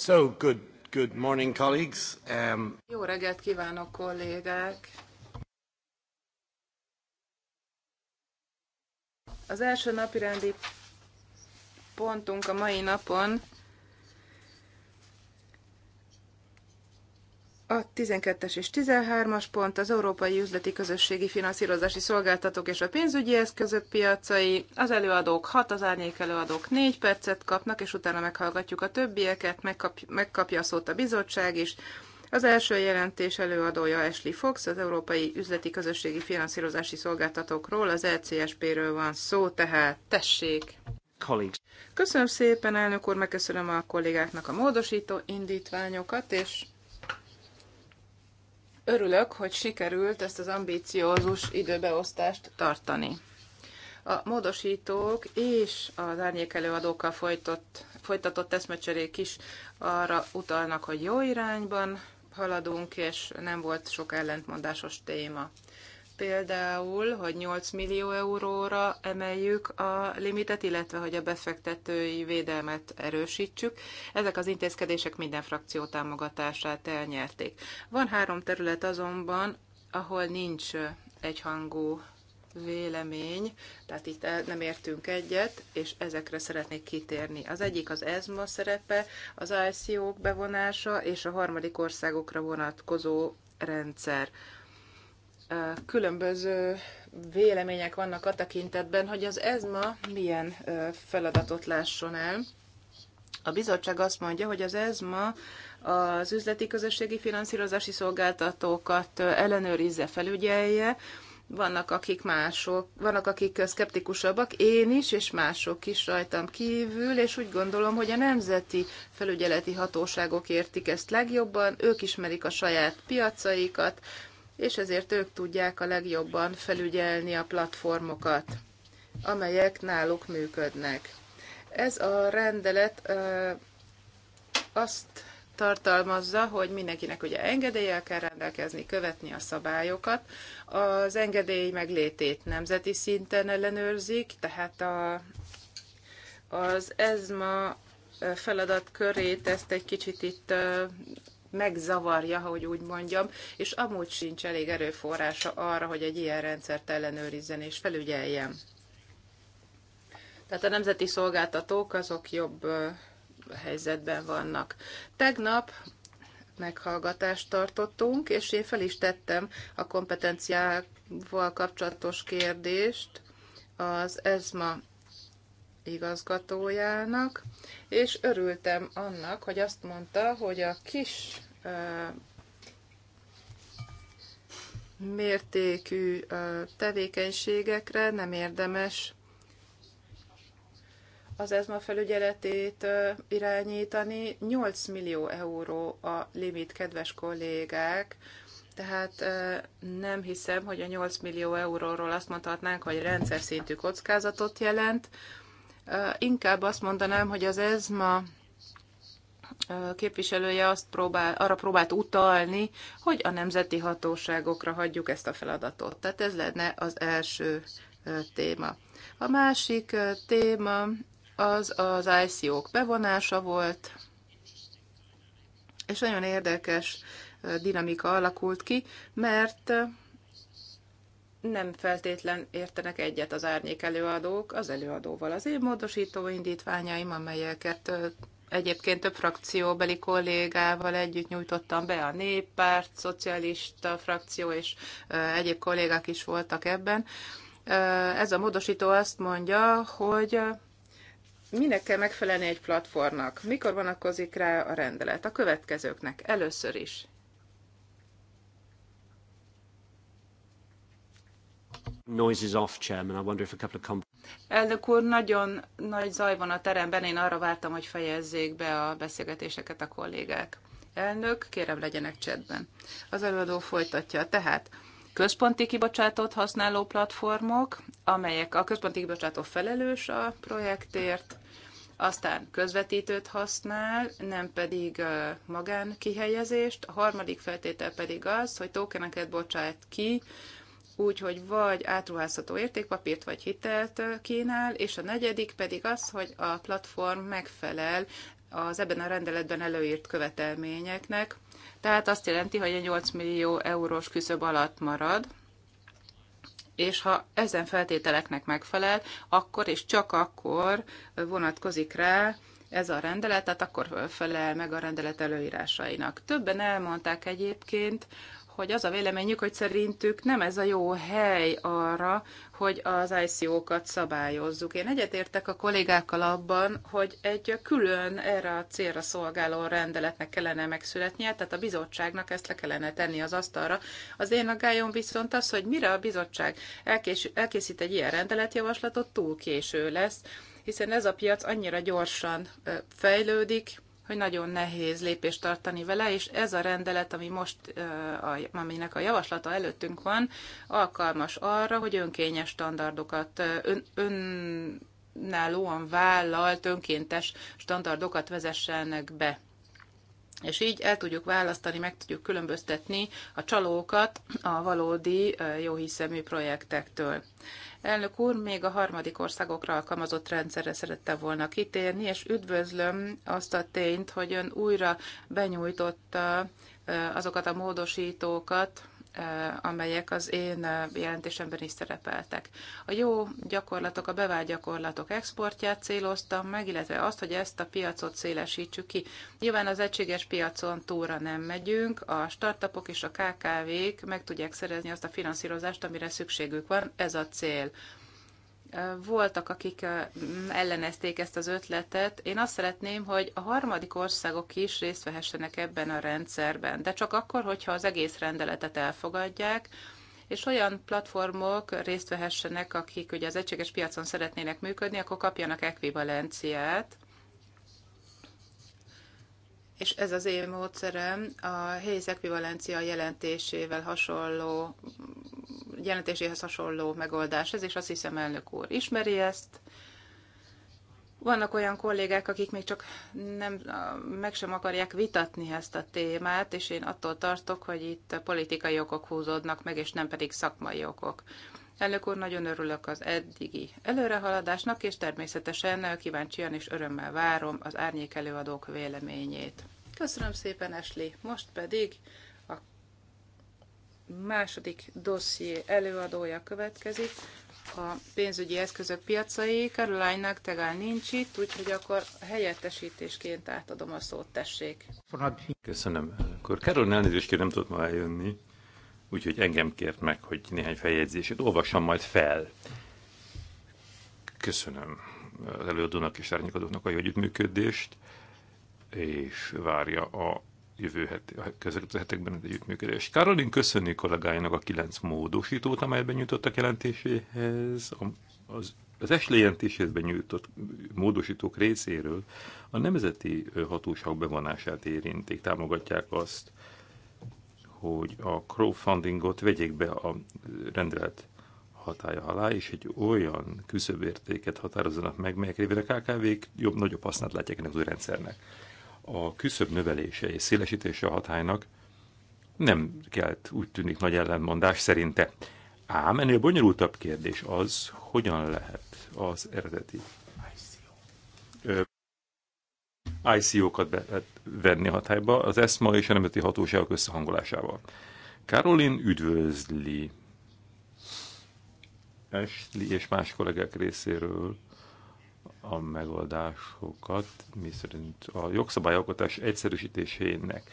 So, good, good morning, colleagues. Um... Jó reggelt kívánok, kollégák! Az első napirendi pontunk a mai napon A 12-es és 13-as pont az Európai Üzleti Közösségi Finanszírozási Szolgáltatók és a pénzügyi eszközök piacai. Az előadók 6, az árnyék előadók 4 percet kapnak, és utána meghallgatjuk a többieket, megkap, megkapja a szót a bizottság is. Az első jelentés előadója Ashley Fox, az Európai Üzleti Közösségi Finanszírozási Szolgáltatókról, az ECSP-ről van szó, tehát tessék! Colleagues. Köszönöm szépen, elnök úr, megköszönöm a kollégáknak a módosító indítványokat, és Örülök, hogy sikerült ezt az ambíciózus időbeosztást tartani. A módosítók és az árnyékelőadókkal folytott, folytatott eszmecserék is arra utalnak, hogy jó irányban haladunk, és nem volt sok ellentmondásos téma például, hogy 8 millió euróra emeljük a limitet, illetve hogy a befektetői védelmet erősítsük. Ezek az intézkedések minden frakció támogatását elnyerték. Van három terület azonban, ahol nincs egyhangú vélemény, tehát itt nem értünk egyet, és ezekre szeretnék kitérni. Az egyik az ESMA szerepe, az ICO-k bevonása és a harmadik országokra vonatkozó rendszer különböző vélemények vannak a tekintetben, hogy az ESMA milyen feladatot lásson el. A bizottság azt mondja, hogy az ESMA az üzleti közösségi finanszírozási szolgáltatókat ellenőrizze, felügyelje, vannak akik mások, vannak akik szkeptikusabbak, én is, és mások is rajtam kívül, és úgy gondolom, hogy a nemzeti felügyeleti hatóságok értik ezt legjobban, ők ismerik a saját piacaikat, és ezért ők tudják a legjobban felügyelni a platformokat, amelyek náluk működnek. Ez a rendelet azt tartalmazza, hogy mindenkinek ugye engedéllyel kell rendelkezni, követni a szabályokat. Az engedély meglétét nemzeti szinten ellenőrzik, tehát a, az ESMA feladat körét ezt egy kicsit itt megzavarja, hogy úgy mondjam, és amúgy sincs elég erőforrása arra, hogy egy ilyen rendszert ellenőrizzen és felügyeljen. Tehát a nemzeti szolgáltatók azok jobb helyzetben vannak. Tegnap meghallgatást tartottunk, és én fel is tettem a kompetenciával kapcsolatos kérdést az ESMA igazgatójának, és örültem annak, hogy azt mondta, hogy a kis mértékű tevékenységekre nem érdemes az ESMA felügyeletét irányítani. 8 millió euró a limit, kedves kollégák, tehát nem hiszem, hogy a 8 millió euróról azt mondhatnánk, hogy rendszer szintű kockázatot jelent, Inkább azt mondanám, hogy az ESMA képviselője azt próbál, arra próbált utalni, hogy a nemzeti hatóságokra hagyjuk ezt a feladatot. Tehát ez lenne az első téma. A másik téma az az ICO-k bevonása volt, és nagyon érdekes dinamika alakult ki, mert nem feltétlen értenek egyet az árnyék előadók az előadóval. Az én módosító indítványaim, amelyeket egyébként több frakcióbeli kollégával együtt nyújtottam be, a néppárt, szocialista frakció és egyéb kollégák is voltak ebben. Ez a módosító azt mondja, hogy minek kell megfelelni egy platformnak? Mikor vonatkozik rá a rendelet? A következőknek először is noises off, Chairman. I wonder if a couple of Elnök úr, nagyon nagy zaj van a teremben, én arra vártam, hogy fejezzék be a beszélgetéseket a kollégák. Elnök, kérem legyenek csetben. Az előadó folytatja. Tehát központi kibocsátót használó platformok, amelyek a központi kibocsátó felelős a projektért, aztán közvetítőt használ, nem pedig magánkihelyezést. A harmadik feltétel pedig az, hogy tokeneket bocsát ki úgy, hogy vagy átruházható értékpapírt vagy hitelt kínál, és a negyedik pedig az, hogy a platform megfelel az ebben a rendeletben előírt követelményeknek, tehát azt jelenti, hogy a 8 millió eurós küszöb alatt marad, és ha ezen feltételeknek megfelel, akkor és csak akkor vonatkozik rá ez a rendelet, tehát akkor felel meg a rendelet előírásainak. Többen elmondták egyébként, hogy az a véleményük, hogy szerintük nem ez a jó hely arra, hogy az ICO-kat szabályozzuk. Én egyetértek a kollégákkal abban, hogy egy külön erre a célra szolgáló rendeletnek kellene megszületnie, tehát a bizottságnak ezt le kellene tenni az asztalra. Az én aggályom viszont az, hogy mire a bizottság elkés, elkészít egy ilyen rendeletjavaslatot, túl késő lesz, hiszen ez a piac annyira gyorsan fejlődik, hogy nagyon nehéz lépést tartani vele, és ez a rendelet, ami most, aminek a javaslata előttünk van, alkalmas arra, hogy önkényes standardokat, ön, ön vállalt önkéntes standardokat vezessenek be. És így el tudjuk választani, meg tudjuk különböztetni a csalókat a valódi jóhiszemű projektektől. Elnök úr, még a harmadik országokra alkalmazott rendszerre szerette volna kitérni, és üdvözlöm azt a tényt, hogy ön újra benyújtotta azokat a módosítókat, amelyek az én jelentésemben is szerepeltek. A jó gyakorlatok, a bevált gyakorlatok exportját céloztam meg, illetve azt, hogy ezt a piacot szélesítsük ki. Nyilván az egységes piacon túlra nem megyünk, a startupok és a KKV-k meg tudják szerezni azt a finanszírozást, amire szükségük van, ez a cél voltak, akik ellenezték ezt az ötletet. Én azt szeretném, hogy a harmadik országok is részt vehessenek ebben a rendszerben, de csak akkor, hogyha az egész rendeletet elfogadják, és olyan platformok részt vehessenek, akik ugye az egységes piacon szeretnének működni, akkor kapjanak ekvivalenciát, és ez az én módszerem a Hayes ekvivalencia jelentésével hasonló, jelentéséhez hasonló megoldás. Ez is azt hiszem elnök úr ismeri ezt. Vannak olyan kollégák, akik még csak nem, meg sem akarják vitatni ezt a témát, és én attól tartok, hogy itt politikai okok húzódnak meg, és nem pedig szakmai okok. Elnök úr, nagyon örülök az eddigi előrehaladásnak, és természetesen kíváncsian és örömmel várom az árnyék előadók véleményét. Köszönöm szépen, Esli. Most pedig a második dosszié előadója következik, a pénzügyi eszközök piacai. Caroline-nak tegál nincs itt, úgyhogy akkor helyettesítésként átadom a szót, tessék. Köszönöm. Akkor Caroline elnézést nem tudott ma eljönni úgyhogy engem kért meg, hogy néhány feljegyzését olvassam majd fel. Köszönöm az előadónak és árnyékadóknak a együttműködést, és várja a jövő heti, a hetekben az együttműködést. Karolin köszönni kollégáinak a kilenc módosítót, amelyben nyújtottak jelentéséhez, az az esle jelentésében nyújtott módosítók részéről a nemzeti hatóság bevonását érintik, támogatják azt, hogy a crowdfundingot vegyék be a rendelet hatája alá, és egy olyan küszöbértéket határozzanak meg, melyek révére a KKV-k jobb, nagyobb hasznát látják ennek az új rendszernek. A küszöb növelése és szélesítése a hatálynak nem kelt úgy tűnik nagy ellenmondás szerinte. Ám ennél bonyolultabb kérdés az, hogyan lehet az eredeti ICO-kat be, hát venni hatályba az ESMA és a nemzeti hatóságok összehangolásával. Karolin üdvözli Esli és más kollégák részéről a megoldásokat, miszerint a jogszabályalkotás egyszerűsítésének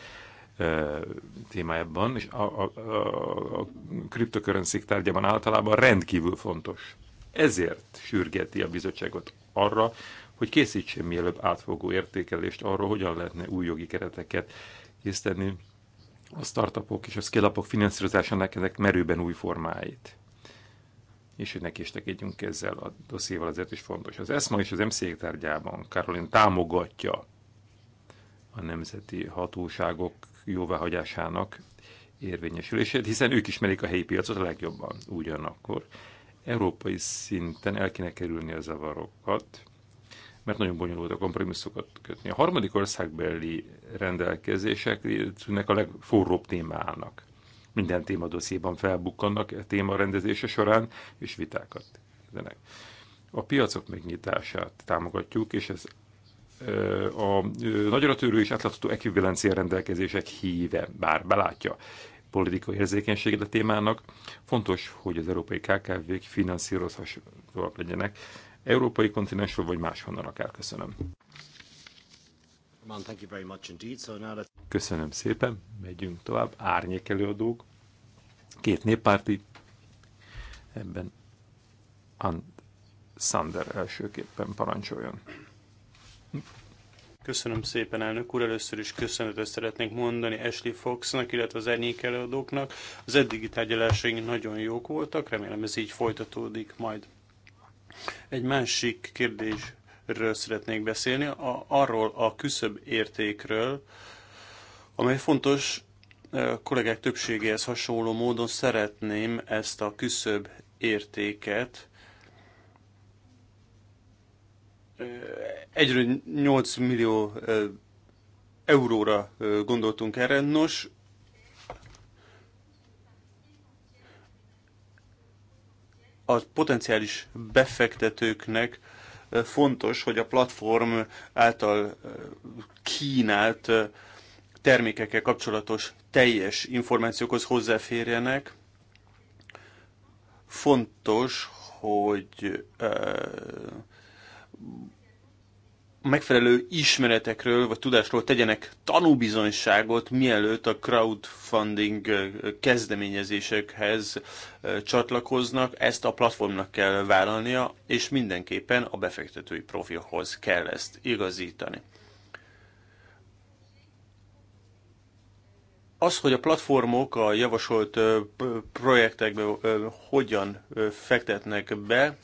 témájában, és a, a, a, a kriptokörönszik tárgyában általában rendkívül fontos. Ezért sürgeti a bizottságot arra, hogy készítsen mielőbb átfogó értékelést arról, hogyan lehetne új jogi kereteket készíteni a startupok és a skillapok finanszírozásának ennek merőben új formáit. És hogy neki is tekedjünk ezzel a dosszéval azért is fontos. Az ESMA és az MCG tárgyában Karolin támogatja a nemzeti hatóságok jóváhagyásának érvényesülését, hiszen ők ismerik a helyi piacot a legjobban ugyanakkor. Európai szinten el kéne kerülni a zavarokat, mert nagyon bonyolult a kompromisszokat kötni. A harmadik országbeli rendelkezéseknek a legforróbb témának. Minden témadosszéban felbukkannak a e téma rendezése során, és vitákat kezdenek. A piacok megnyitását támogatjuk, és ez a nagyra törő és átlátható ekvivalencia rendelkezések híve, bár belátja politikai érzékenységet a témának, fontos, hogy az európai KKV-k finanszírozhatóak legyenek, európai kontinensről, vagy máshonnan akár. Köszönöm. Köszönöm szépen, megyünk tovább. Árnyék előadók, két néppárti, ebben And Sander elsőképpen parancsoljon. Köszönöm szépen, elnök úr. Először is köszönetet szeretnék mondani Ashley Foxnak, illetve az árnyék előadóknak. Az eddigi tárgyalásaink nagyon jók voltak, remélem ez így folytatódik majd. Egy másik kérdésről szeretnék beszélni, a, arról a küszöbb értékről, amely fontos, a kollégák többségéhez hasonló módon szeretném ezt a küszöbb értéket egyről 8 millió euróra gondoltunk erre. Nos, a potenciális befektetőknek fontos, hogy a platform által kínált termékekkel kapcsolatos teljes információkhoz hozzáférjenek. Fontos, hogy megfelelő ismeretekről vagy tudásról tegyenek tanúbizonyságot, mielőtt a crowdfunding kezdeményezésekhez csatlakoznak, ezt a platformnak kell vállalnia, és mindenképpen a befektetői profilhoz kell ezt igazítani. Az, hogy a platformok a javasolt projektekbe hogyan fektetnek be,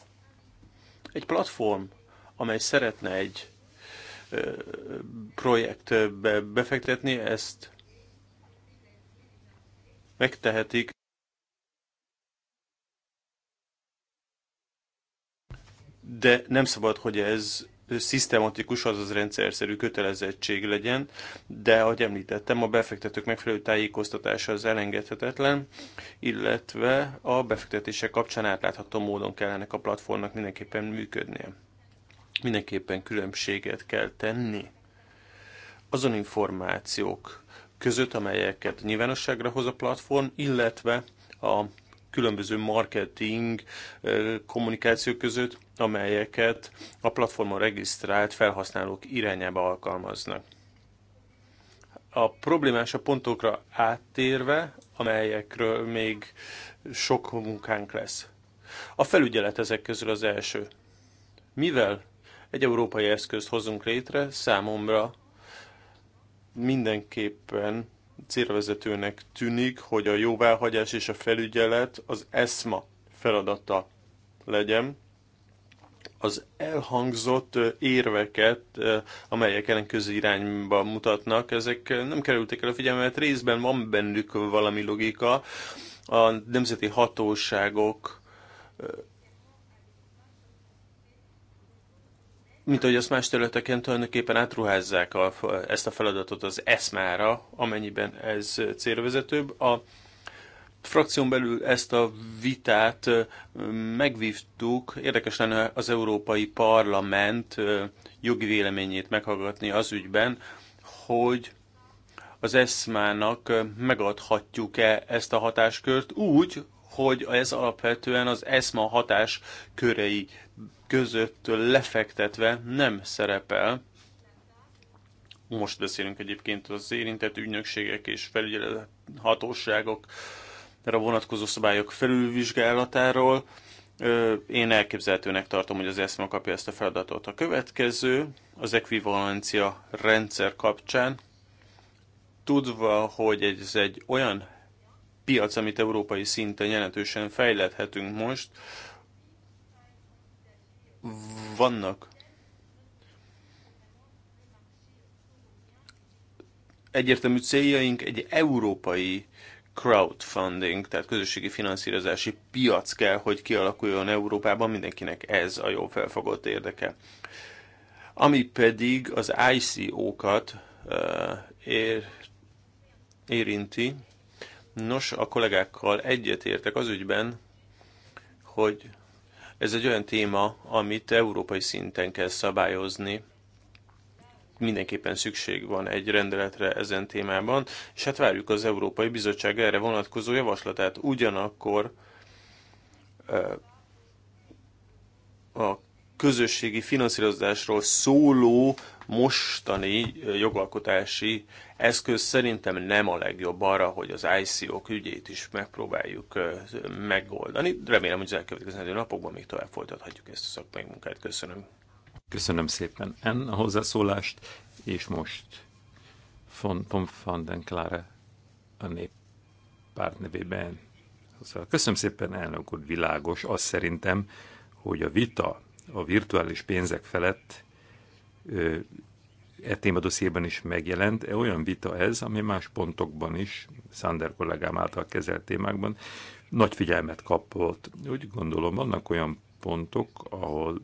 egy platform, amely szeretne egy projektbe befektetni, ezt megtehetik. De nem szabad, hogy ez szisztematikus, azaz rendszerszerű kötelezettség legyen, de ahogy említettem, a befektetők megfelelő tájékoztatása az elengedhetetlen, illetve a befektetések kapcsán átlátható módon kellene a platformnak mindenképpen működnie mindenképpen különbséget kell tenni azon információk között, amelyeket nyilvánosságra hoz a platform, illetve a különböző marketing kommunikáció között, amelyeket a platformon regisztrált felhasználók irányába alkalmaznak. A problémás a pontokra áttérve, amelyekről még sok munkánk lesz. A felügyelet ezek közül az első. Mivel egy európai eszközt hozunk létre, számomra mindenképpen célvezetőnek tűnik, hogy a jóváhagyás és a felügyelet az ESMA feladata legyen. Az elhangzott érveket, eh, amelyek ellen irányba mutatnak, ezek nem kerültek el a figyelmet, részben van bennük valami logika. A nemzeti hatóságok eh, mint ahogy azt más területeken tulajdonképpen átruházzák a, ezt a feladatot az eszmára, amennyiben ez célvezetőbb. A frakción belül ezt a vitát megvívtuk, érdekes lenne az Európai Parlament jogi véleményét meghallgatni az ügyben, hogy az eszmának megadhatjuk-e ezt a hatáskört úgy, hogy ez alapvetően az ESMA hatás körei között lefektetve nem szerepel. Most beszélünk egyébként az érintett ügynökségek és felügyelet vonatkozó szabályok felülvizsgálatáról. Én elképzelhetőnek tartom, hogy az ESMA kapja ezt a feladatot. A következő az ekvivalencia rendszer kapcsán, tudva, hogy ez egy olyan piac, amit európai szinten jelentősen fejlethetünk most. Vannak egyértelmű céljaink egy európai crowdfunding, tehát közösségi finanszírozási piac kell, hogy kialakuljon Európában, mindenkinek ez a jó felfogott érdeke. Ami pedig az ICO-kat ér, érinti, Nos, a kollégákkal egyetértek az ügyben, hogy ez egy olyan téma, amit európai szinten kell szabályozni. Mindenképpen szükség van egy rendeletre ezen témában, és hát várjuk az Európai Bizottság erre vonatkozó javaslatát. Ugyanakkor a közösségi finanszírozásról szóló mostani jogalkotási eszköz szerintem nem a legjobb arra, hogy az ICO-k ügyét is megpróbáljuk megoldani. Remélem, hogy az elkövetkező napokban még tovább folytathatjuk ezt a szakmai munkát. Köszönöm. Köszönöm szépen en a hozzászólást, és most von, Tom van den Klare a néppárt nevében. Köszönöm szépen, elnök úr, világos, azt szerintem, hogy a vita a virtuális pénzek felett e témadosszében is megjelent. E olyan vita ez, ami más pontokban is, Sander kollégám által kezelt témákban, nagy figyelmet kapott. Úgy gondolom, vannak olyan pontok, ahol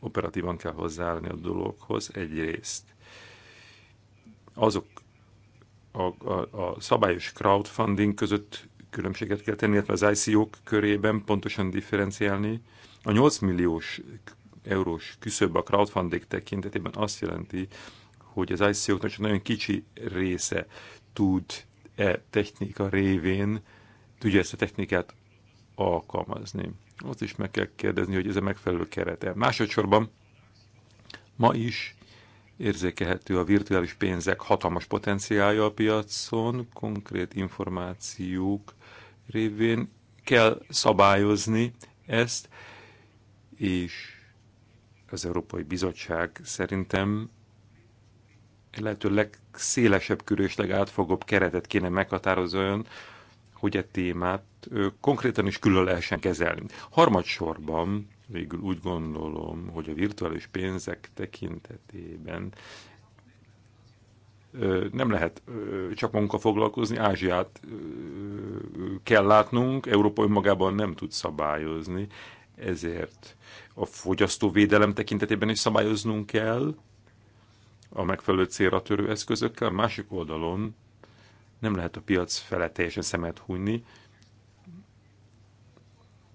operatívan kell hozzáállni a dologhoz egyrészt. Azok a, a, a szabályos crowdfunding között különbséget kell tenni, illetve az ICO-k körében pontosan differenciálni, a 8 milliós eurós küszöb a crowdfunding tekintetében azt jelenti, hogy az ICO-knak csak nagyon kicsi része tud e technika révén, tudja ezt a technikát alkalmazni. Azt is meg kell kérdezni, hogy ez a megfelelő kerete. Másodszorban ma is érzékelhető a virtuális pénzek hatalmas potenciálja a piacon, konkrét információk révén kell szabályozni ezt, és az Európai Bizottság szerintem lehető legszélesebb körű és legátfogóbb keretet kéne meghatározóan, hogy a e témát konkrétan is külön lehessen kezelni. Harmadsorban végül úgy gondolom, hogy a virtuális pénzek tekintetében nem lehet csak munka foglalkozni, Ázsiát kell látnunk, Európa önmagában nem tud szabályozni, ezért a fogyasztóvédelem tekintetében is szabályoznunk kell, a megfelelő célra törő eszközökkel, a másik oldalon nem lehet a piac fele teljesen szemet hunyni,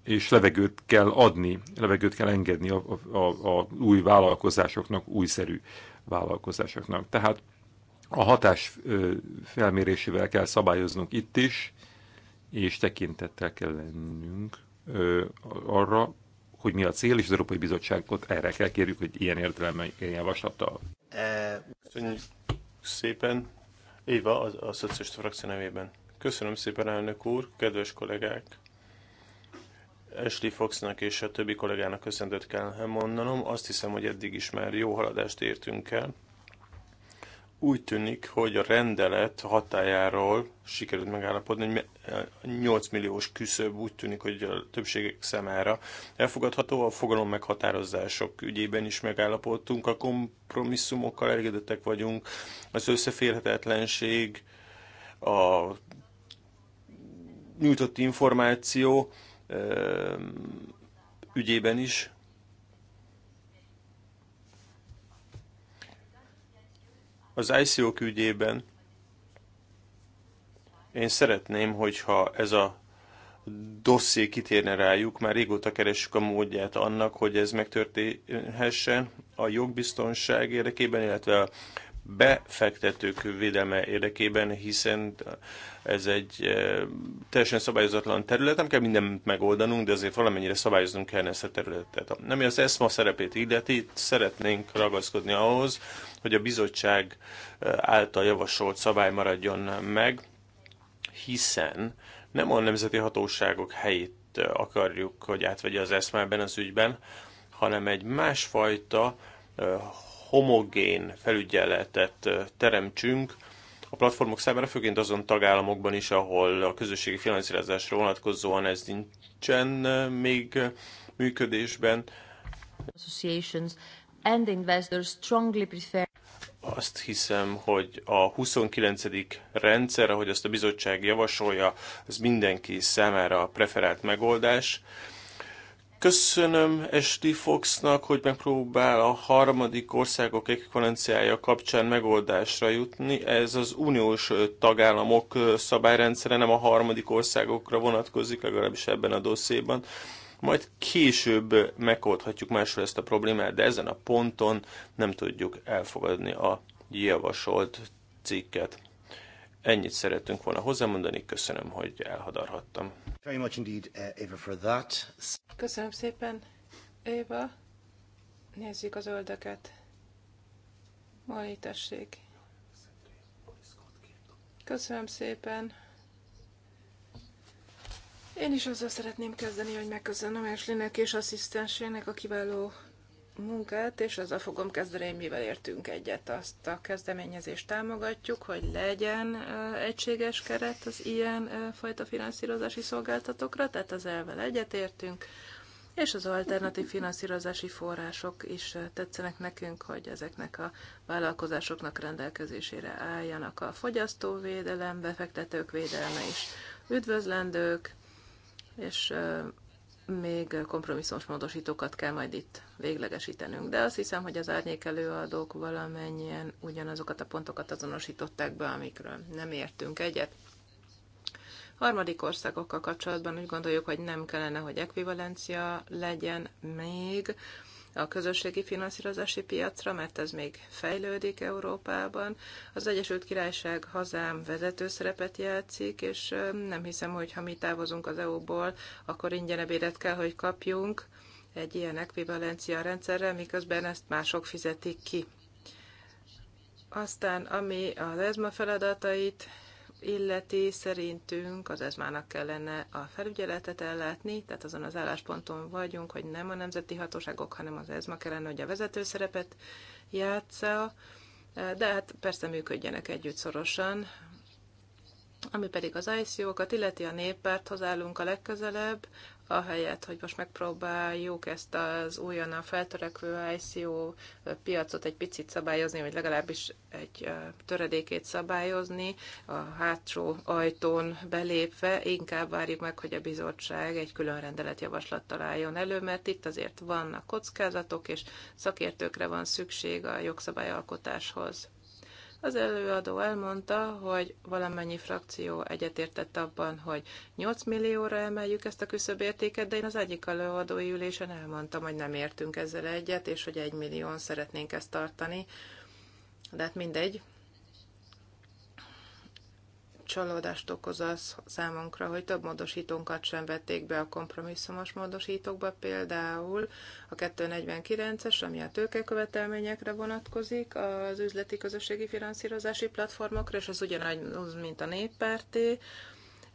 és levegőt kell adni, levegőt kell engedni a, a, a új vállalkozásoknak, újszerű vállalkozásoknak. Tehát a hatás felmérésével kell szabályoznunk itt is, és tekintettel kell lennünk arra, hogy mi a cél, és az Európai Bizottságot erre kell kérjük, hogy ilyen értelemben ilyen javaslattal. E, köszönjük szépen, Éva, a, a szocialista frakció nevében. Köszönöm szépen, elnök úr, kedves kollégák! Ashley Foxnak és a többi kollégának köszöntött kell mondanom. Azt hiszem, hogy eddig is már jó haladást értünk el úgy tűnik, hogy a rendelet hatájáról sikerült megállapodni, hogy 8 milliós küszöb úgy tűnik, hogy a többség számára elfogadható. A fogalom meghatározások ügyében is megállapodtunk, a kompromisszumokkal elégedettek vagyunk, az összeférhetetlenség, a nyújtott információ ügyében is Az ico ügyében én szeretném, hogyha ez a dosszé kitérne rájuk, már régóta keressük a módját annak, hogy ez megtörténhessen a jogbiztonság érdekében, illetve a befektetők védelme érdekében, hiszen ez egy eh, teljesen szabályozatlan terület, nem kell mindent megoldanunk, de azért valamennyire szabályoznunk kellene ezt a területet. Ami az ESMA szerepét illeti, szeretnénk ragaszkodni ahhoz, hogy a bizottság által javasolt szabály maradjon meg, hiszen nem a nemzeti hatóságok helyét akarjuk, hogy átvegye az eszmában az ügyben, hanem egy másfajta homogén felügyeletet teremtsünk a platformok számára, főként azon tagállamokban is, ahol a közösségi finanszírozásra vonatkozóan ez nincsen még működésben. Associations and investors strongly prefer azt hiszem, hogy a 29. rendszer, ahogy azt a bizottság javasolja, az mindenki számára a preferált megoldás. Köszönöm Esti Foxnak, hogy megpróbál a harmadik országok ekvivalenciája kapcsán megoldásra jutni. Ez az uniós tagállamok szabályrendszere nem a harmadik országokra vonatkozik, legalábbis ebben a dosszéban majd később megoldhatjuk máshol ezt a problémát, de ezen a ponton nem tudjuk elfogadni a javasolt cikket. Ennyit szerettünk volna hozzámondani, köszönöm, hogy elhadarhattam. Eh, köszönöm szépen, Éva. Nézzük az öldöket. Mai tessék. Köszönöm szépen. Én is azzal szeretném kezdeni, hogy megköszönöm Eslinek és asszisztensének a kiváló munkát, és azzal fogom kezdeni, mivel értünk egyet. Azt a kezdeményezést támogatjuk, hogy legyen egységes keret az ilyen fajta finanszírozási szolgáltatókra, tehát az elvel egyetértünk, és az alternatív finanszírozási források is tetszenek nekünk, hogy ezeknek a vállalkozásoknak rendelkezésére álljanak a fogyasztóvédelem, befektetők védelme is üdvözlendők, és még kompromisszumos módosítókat kell majd itt véglegesítenünk. De azt hiszem, hogy az árnyékelő előadók valamennyien ugyanazokat a pontokat azonosították be, amikről nem értünk egyet. Harmadik országokkal kapcsolatban úgy gondoljuk, hogy nem kellene, hogy ekvivalencia legyen még, a közösségi finanszírozási piacra, mert ez még fejlődik Európában. Az Egyesült Királyság hazám vezető szerepet játszik, és nem hiszem, hogy ha mi távozunk az EU-ból, akkor ingyen ebédet kell, hogy kapjunk egy ilyen ekvivalencia rendszerrel, miközben ezt mások fizetik ki. Aztán, ami az ESMA feladatait illeti, szerintünk az ezmának kellene a felügyeletet ellátni, tehát azon az állásponton vagyunk, hogy nem a nemzeti hatóságok, hanem az ezma kellene, hogy a vezető szerepet játsza, de hát persze működjenek együtt szorosan, ami pedig az ICO-kat illeti a néppárthoz állunk a legközelebb, ahelyett, hogy most megpróbáljuk ezt az újonnan feltörekvő ICO piacot egy picit szabályozni, vagy legalábbis egy töredékét szabályozni, a hátsó ajtón belépve, inkább várjuk meg, hogy a bizottság egy külön rendeletjavaslat találjon elő, mert itt azért vannak kockázatok, és szakértőkre van szükség a jogszabályalkotáshoz. Az előadó elmondta, hogy valamennyi frakció egyetértett abban, hogy 8 millióra emeljük ezt a küszöbértéket, de én az egyik előadói ülésen elmondtam, hogy nem értünk ezzel egyet, és hogy 1 millión szeretnénk ezt tartani. De hát mindegy, csalódást okoz az számunkra, hogy több módosítónkat sem vették be a kompromisszumos módosítókba, például a 249-es, ami a tőkekövetelményekre vonatkozik, az üzleti közösségi finanszírozási platformokra, és az ugyanaz, mint a néppárté,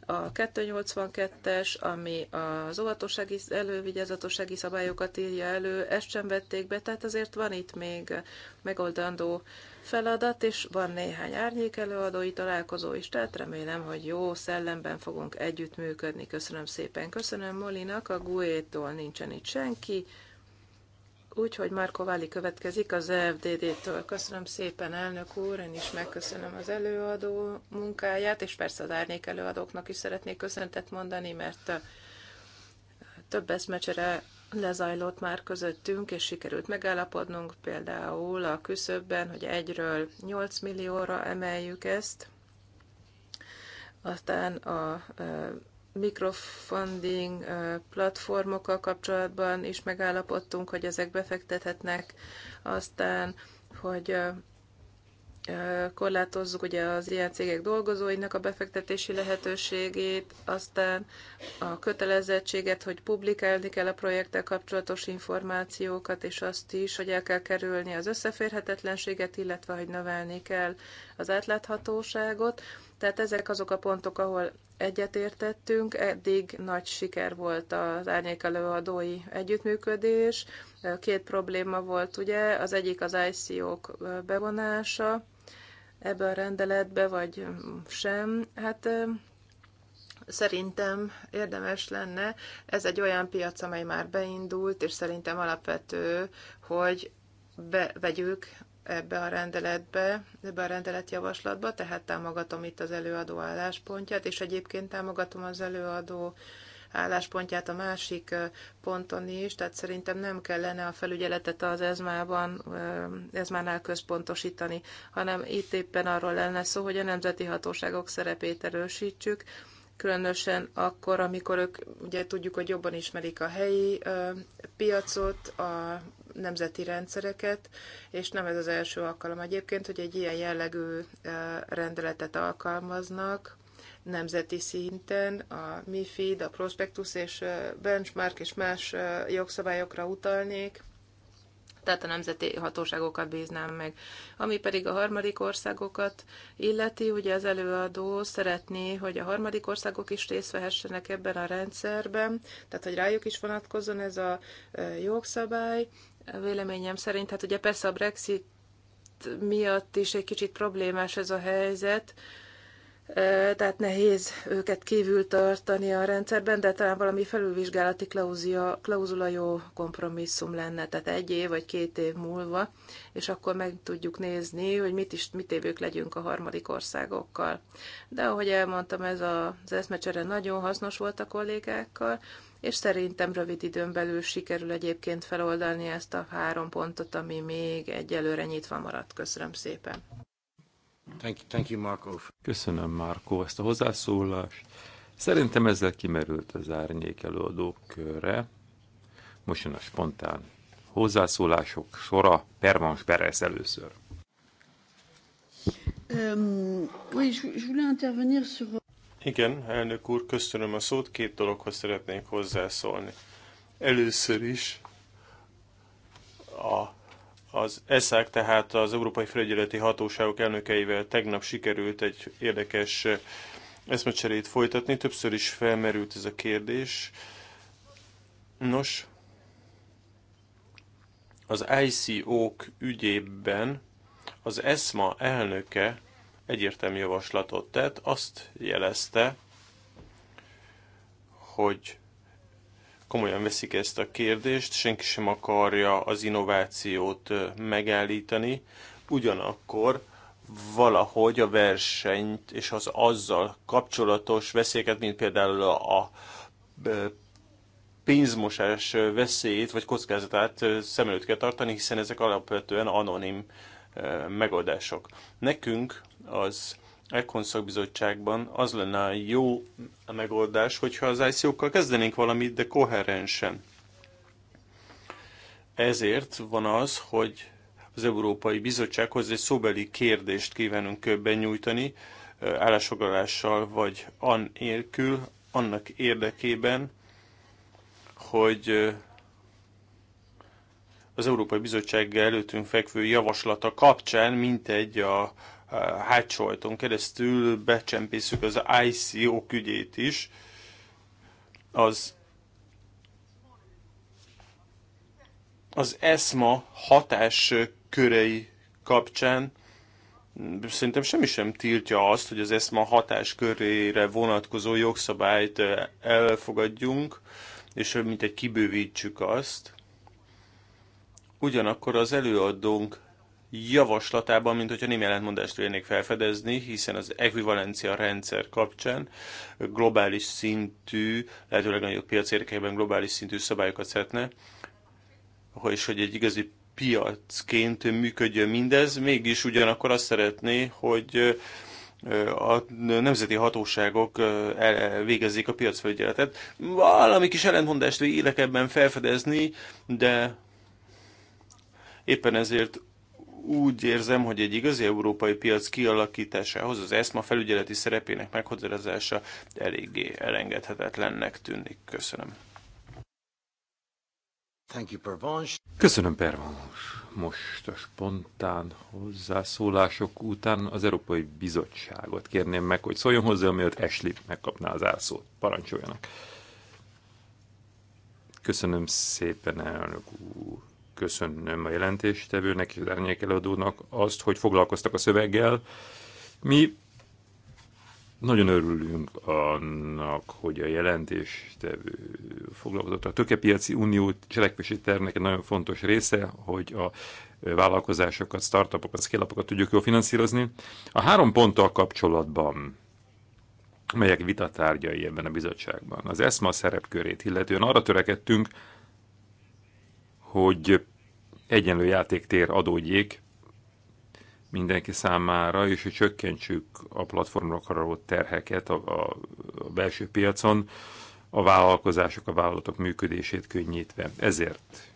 a 282-es, ami az óvatossági elővigyázatossági szabályokat írja elő, ezt sem vették be, tehát azért van itt még megoldandó feladat, és van néhány árnyék előadói találkozó is, tehát remélem, hogy jó szellemben fogunk együttműködni. Köszönöm szépen, köszönöm Molinak, a Guétól tól nincsen itt senki, úgyhogy Marko Váli következik az FDD-től. Köszönöm szépen, elnök úr, én is megköszönöm az előadó munkáját, és persze az árnyék előadóknak is szeretnék köszöntet mondani, mert több eszmecsere lezajlott már közöttünk, és sikerült megállapodnunk például a küszöbben, hogy egyről 8 millióra emeljük ezt, aztán a mikrofunding platformokkal kapcsolatban is megállapodtunk, hogy ezek befektethetnek, aztán, hogy korlátozzuk ugye az ilyen cégek dolgozóinak a befektetési lehetőségét, aztán a kötelezettséget, hogy publikálni kell a projekttel kapcsolatos információkat, és azt is, hogy el kell kerülni az összeférhetetlenséget, illetve hogy növelni kell az átláthatóságot. Tehát ezek azok a pontok, ahol egyetértettünk. Eddig nagy siker volt az árnyékelőadói együttműködés. Két probléma volt, ugye, az egyik az ICO-k bevonása, ebbe a rendeletbe, vagy sem. Hát szerintem érdemes lenne. Ez egy olyan piac, amely már beindult, és szerintem alapvető, hogy bevegyük ebbe a rendeletbe, ebbe a rendeletjavaslatba, tehát támogatom itt az előadó álláspontját, és egyébként támogatom az előadó álláspontját a másik ponton is, tehát szerintem nem kellene a felügyeletet az ezmában, ezmánál központosítani, hanem itt éppen arról lenne szó, hogy a nemzeti hatóságok szerepét erősítsük, különösen akkor, amikor ők ugye tudjuk, hogy jobban ismerik a helyi piacot, a nemzeti rendszereket, és nem ez az első alkalom egyébként, hogy egy ilyen jellegű rendeletet alkalmaznak, nemzeti szinten a MIFID, a prospektus és benchmark és más jogszabályokra utalnék, tehát a nemzeti hatóságokat bíznám meg. Ami pedig a harmadik országokat illeti, ugye az előadó szeretné, hogy a harmadik országok is részt vehessenek ebben a rendszerben, tehát hogy rájuk is vonatkozzon ez a jogszabály. Véleményem szerint, hát ugye persze a Brexit miatt is egy kicsit problémás ez a helyzet, tehát nehéz őket kívül tartani a rendszerben, de talán valami felülvizsgálati klauzia, klauzula jó kompromisszum lenne, tehát egy év vagy két év múlva, és akkor meg tudjuk nézni, hogy mit is, mit évők legyünk a harmadik országokkal. De ahogy elmondtam, ez az eszmecsere nagyon hasznos volt a kollégákkal, és szerintem rövid időn belül sikerül egyébként feloldani ezt a három pontot, ami még egyelőre nyitva maradt. Köszönöm szépen! Köszönöm, Marco, ezt a hozzászólást. Szerintem ezzel kimerült az árnyék előadók körre. Most jön a spontán hozzászólások sora. Permans Beres először. Um, Igen, elnök úr, köszönöm a szót. Két dologhoz szeretnék hozzászólni. Először is a az ESZÁK, tehát az Európai Felügyeleti Hatóságok elnökeivel tegnap sikerült egy érdekes eh, eszmecserét folytatni. Többször is felmerült ez a kérdés. Nos, az ICO-k ügyében az ESMA elnöke egyértelmű javaslatot tett, azt jelezte, hogy komolyan veszik ezt a kérdést, senki sem akarja az innovációt megállítani, ugyanakkor valahogy a versenyt és az azzal kapcsolatos veszélyeket, mint például a pénzmosás veszélyét vagy kockázatát szem előtt kell tartani, hiszen ezek alapvetően anonim megoldások. Nekünk az Econ szakbizottságban az lenne a jó megoldás, hogyha az ICO-kkal kezdenénk valamit, de koherensen. Ezért van az, hogy az Európai Bizottsághoz egy szóbeli kérdést kívánunk nyújtani állásfoglalással vagy anélkül, annak érdekében, hogy az Európai Bizottság előttünk fekvő javaslata kapcsán, mint egy a hátsó ajtón keresztül becsempészük az ICO ügyét is, az az ESMA hatás körei kapcsán szerintem semmi sem tiltja azt, hogy az ESMA hatás körére vonatkozó jogszabályt elfogadjunk, és mint egy kibővítsük azt. Ugyanakkor az előadónk javaslatában, mint hogyha nem ellentmondást vélnék felfedezni, hiszen az ekvivalencia rendszer kapcsán globális szintű, lehetőleg nagyobb piac érdekében globális szintű szabályokat szeretne, és hogy egy igazi piacként működjön mindez, mégis ugyanakkor azt szeretné, hogy a nemzeti hatóságok végezzék a piacfelügyeletet. Valami kis ellentmondást élek ebben felfedezni, de éppen ezért úgy érzem, hogy egy igazi európai piac kialakításához az ESMA felügyeleti szerepének meghatározása eléggé elengedhetetlennek tűnik. Köszönöm. Köszönöm, Pervans. Most a spontán hozzászólások után az Európai Bizottságot kérném meg, hogy szóljon hozzá, mielőtt Esli megkapná az elszót. Parancsoljanak. Köszönöm szépen, elnök úr. Köszönöm a jelentéstevőnek és az árnyékelőadónak azt, hogy foglalkoztak a szöveggel. Mi nagyon örülünk annak, hogy a jelentéstevő foglalkozott. A tökepiaci unió cselekvési tervnek egy nagyon fontos része, hogy a vállalkozásokat, startupokat, szkélapokat tudjuk jól finanszírozni. A három ponttal kapcsolatban melyek vitatárgyai ebben a bizottságban. Az ESMA szerepkörét illetően arra törekedtünk, hogy egyenlő játéktér adódjék mindenki számára, és hogy csökkentsük a platformokra való terheket a, a, a belső piacon, a vállalkozások, a vállalatok működését könnyítve. Ezért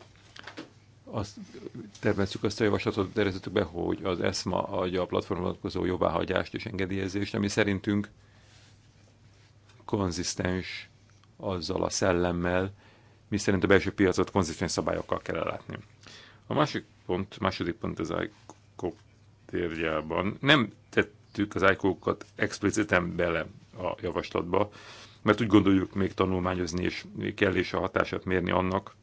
azt terveztük azt a javaslatot, terveztük be, hogy az ESMA adja a platform vonatkozó jóváhagyást és engedélyezést, ami szerintünk konzisztens azzal a szellemmel, mi szerint a belső piacot konzisztens szabályokkal kell ellátni. A másik pont, második pont az ICO térjában. Nem tettük az ico expliciten bele a javaslatba, mert úgy gondoljuk, még tanulmányozni és kell és a hatását mérni annak,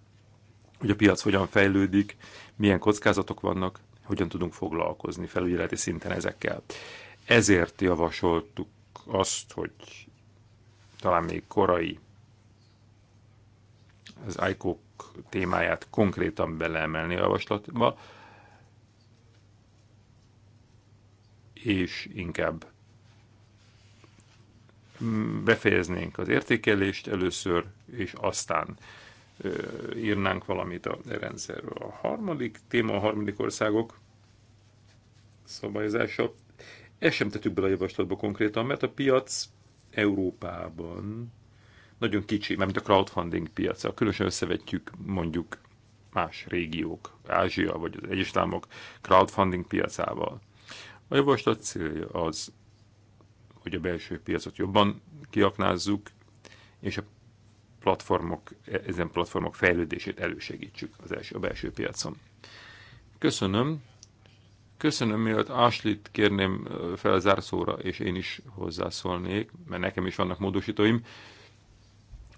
hogy a piac hogyan fejlődik, milyen kockázatok vannak, hogyan tudunk foglalkozni felügyeleti szinten ezekkel. Ezért javasoltuk azt, hogy talán még korai az ICO témáját konkrétan beleemelni a javaslatba, és inkább befejeznénk az értékelést először, és aztán írnánk valamit a rendszerről. A harmadik téma a harmadik országok szabályozása. Ezt sem tettük bele a javaslatba konkrétan, mert a piac Európában nagyon kicsi, mert a crowdfunding piaca, különösen összevetjük mondjuk más régiók, Ázsia vagy az Egyes Államok crowdfunding piacával. A javaslat célja az, hogy a belső piacot jobban kiaknázzuk, és a platformok, ezen platformok fejlődését elősegítsük az első, a belső piacon. Köszönöm. Köszönöm, mielőtt Ashley-t kérném fel a zárszóra, és én is hozzászólnék, mert nekem is vannak módosítóim.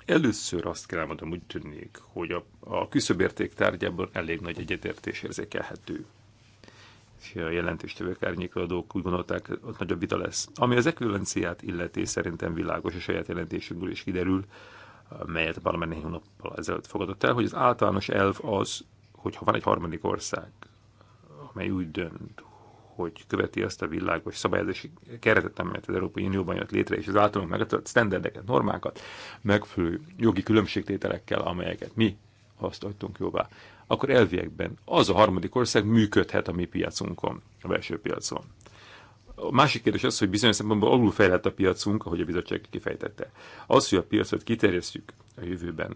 Először azt kell elmondom, úgy tűnik, hogy a, a küszöbérték tárgyában elég nagy egyetértés érzékelhető. És a jelentéstevők árnyékadók úgy gondolták, ott nagyobb vita lesz. Ami az ekvivalenciát illeti, szerintem világos a saját jelentésünkből is kiderül, melyet valamennyi hónappal ezelőtt fogadott el, hogy az általános elv az, hogy ha van egy harmadik ország, amely úgy dönt, hogy követi azt a világos szabályozási keretet, amelyet az Európai Unióban jött létre, és az általunk megadott standardeket, normákat, megfelelő jogi különbségtételekkel, amelyeket mi azt adtunk jóvá, akkor elviekben az a harmadik ország működhet a mi piacunkon, a belső piacon. A másik kérdés az, hogy bizonyos szempontból fejlett a piacunk, ahogy a bizottság kifejtette. Az, hogy a piacot kiterjesztjük a jövőben,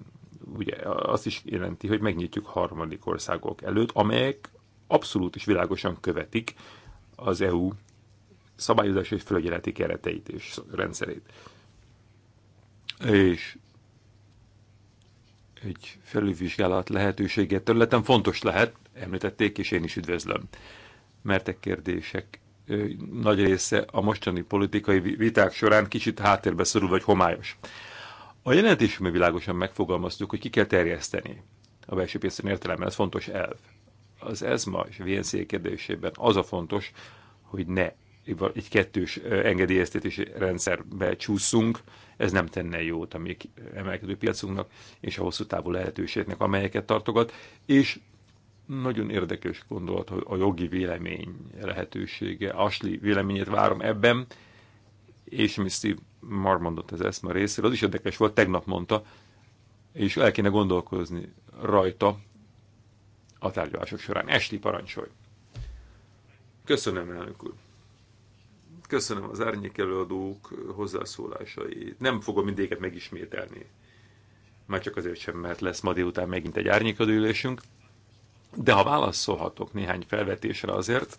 ugye azt is jelenti, hogy megnyitjuk harmadik országok előtt, amelyek abszolút is világosan követik az EU szabályozási és felügyeleti kereteit és rendszerét. És egy felülvizsgálat lehetősége területen fontos lehet, említették, és én is üdvözlöm. Mert a e kérdések nagy része a mostani politikai viták során kicsit háttérbe szorul vagy homályos. A jelentésünkben világosan megfogalmaztuk, hogy ki kell terjeszteni a belső pénztelen értelemben, ez fontos elv az ESMA és a VNC kérdésében az a fontos, hogy ne egy kettős engedélyeztetési rendszerbe csúszunk, ez nem tenne jót a mi emelkedő piacunknak és a hosszú távú lehetőségnek, amelyeket tartogat, és nagyon érdekes gondolat, hogy a jogi vélemény lehetősége. Asli véleményét várom ebben, és mi Steve Mar mondott az eszma részéről, az is érdekes volt, tegnap mondta, és el kéne gondolkozni rajta, a tárgyalások során. Esti parancsolj! Köszönöm, elnök úr! Köszönöm az árnyékelőadók hozzászólásait. Nem fogom mindéket megismételni. Már csak azért sem, mert lesz ma délután megint egy árnyékadőülésünk. De ha válaszolhatok néhány felvetésre azért,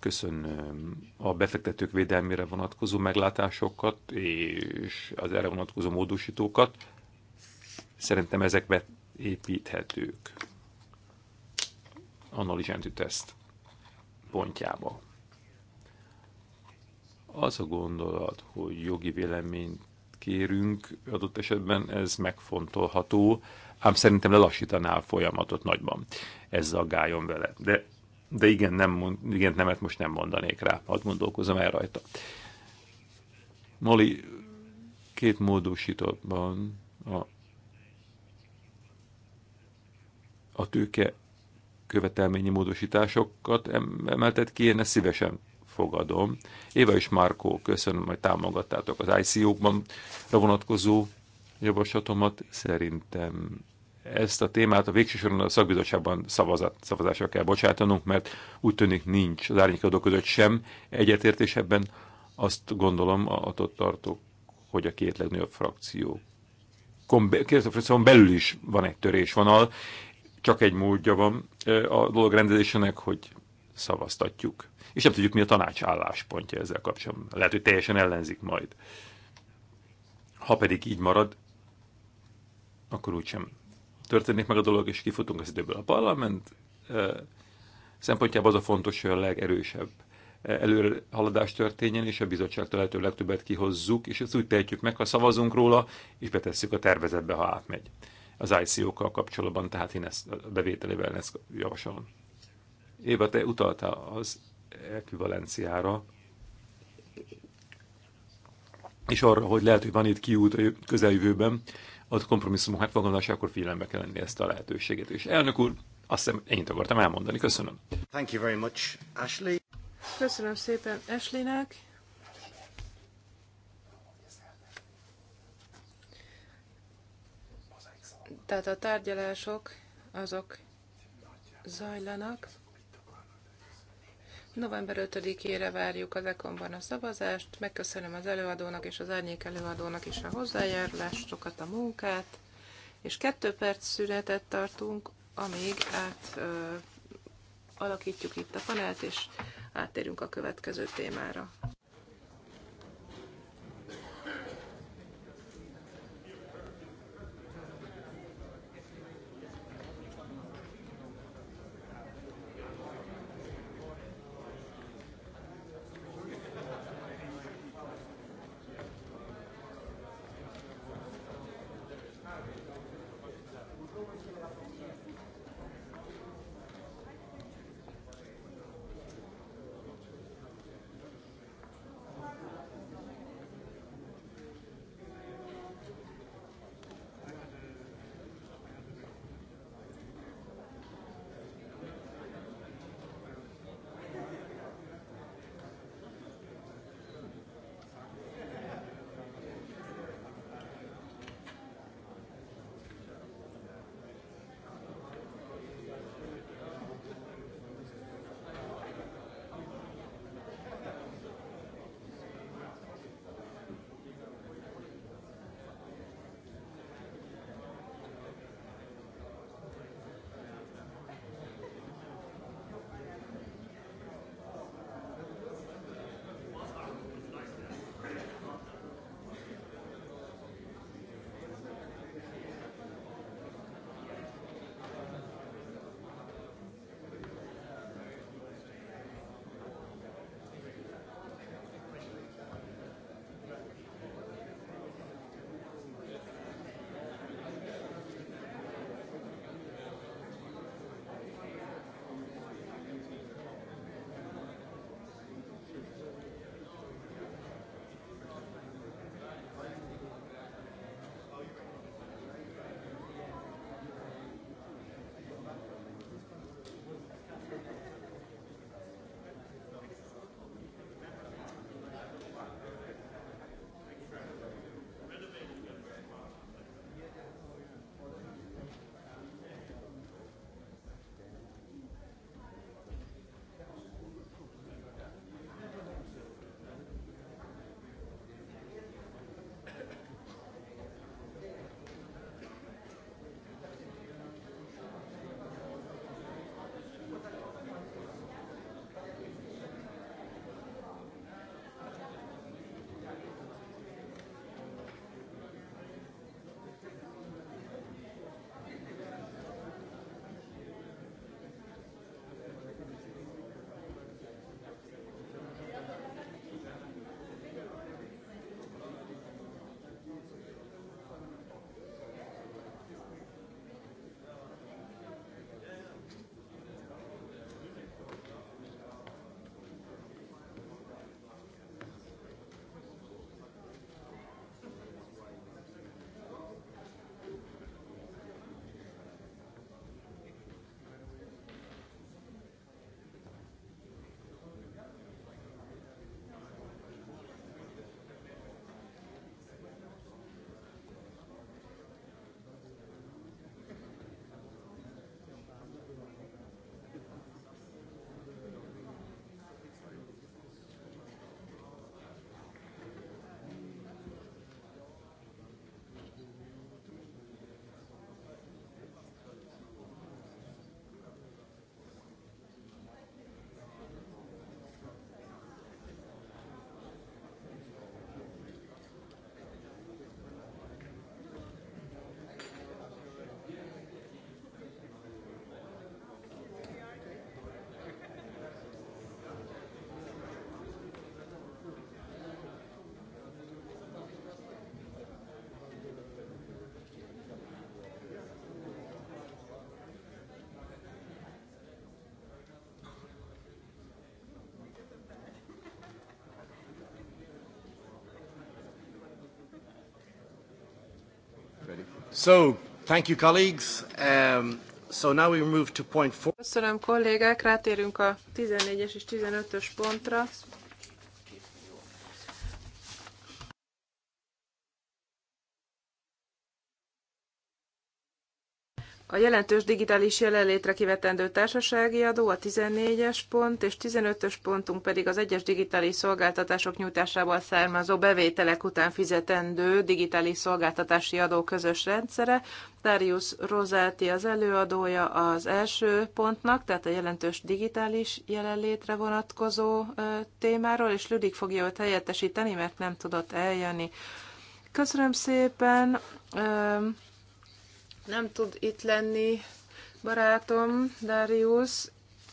köszönöm a befektetők védelmére vonatkozó meglátásokat és az erre vonatkozó módosítókat. Szerintem ezek építhetők a knowledge teszt pontjába. Az a gondolat, hogy jogi véleményt kérünk, adott esetben ez megfontolható, ám szerintem lelassítaná a folyamatot nagyban. Ez aggáljon vele. De, de igen, nem igen igen, nemet most nem mondanék rá, hadd gondolkozom el rajta. Moli két módosítottban a a tőke követelményi módosításokat emeltet ki, én ezt szívesen fogadom. Éva és Márkó, köszönöm, hogy támogattátok az ICO-kban vonatkozó javaslatomat. Szerintem ezt a témát a végső soron a szakbizottságban szavazat, szavazásra kell bocsátanunk, mert úgy tűnik nincs az árnyékadó között sem egyetértés ebben. Azt gondolom, attól tartok, hogy a két legnagyobb frakció kérdezőfrakción belül is van egy törésvonal, csak egy módja van a dolog rendezésének, hogy szavaztatjuk. És nem tudjuk, mi a tanács álláspontja ezzel kapcsolatban. Lehet, hogy teljesen ellenzik majd. Ha pedig így marad, akkor úgysem történik meg a dolog, és kifutunk az időből. A parlament szempontjában az a fontos, hogy a legerősebb előrehaladás történjen, és a bizottságtól lehető legtöbbet kihozzuk, és ezt úgy tehetjük meg, ha szavazunk róla, és betesszük a tervezetbe, ha átmegy az ICO-kkal kapcsolatban, tehát én ezt a bevételével ezt javasolom. Éva, te utaltál az ekvivalenciára, és arra, hogy lehet, hogy van itt kiút a közeljövőben, a kompromisszumok megfogalmazása, akkor figyelembe kell lenni ezt a lehetőséget. És elnök úr, azt hiszem, ennyit akartam elmondani. Köszönöm. Thank you very much, Ashley. Köszönöm szépen Ashleynek. Tehát a tárgyalások azok zajlanak. November 5-ére várjuk az ekonban a szavazást. Megköszönöm az előadónak és az árnyék előadónak is a hozzájárulásokat, a munkát. És kettő perc szünetet tartunk, amíg át ö, alakítjuk itt a panelt, és átérünk a következő témára. So, thank you colleagues. Um, so now we move to point four. Köszönöm kollégák, rátérünk a 14-es és 15-ös pontra. jelentős digitális jelenlétre kivetendő társasági adó, a 14-es pont, és 15-ös pontunk pedig az egyes digitális szolgáltatások nyújtásából származó bevételek után fizetendő digitális szolgáltatási adó közös rendszere. Darius Rosati az előadója az első pontnak, tehát a jelentős digitális jelenlétre vonatkozó témáról, és Lüdik fogja őt helyettesíteni, mert nem tudott eljönni. Köszönöm szépen! nem tud itt lenni barátom, Darius,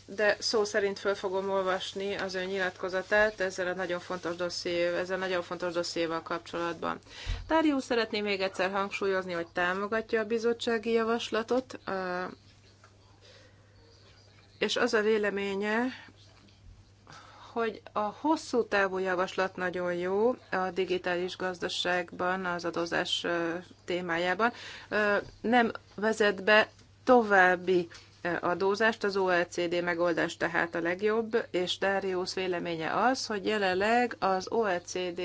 de szó szerint föl fogom olvasni az ön nyilatkozatát ezzel a nagyon fontos dosszié, ezzel a nagyon fontos dossziéval kapcsolatban. Darius szeretné még egyszer hangsúlyozni, hogy támogatja a bizottsági javaslatot, és az a véleménye, hogy a hosszú távú javaslat nagyon jó a digitális gazdaságban, az adózás témájában. Nem vezet be további adózást, az OECD megoldás tehát a legjobb, és Darius véleménye az, hogy jelenleg az OECD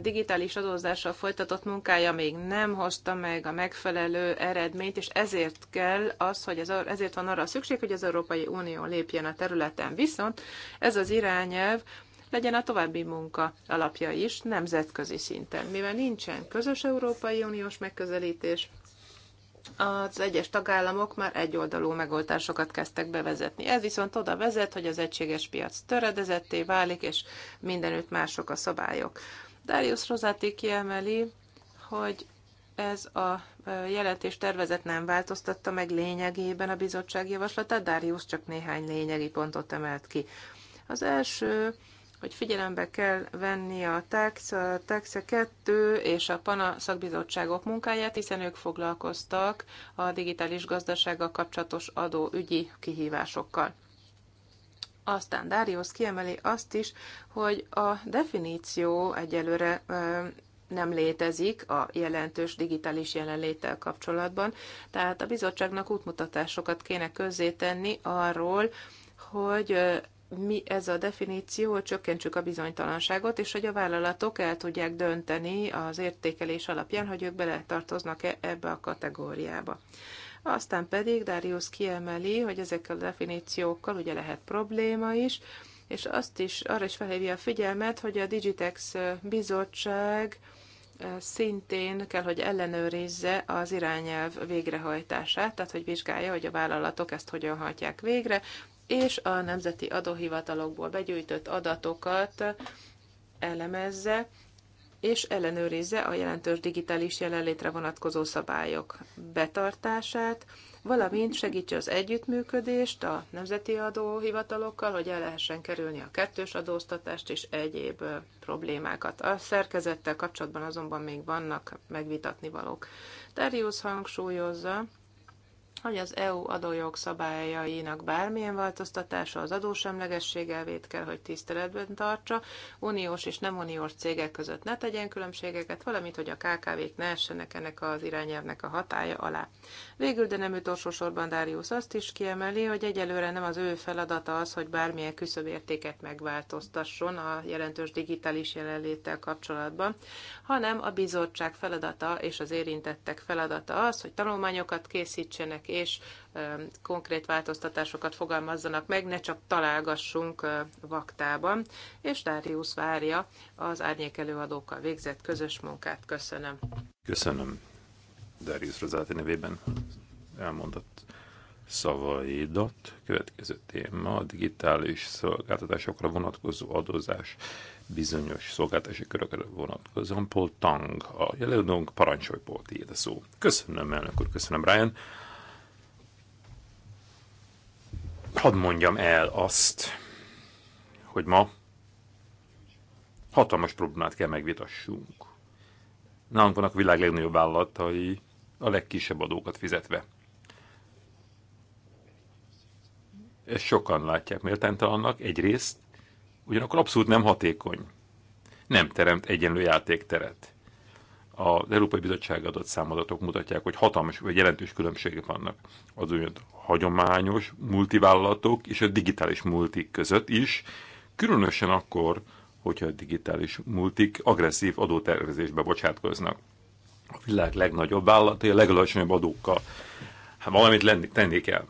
digitális adózással folytatott munkája még nem hozta meg a megfelelő eredményt, és ezért kell az, hogy ez, ezért van arra a szükség, hogy az Európai Unió lépjen a területen. Viszont ez az irányelv legyen a további munka alapja is nemzetközi szinten. Mivel nincsen közös Európai Uniós megközelítés, az egyes tagállamok már egyoldalú megoldásokat kezdtek bevezetni. Ez viszont oda vezet, hogy az egységes piac töredezetté válik, és mindenütt mások a szabályok. Darius Rosati kiemeli, hogy ez a jelentés tervezet nem változtatta meg lényegében a bizottság javaslatát, Darius csak néhány lényegi pontot emelt ki. Az első, hogy figyelembe kell venni a TAX, 2 és a PANA szakbizottságok munkáját, hiszen ők foglalkoztak a digitális gazdasággal kapcsolatos adóügyi kihívásokkal. Aztán Darius kiemeli azt is, hogy a definíció egyelőre nem létezik a jelentős digitális jelenléttel kapcsolatban, tehát a bizottságnak útmutatásokat kéne közzétenni arról, hogy mi ez a definíció, hogy csökkentsük a bizonytalanságot, és hogy a vállalatok el tudják dönteni az értékelés alapján, hogy ők tartoznak e ebbe a kategóriába. Aztán pedig Darius kiemeli, hogy ezekkel a definíciókkal ugye lehet probléma is, és azt is, arra is felhívja a figyelmet, hogy a Digitex bizottság szintén kell, hogy ellenőrizze az irányelv végrehajtását, tehát hogy vizsgálja, hogy a vállalatok ezt hogyan hajtják végre, és a nemzeti adóhivatalokból begyűjtött adatokat elemezze, és ellenőrizze a jelentős digitális jelenlétre vonatkozó szabályok betartását, valamint segítse az együttműködést a nemzeti adóhivatalokkal, hogy el lehessen kerülni a kettős adóztatást és egyéb problémákat. A szerkezettel kapcsolatban azonban még vannak megvitatni valók. Terius hangsúlyozza, hogy az EU adójog szabályainak bármilyen változtatása az adósemlegesség elvét kell, hogy tiszteletben tartsa, uniós és nem uniós cégek között ne tegyen különbségeket, valamint, hogy a KKV-k ne essenek ennek az irányelvnek a hatája alá. Végül, de nem utolsó sorban Darius azt is kiemeli, hogy egyelőre nem az ő feladata az, hogy bármilyen küszöbértéket megváltoztasson a jelentős digitális jelenléttel kapcsolatban, hanem a bizottság feladata és az érintettek feladata az, hogy tanulmányokat készítsenek és konkrét változtatásokat fogalmazzanak meg, ne csak találgassunk vaktában, és Dárius várja az árnyék előadókkal végzett közös munkát. Köszönöm. Köszönöm Dáriusz Rozáti nevében elmondott szavaidat. Következő téma a digitális szolgáltatásokra vonatkozó adózás bizonyos szolgáltási körökre vonatkozóan. Paul Tang, a jelenlőnk parancsolj Paul, a szó. Köszönöm, elnök úr, köszönöm, Brian. hadd mondjam el azt, hogy ma hatalmas problémát kell megvitassunk. Nálunk vannak a világ legnagyobb vállalatai, a legkisebb adókat fizetve. Ezt sokan látják méltánytalannak egyrészt, ugyanakkor abszolút nem hatékony. Nem teremt egyenlő játékteret az Európai Bizottság adott számadatok mutatják, hogy hatalmas vagy jelentős különbségek vannak az úgynevezett hagyományos multivállalatok és a digitális multik között is, különösen akkor, hogyha a digitális multik agresszív adótervezésbe bocsátkoznak. A világ legnagyobb vállalatai a legalacsonyabb adókkal. Hát valamit lenni, tenni kell.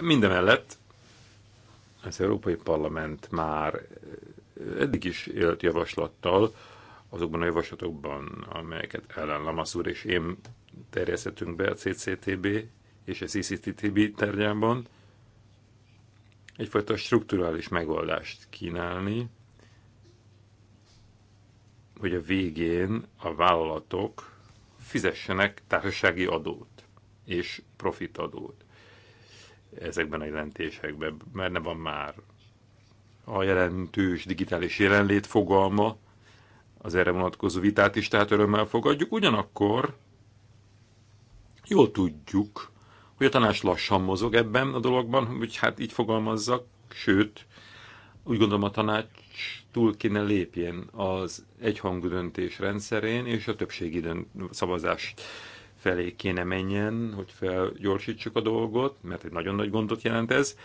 Mindemellett az Európai Parlament már eddig is élt javaslattal, azokban a javaslatokban, amelyeket ellen Lamaszúr és én terjesztettünk be a CCTB és a CCTB tárgyában, egyfajta strukturális megoldást kínálni, hogy a végén a vállalatok fizessenek társasági adót és profitadót ezekben a jelentésekben, mert ne van már a jelentős digitális jelenlét fogalma, az erre vonatkozó vitát is, tehát örömmel fogadjuk. Ugyanakkor jól tudjuk, hogy a tanács lassan mozog ebben a dologban, hogy hát így fogalmazzak, sőt, úgy gondolom a tanács túl kéne lépjen az egyhangú döntés rendszerén, és a többségi dönt, szavazás felé kéne menjen, hogy felgyorsítsuk a dolgot, mert egy nagyon nagy gondot jelent ez.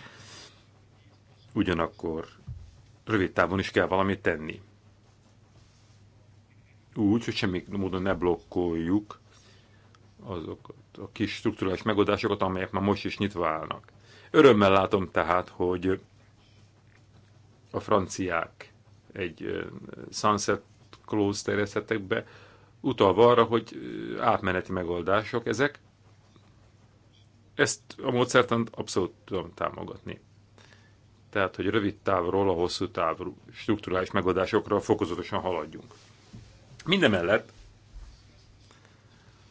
Ugyanakkor rövid távon is kell valamit tenni úgy, hogy semmi módon ne blokkoljuk azokat a kis struktúrális megoldásokat, amelyek már most is nyitva állnak. Örömmel látom tehát, hogy a franciák egy sunset close terjesztettek be, utalva arra, hogy átmeneti megoldások ezek. Ezt a módszertant abszolút tudom támogatni. Tehát, hogy rövid távról a hosszú távú struktúrális megoldásokra fokozatosan haladjunk. Mindemellett,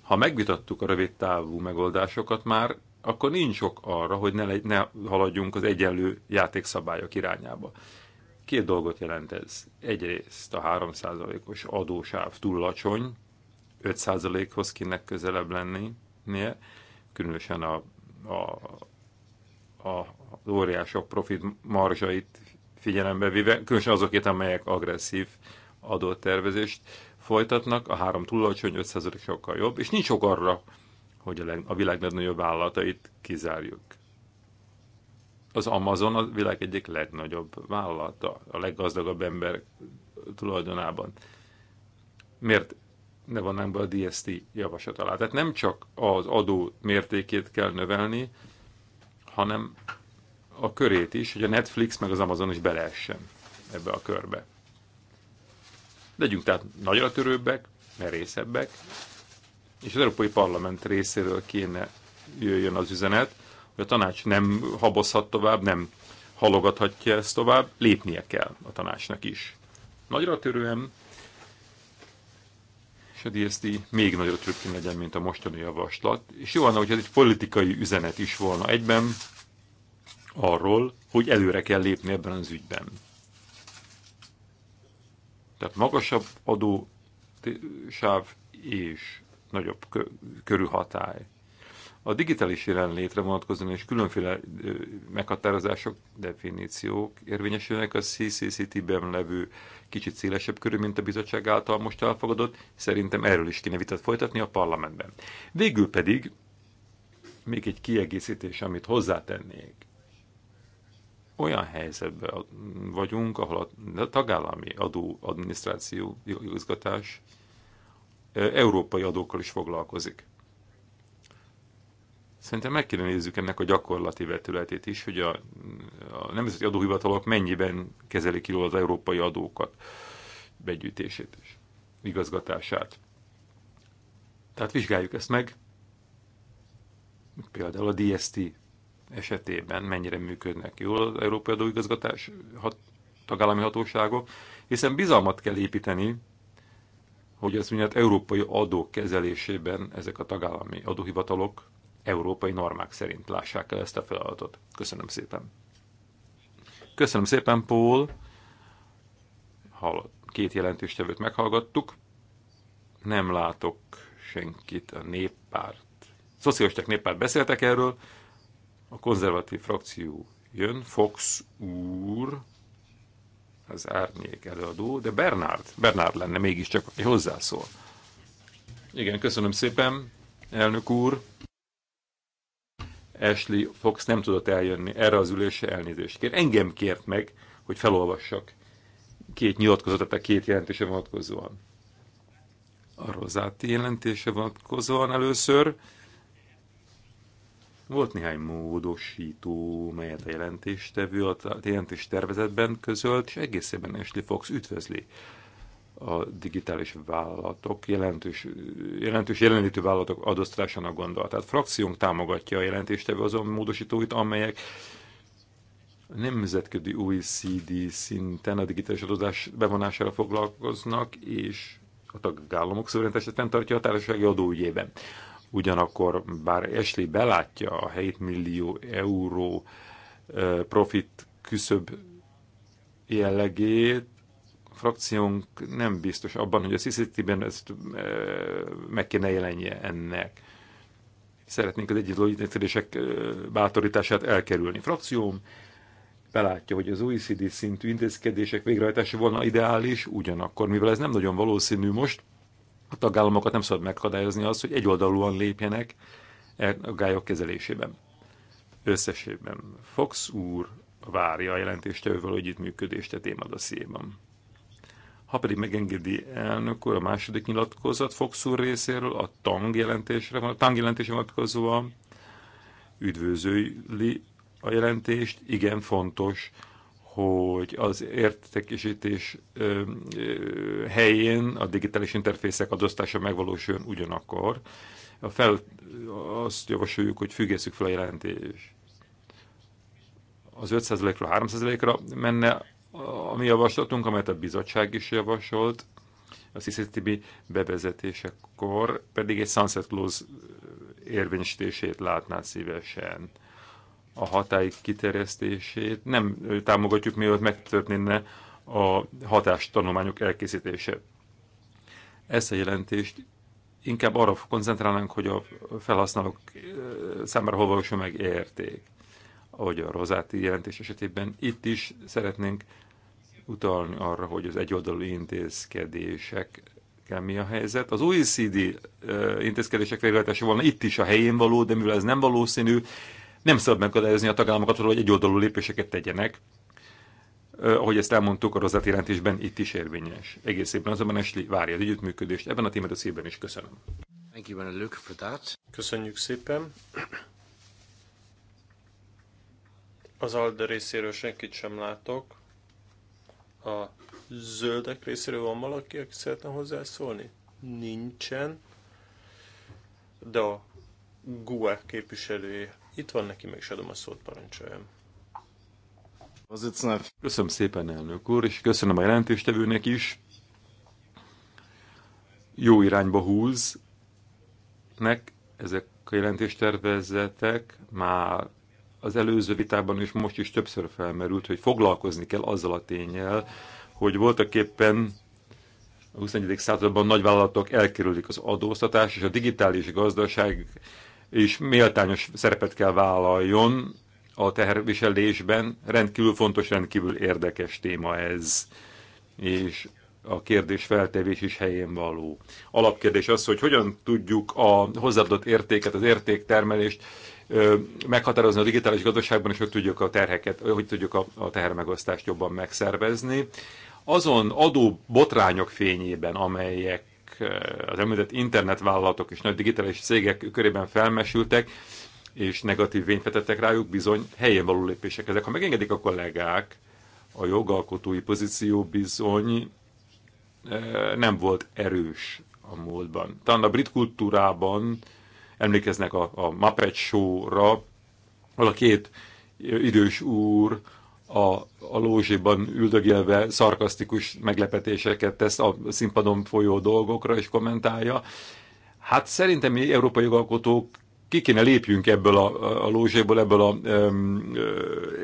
ha megvitattuk a rövid távú megoldásokat már, akkor nincs ok arra, hogy ne, ne haladjunk az egyenlő játékszabályok irányába. Két dolgot jelent ez. Egyrészt a 3%-os adósáv túl lacsony, 5%-hoz kéne közelebb lenni, különösen a, a, a, az óriások profit marzsait figyelembe véve, különösen azokért, amelyek agresszív adótervezést folytatnak, a három túl alacsony, 5% sokkal jobb, és nincs sok arra, hogy a, leg, a világ legnagyobb vállalatait kizárjuk. Az Amazon a világ egyik legnagyobb vállalata, a leggazdagabb ember tulajdonában. Miért ne vannánk be a DST javaslat alá? Tehát nem csak az adó mértékét kell növelni, hanem a körét is, hogy a Netflix meg az Amazon is beleessen ebbe a körbe. Legyünk tehát nagyra törőbbek, merészebbek, és az Európai Parlament részéről kéne jöjjön az üzenet, hogy a tanács nem habozhat tovább, nem halogathatja ezt tovább, lépnie kell a tanácsnak is. Nagyra törően, és a DST még nagyra törőként legyen, mint a mostani javaslat. És jó lenne, hogy ez egy politikai üzenet is volna egyben arról, hogy előre kell lépni ebben az ügyben. Tehát magasabb sáv és nagyobb körülhatály. A digitális jelenlétre vonatkozóan és különféle meghatározások, definíciók érvényesülnek a CCCT-ben levő kicsit szélesebb körű, mint a bizottság által most elfogadott. Szerintem erről is kéne vitat folytatni a parlamentben. Végül pedig még egy kiegészítés, amit hozzátennék olyan helyzetben vagyunk, ahol a tagállami adóadminisztráció igazgatás európai adókkal is foglalkozik. Szerintem meg kéne nézzük ennek a gyakorlati vetületét is, hogy a, a nemzeti adóhivatalok mennyiben kezelik jól az európai adókat begyűjtését és igazgatását. Tehát vizsgáljuk ezt meg, például a DST esetében mennyire működnek jól az Európai Adóigazgatás hat, tagállami hatóságok, hiszen bizalmat kell építeni, hogy az úgynevezett európai adók kezelésében ezek a tagállami adóhivatalok európai normák szerint lássák el ezt a feladatot. Köszönöm szépen. Köszönöm szépen, Paul. Hallott. Két jelentéstevőt meghallgattuk. Nem látok senkit a néppárt. Szocialisták néppárt beszéltek erről. A konzervatív frakció jön, Fox úr, az árnyék előadó, de Bernard, Bernard lenne mégiscsak, aki hozzászól. Igen, köszönöm szépen, elnök úr. Ashley Fox nem tudott eljönni erre az ülésre, elnézést kér. Engem kért meg, hogy felolvassak két nyilatkozatot a két jelentése vonatkozóan. A Rozáti jelentése vonatkozóan először, volt néhány módosító, melyet a jelentéstevő a jelentés tervezetben közölt, és egészében Ashley Fox üdvözli a digitális vállalatok, jelentős, jelentős jelenlétű vállalatok gondol. Tehát Frakciónk támogatja a jelentéstevő azon módosítóit, amelyek nemzetközi OECD szinten a digitális adózás bevonására foglalkoznak, és a tagállamok szuverenitását tartja a társasági adóügyében. Ugyanakkor bár Esli belátja a 7 millió euró profit küszöb jellegét, a frakciónk nem biztos abban, hogy a CCT-ben ezt meg kéne jelenje ennek. Szeretnénk az egyedül intézkedések bátorítását elkerülni. frakcióm belátja, hogy az OECD szintű intézkedések végrehajtása volna ideális, ugyanakkor, mivel ez nem nagyon valószínű most, a tagállamokat nem szabad megakadályozni az, hogy egyoldalúan lépjenek e a gályok kezelésében. Összességben Fox úr várja a jelentéstevővel együttműködést a témadossziéban. Ha pedig megengedi elnök úr a második nyilatkozat Fox úr részéről, a TANG jelentésre, a TANG jelentésre vonatkozóan üdvözöli a jelentést, igen fontos hogy az értékesítés helyén a digitális interfészek adosztása megvalósuljon ugyanakkor. A fel, azt javasoljuk, hogy függesszük fel a jelentést. Az 5%-ra 3%-ra menne a mi javaslatunk, amelyet a bizottság is javasolt, a CCTV bevezetésekor pedig egy sunset clause érvényesítését látná szívesen a hatály kiterjesztését nem támogatjuk, mielőtt megtörténne a hatástanulmányok elkészítése. Ezt a jelentést inkább arra koncentrálnánk, hogy a felhasználók számára hol valósul meg érték. Ahogy a rozáti jelentés esetében itt is szeretnénk utalni arra, hogy az egyoldalú intézkedések mi a helyzet. Az OECD intézkedések végrehajtása volna itt is a helyén való, de mivel ez nem valószínű, nem szabad megakadályozni a tagállamokat, hogy egy oldalú lépéseket tegyenek, ahogy ezt elmondtuk, a rozát jelentésben itt is érvényes. Egész évben azonban Esli várja az együttműködést. Ebben a témát a szívben is köszönöm. Thank you, for that. Köszönjük szépen. Az Alde részéről senkit sem látok. A zöldek részéről van valaki, aki szeretne hozzászólni? Nincsen. De a GUE képviselője itt van neki, meg is adom a szót, parancsoljam. Köszönöm szépen, elnök úr, és köszönöm a jelentéstevőnek is. Jó irányba húz. Nek, ezek a jelentéstervezetek. Már az előző vitában is most is többször felmerült, hogy foglalkozni kell azzal a tényel, hogy voltak éppen a 21. században nagyvállalatok elkerülik az adóztatás, és a digitális gazdaság és méltányos szerepet kell vállaljon a teherviselésben. Rendkívül fontos, rendkívül érdekes téma ez, és a kérdés feltevés is helyén való. Alapkérdés az, hogy hogyan tudjuk a hozzáadott értéket, az értéktermelést meghatározni a digitális gazdaságban, és hogy tudjuk a terheket, hogy tudjuk a, a tehermegosztást jobban megszervezni. Azon adó botrányok fényében, amelyek az említett internetvállalatok és nagy digitális cégek körében felmesültek, és negatív vényt vetettek rájuk, bizony helyén való lépések ezek. Ha megengedik a kollégák, a jogalkotói pozíció bizony e, nem volt erős a múltban. Talán a brit kultúrában emlékeznek a, a Muppet Show-ra, ahol a két idős úr a, a lózsiban üldögélve szarkasztikus meglepetéseket tesz a színpadon folyó dolgokra és kommentálja. Hát szerintem mi európai jogalkotók ki kéne lépjünk ebből a, a lózséből, ebből a um,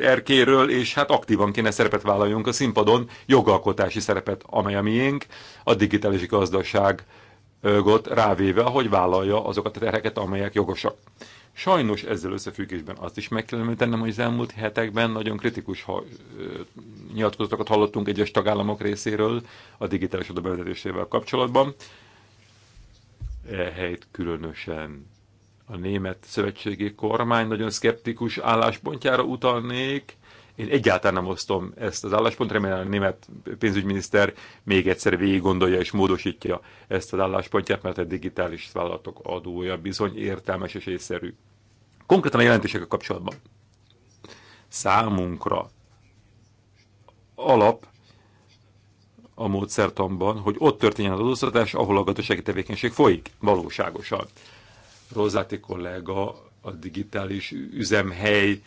erkéről, és hát aktívan kéne szerepet vállaljunk a színpadon, jogalkotási szerepet, amely a miénk, a digitális gazdaságot rávéve, hogy vállalja azokat a terheket, amelyek jogosak. Sajnos ezzel összefüggésben azt is meg kell említenem, hogy az elmúlt hetekben nagyon kritikus ha, nyilatkozatokat hallottunk egyes tagállamok részéről a digitális oda bevezetésével kapcsolatban. Ehelyt különösen a német szövetségi kormány nagyon szkeptikus álláspontjára utalnék, én egyáltalán nem osztom ezt az álláspontot, remélem a német pénzügyminiszter még egyszer végig gondolja és módosítja ezt az álláspontját, mert a digitális vállalatok adója bizony értelmes és észszerű. Konkrétan a jelentésekkel kapcsolatban számunkra alap a módszertanban, hogy ott történjen az adóztatás, ahol a gazdasági tevékenység folyik valóságosan. Rozáti kollega a digitális üzemhely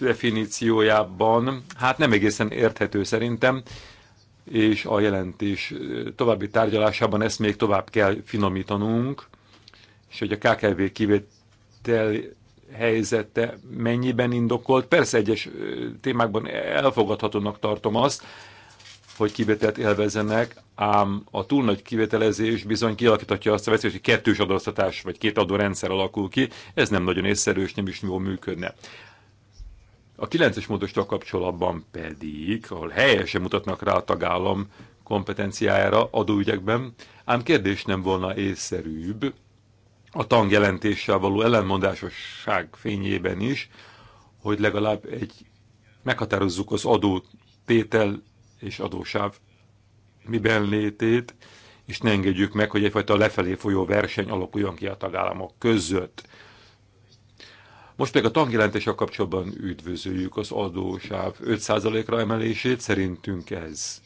definíciójában, hát nem egészen érthető szerintem, és a jelentés további tárgyalásában ezt még tovább kell finomítanunk, és hogy a KKV kivétel helyzete mennyiben indokolt. Persze egyes témákban elfogadhatónak tartom azt, hogy kivételt élvezenek, ám a túl nagy kivételezés bizony kialakítatja azt a veszélyt, hogy kettős adóztatás vagy két adórendszer alakul ki, ez nem nagyon észszerű és nem is jól működne. A 9-es módostal kapcsolatban pedig, ahol helyesen mutatnak rá a tagállam kompetenciájára adóügyekben, ám kérdés nem volna észszerűbb a jelentéssel való ellenmondásosság fényében is, hogy legalább egy meghatározzuk az adó tétel és adósáv miben létét, és ne engedjük meg, hogy egyfajta lefelé folyó verseny alakuljon ki a tagállamok között. Most pedig a tangjelentéssel kapcsolatban üdvözöljük az adósáv 5%-ra emelését, szerintünk ez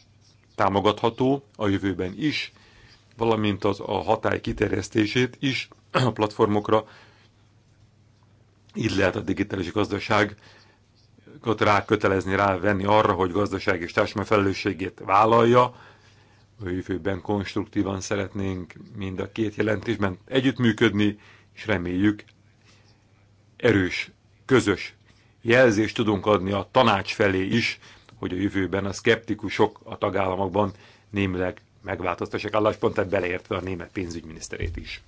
támogatható a jövőben is, valamint az a hatály kiterjesztését is a platformokra. Így lehet a digitális gazdaság rákötelezni, rávenni arra, hogy gazdaság és társadalmi felelősségét vállalja. A jövőben konstruktívan szeretnénk mind a két jelentésben együttműködni, és reméljük erős, közös jelzést tudunk adni a tanács felé is, hogy a jövőben a szkeptikusok a tagállamokban némileg megváltoztassák álláspontát, beleértve a német pénzügyminiszterét is.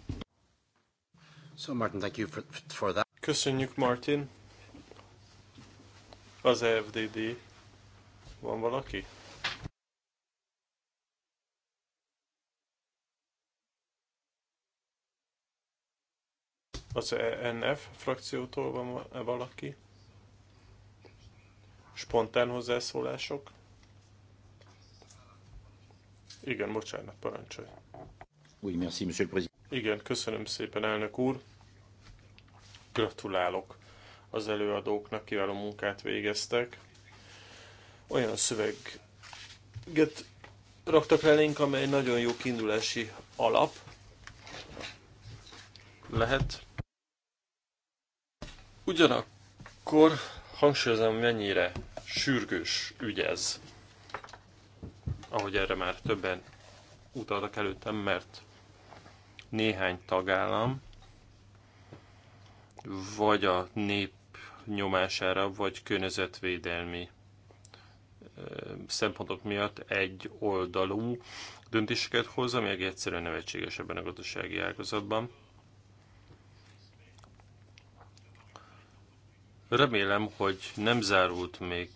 So Martin, thank you for, for that. Köszönjük, Martin. Az EFDD. Van valaki? Az ENF frakciótól van -e valaki? Spontán hozzászólások? Igen, bocsánat, parancsolj. Oui, merci, monsieur le président. Igen, köszönöm szépen, elnök úr. Gratulálok az előadóknak, kiváló munkát végeztek. Olyan szöveget raktak elénk, amely nagyon jó kiindulási alap lehet Ugyanakkor hangsúlyozom, mennyire sürgős ügy ez, ahogy erre már többen utaltak előttem, mert néhány tagállam vagy a nép nyomására, vagy környezetvédelmi szempontok miatt egy oldalú döntéseket hoz, ami egyszerűen nevetséges ebben a gazdasági ágazatban. Remélem, hogy nem zárult még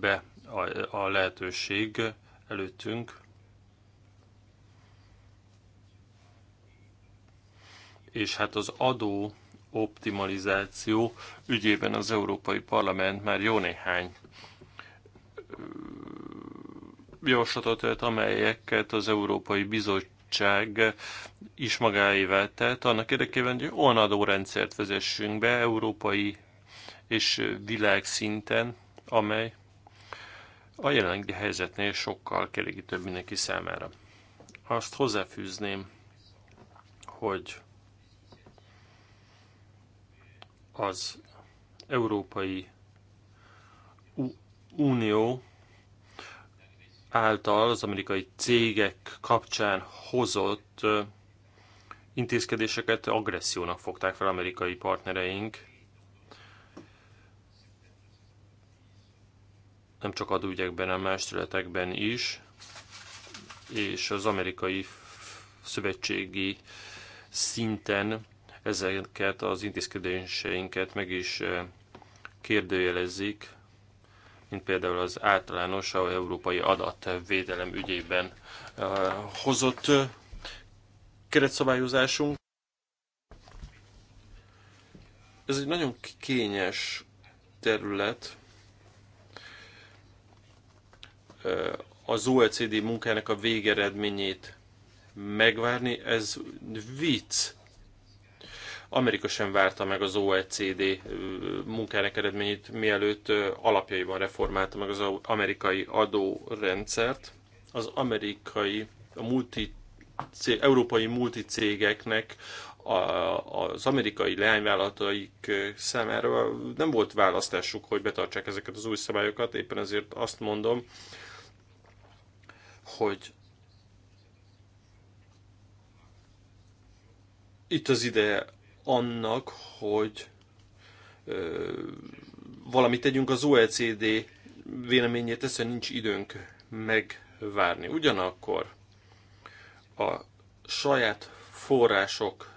be a, a lehetőség előttünk, és hát az adó optimalizáció ügyében az Európai Parlament már jó néhány javaslatot tett, amelyeket az Európai Bizottság is magáévá tett, annak érdekében, hogy olyan adórendszert vezessünk be, európai és világszinten, amely a jelenlegi helyzetnél sokkal kielégítőbb mindenki számára. Azt hozzáfűzném, hogy az Európai Unió által az amerikai cégek kapcsán hozott intézkedéseket agressziónak fogták fel amerikai partnereink, nem csak adóügyekben, hanem más területekben is, és az amerikai szövetségi szinten ezeket az intézkedéseinket meg is eh, kérdőjelezik, mint például az általános a európai adatvédelem ügyében eh, hozott eh, keretszabályozásunk. Ez egy nagyon kényes terület, az OECD munkának a végeredményét megvárni, ez vicc. Amerika sem várta meg az OECD munkának eredményét, mielőtt alapjaiban reformálta meg az amerikai adórendszert. Az amerikai, a multi, európai multicégeknek a, az amerikai leányvállalataik számára nem volt választásuk, hogy betartsák ezeket az új szabályokat, éppen ezért azt mondom, hogy itt az ideje annak, hogy valamit tegyünk az OECD véleményét, ezt nincs időnk megvárni. Ugyanakkor a saját források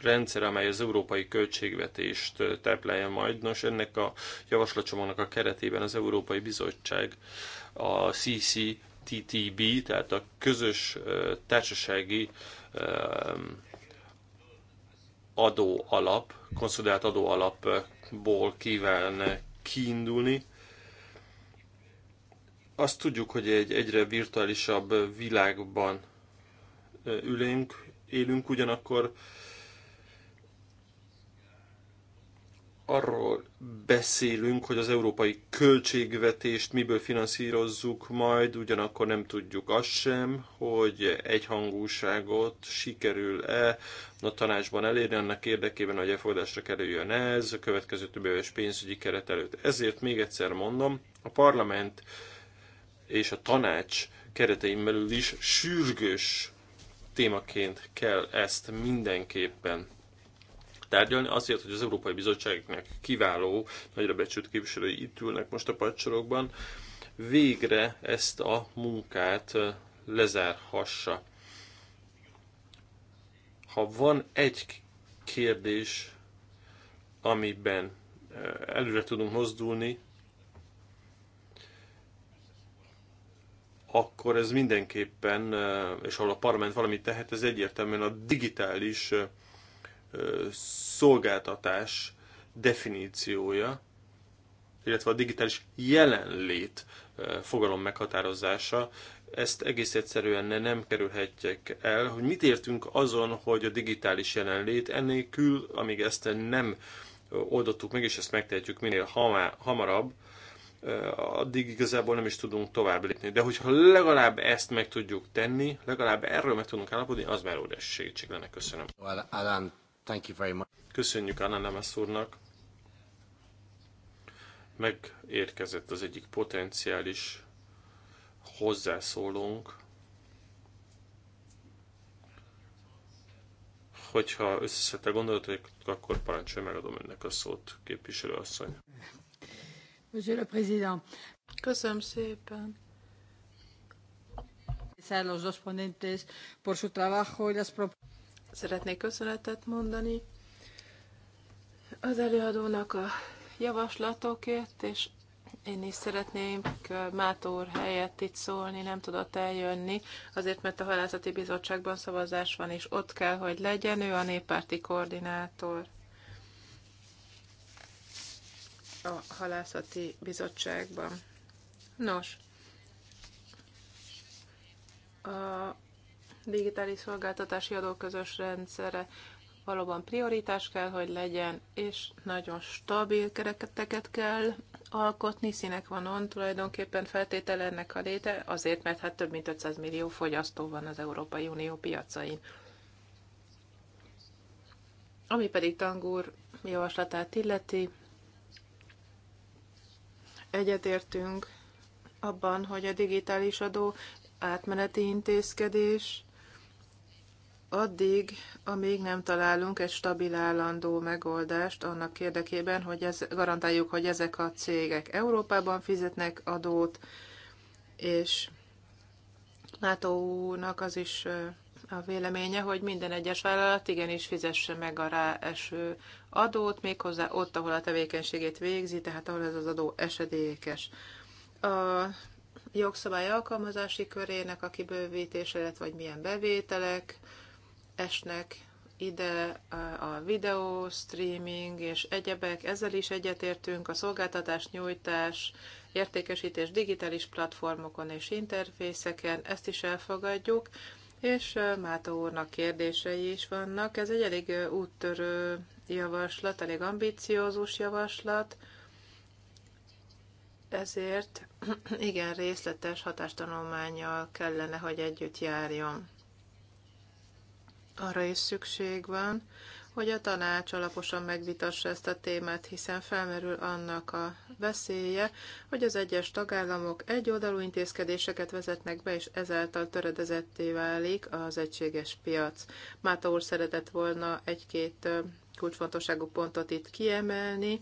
rendszer, amely az európai költségvetést teplelje majd. Nos, ennek a javaslatcsomagnak a keretében az Európai Bizottság a CC TTB, tehát a közös társasági adó alap, konszolidált adó alapból kíván kiindulni. Azt tudjuk, hogy egy egyre virtuálisabb világban ülünk, élünk, ugyanakkor arról beszélünk, hogy az európai költségvetést miből finanszírozzuk majd, ugyanakkor nem tudjuk azt sem, hogy egyhangúságot sikerül-e a tanácsban elérni annak érdekében, hogy elfogadásra kerüljön ez a következő több éves pénzügyi keret előtt. Ezért még egyszer mondom, a parlament és a tanács keretein belül is sürgős témaként kell ezt mindenképpen tárgyalni, azért, hogy az Európai Bizottságnak kiváló, nagyra becsült képviselői itt ülnek most a padsorokban, végre ezt a munkát lezárhassa. Ha van egy kérdés, amiben előre tudunk mozdulni, akkor ez mindenképpen, és ahol a parlament valamit tehet, ez egyértelműen a digitális szolgáltatás definíciója, illetve a digitális jelenlét fogalom meghatározása, ezt egész egyszerűen nem kerülhetjük el, hogy mit értünk azon, hogy a digitális jelenlét ennélkül, amíg ezt nem oldottuk meg, és ezt megtehetjük minél hamarabb, addig igazából nem is tudunk tovább lépni. De hogyha legalább ezt meg tudjuk tenni, legalább erről meg tudunk állapodni, az már óriási segítség lenne. Köszönöm. Well, Thank you very much. Köszönjük Anna Nemes úrnak. Megérkezett az egyik potenciális hozzászólónk, hogyha összeszedte gondolatokat, akkor parancsolj, megadom önnek a szót, képviselő asszony. Monsieur le Président. Köszönöm szépen. A los dos ponentes por su trabajo y las Szeretnék köszönetet mondani az előadónak a javaslatokért, és én is szeretném Mátor helyett itt szólni, nem tudott eljönni, azért mert a halászati bizottságban szavazás van, és ott kell, hogy legyen, ő a néppárti koordinátor a halászati bizottságban. Nos, a digitális szolgáltatási adóközös rendszere valóban prioritás kell, hogy legyen, és nagyon stabil kereketeket kell alkotni, színek van on, tulajdonképpen feltétele ennek a léte, azért, mert hát több mint 500 millió fogyasztó van az Európai Unió piacain. Ami pedig Tangúr javaslatát illeti, egyetértünk abban, hogy a digitális adó átmeneti intézkedés, addig, amíg nem találunk egy stabil állandó megoldást annak érdekében, hogy ez, garantáljuk, hogy ezek a cégek Európában fizetnek adót, és NATO-nak az is a véleménye, hogy minden egyes vállalat igenis fizesse meg a ráeső adót, méghozzá ott, ahol a tevékenységét végzi, tehát ahol ez az adó esedékes. A jogszabály alkalmazási körének a kibővítése, illetve vagy milyen bevételek, esnek ide eh, a videó, streaming és egyebek, ezzel is egyetértünk, a szolgáltatás nyújtás, értékesítés digitális platformokon és interfészeken, ezt is elfogadjuk, és eh, Máta úrnak kérdései is vannak. Ez egy elég eh, úttörő javaslat, elég ambiciózus javaslat, ezért igen részletes hatástanulmányjal kellene, hogy együtt járjon arra is szükség van, hogy a tanács alaposan megvitassa ezt a témát, hiszen felmerül annak a veszélye, hogy az egyes tagállamok egyoldalú intézkedéseket vezetnek be, és ezáltal töredezetté válik az egységes piac. Máta úr szeretett volna egy-két kulcsfontosságú pontot itt kiemelni.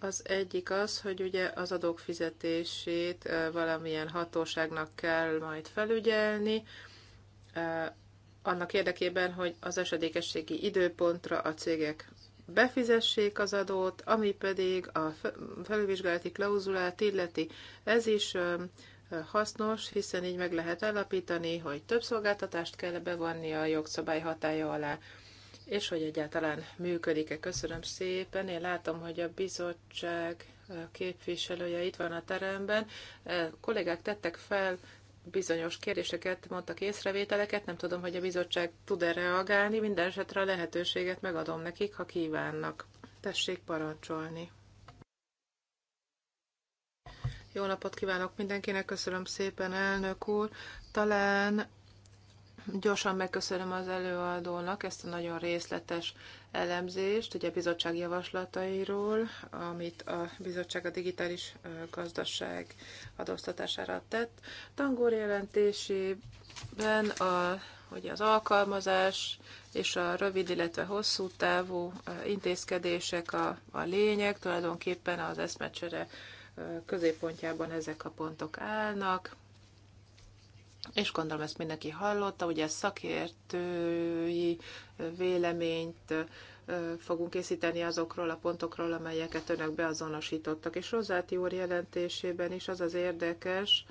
Az egyik az, hogy ugye az adók fizetését valamilyen hatóságnak kell majd felügyelni, annak érdekében, hogy az esedékességi időpontra a cégek befizessék az adót, ami pedig a felülvizsgálati klauzulát illeti. Ez is hasznos, hiszen így meg lehet állapítani, hogy több szolgáltatást kell bevonni a jogszabály hatája alá, és hogy egyáltalán működik-e. Köszönöm szépen. Én látom, hogy a bizottság képviselője itt van a teremben. Kollégák tettek fel bizonyos kérdéseket, mondtak észrevételeket, nem tudom, hogy a bizottság tud-e reagálni, minden esetre a lehetőséget megadom nekik, ha kívánnak. Tessék parancsolni. Jó napot kívánok mindenkinek, köszönöm szépen, elnök úr. Talán gyorsan megköszönöm az előadónak ezt a nagyon részletes elemzést, ugye a bizottság javaslatairól, amit a bizottság a digitális gazdaság adóztatására tett. Tangor jelentésében a, ugye az alkalmazás és a rövid, illetve hosszú távú intézkedések a, a lényeg, tulajdonképpen az eszmecsere középpontjában ezek a pontok állnak és gondolom ezt mindenki hallotta, ugye szakértői véleményt fogunk készíteni azokról a pontokról, amelyeket önök beazonosítottak. És Rozáti úr jelentésében is az az érdekes,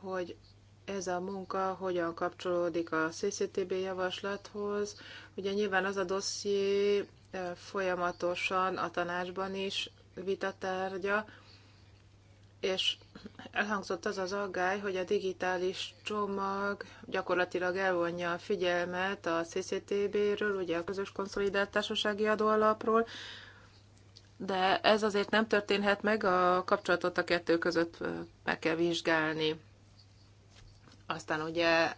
hogy ez a munka hogyan kapcsolódik a CCTB javaslathoz. Ugye nyilván az a dosszié folyamatosan a tanácsban is vitatárgya, és elhangzott az az aggály, hogy a digitális csomag gyakorlatilag elvonja a figyelmet a CCTB-ről, ugye a közös konszolidált társasági adóalapról, de ez azért nem történhet meg, a kapcsolatot a kettő között meg kell vizsgálni. Aztán ugye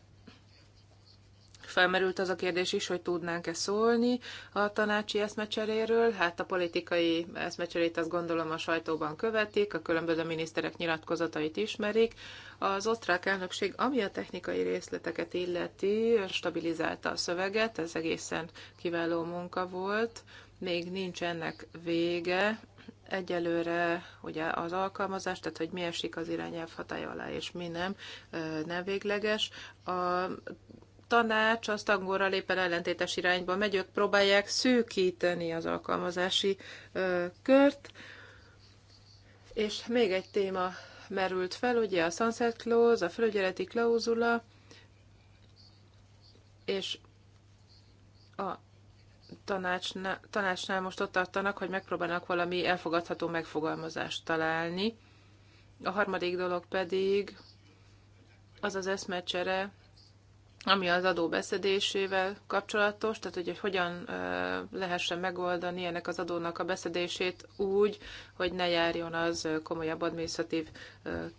Felmerült az a kérdés is, hogy tudnánk-e szólni a tanácsi eszmecseréről. Hát a politikai eszmecserét azt gondolom a sajtóban követik, a különböző miniszterek nyilatkozatait ismerik. Az osztrák elnökség, ami a technikai részleteket illeti, stabilizálta a szöveget, ez egészen kiváló munka volt. Még nincs ennek vége, egyelőre ugye az alkalmazás, tehát hogy mi esik az irányelv hatája alá és mi nem, nem végleges. A tanács azt angolra lépen ellentétes irányba megy, ők próbálják szűkíteni az alkalmazási ö, kört. És még egy téma merült fel, ugye a sunset clause, a felügyeleti klauzula, és a tanácsnál, tanácsnál most ott tartanak, hogy megpróbálnak valami elfogadható megfogalmazást találni. A harmadik dolog pedig az az eszmecsere, ami az adó beszedésével kapcsolatos, tehát hogy hogyan lehessen megoldani ennek az adónak a beszedését úgy, hogy ne járjon az komolyabb adminisztratív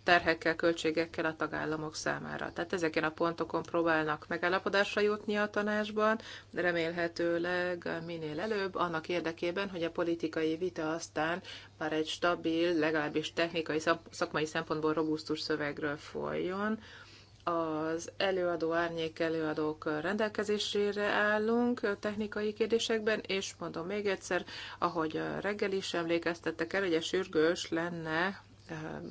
terhekkel, költségekkel a tagállamok számára. Tehát ezeken a pontokon próbálnak megállapodásra jutni a tanácsban, remélhetőleg minél előbb, annak érdekében, hogy a politikai vita aztán már egy stabil, legalábbis technikai, szakmai szempontból robusztus szövegről folyjon, az előadó, árnyék előadók rendelkezésére állunk technikai kérdésekben, és mondom még egyszer, ahogy reggel is emlékeztettek el, ugye sürgős lenne ehm,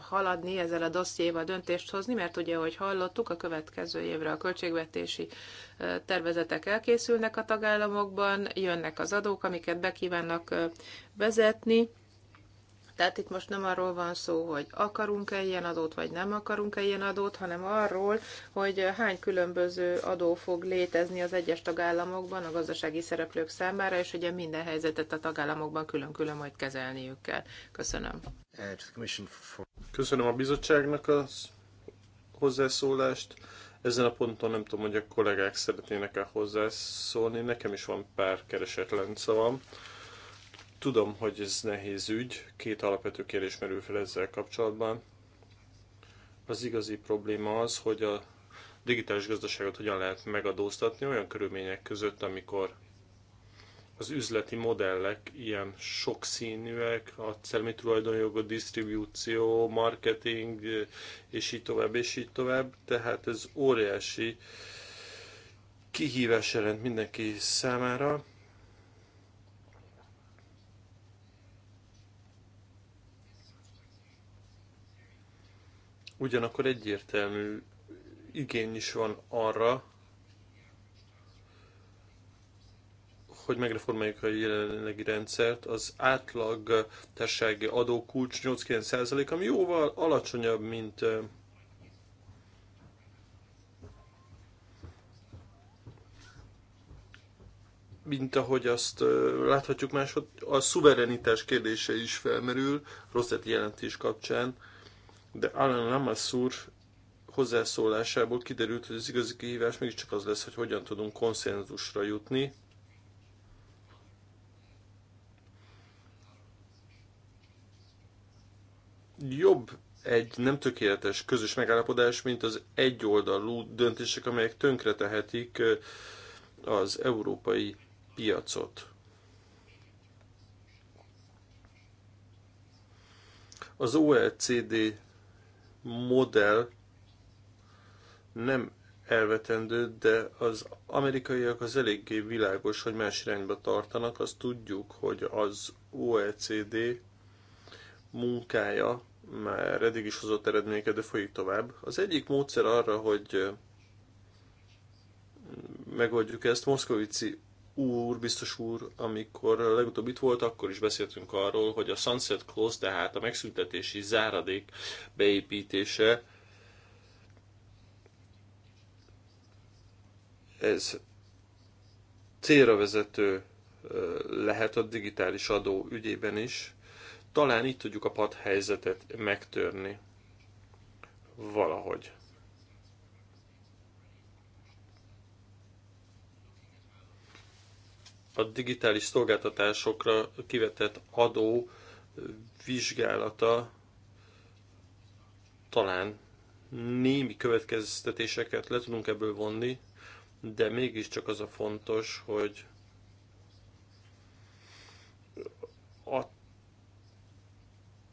haladni ezzel a dossziéval döntést hozni, mert ugye, ahogy hallottuk, a következő évre a költségvetési tervezetek elkészülnek a tagállamokban, jönnek az adók, amiket bekívánnak vezetni, tehát itt most nem arról van szó, hogy akarunk-e ilyen adót, vagy nem akarunk-e ilyen adót, hanem arról, hogy hány különböző adó fog létezni az egyes tagállamokban a gazdasági szereplők számára, és ugye minden helyzetet a tagállamokban külön-külön majd kezelniük kell. Köszönöm. Köszönöm a bizottságnak a hozzászólást. Ezen a ponton nem tudom, hogy a kollégák szeretnének-e hozzászólni. Nekem is van pár keresetlen szavam. Szóval Tudom, hogy ez nehéz ügy, két alapvető kérdés merül fel ezzel kapcsolatban. Az igazi probléma az, hogy a digitális gazdaságot hogyan lehet megadóztatni olyan körülmények között, amikor az üzleti modellek ilyen sokszínűek, a szermi tulajdonjogot, disztribúció, marketing, és így tovább, és így tovább. Tehát ez óriási kihívás jelent mindenki számára. Ugyanakkor egyértelmű igény is van arra, hogy megreformáljuk a jelenlegi rendszert, az átlag társasági adókulcs 8-9 ami jóval alacsonyabb, mint mint ahogy azt láthatjuk máshogy, a szuverenitás kérdése is felmerül Rosszetti jelentés kapcsán de Alan Lamassur hozzászólásából kiderült, hogy az igazi kihívás mégiscsak az lesz, hogy hogyan tudunk konszenzusra jutni. Jobb egy nem tökéletes közös megállapodás, mint az egyoldalú döntések, amelyek tönkretehetik az európai piacot. Az OECD modell nem elvetendő, de az amerikaiak az eléggé világos, hogy más irányba tartanak. Azt tudjuk, hogy az OECD munkája már eddig is hozott eredményeket, de folyik tovább. Az egyik módszer arra, hogy megoldjuk ezt, Moszkovici úr, biztos úr, amikor legutóbb itt volt, akkor is beszéltünk arról, hogy a sunset clause, tehát a megszüntetési záradék beépítése, ez célra vezető lehet a digitális adó ügyében is. Talán itt tudjuk a pad helyzetet megtörni valahogy. a digitális szolgáltatásokra kivetett adó vizsgálata talán némi következtetéseket le tudunk ebből vonni, de mégiscsak az a fontos, hogy a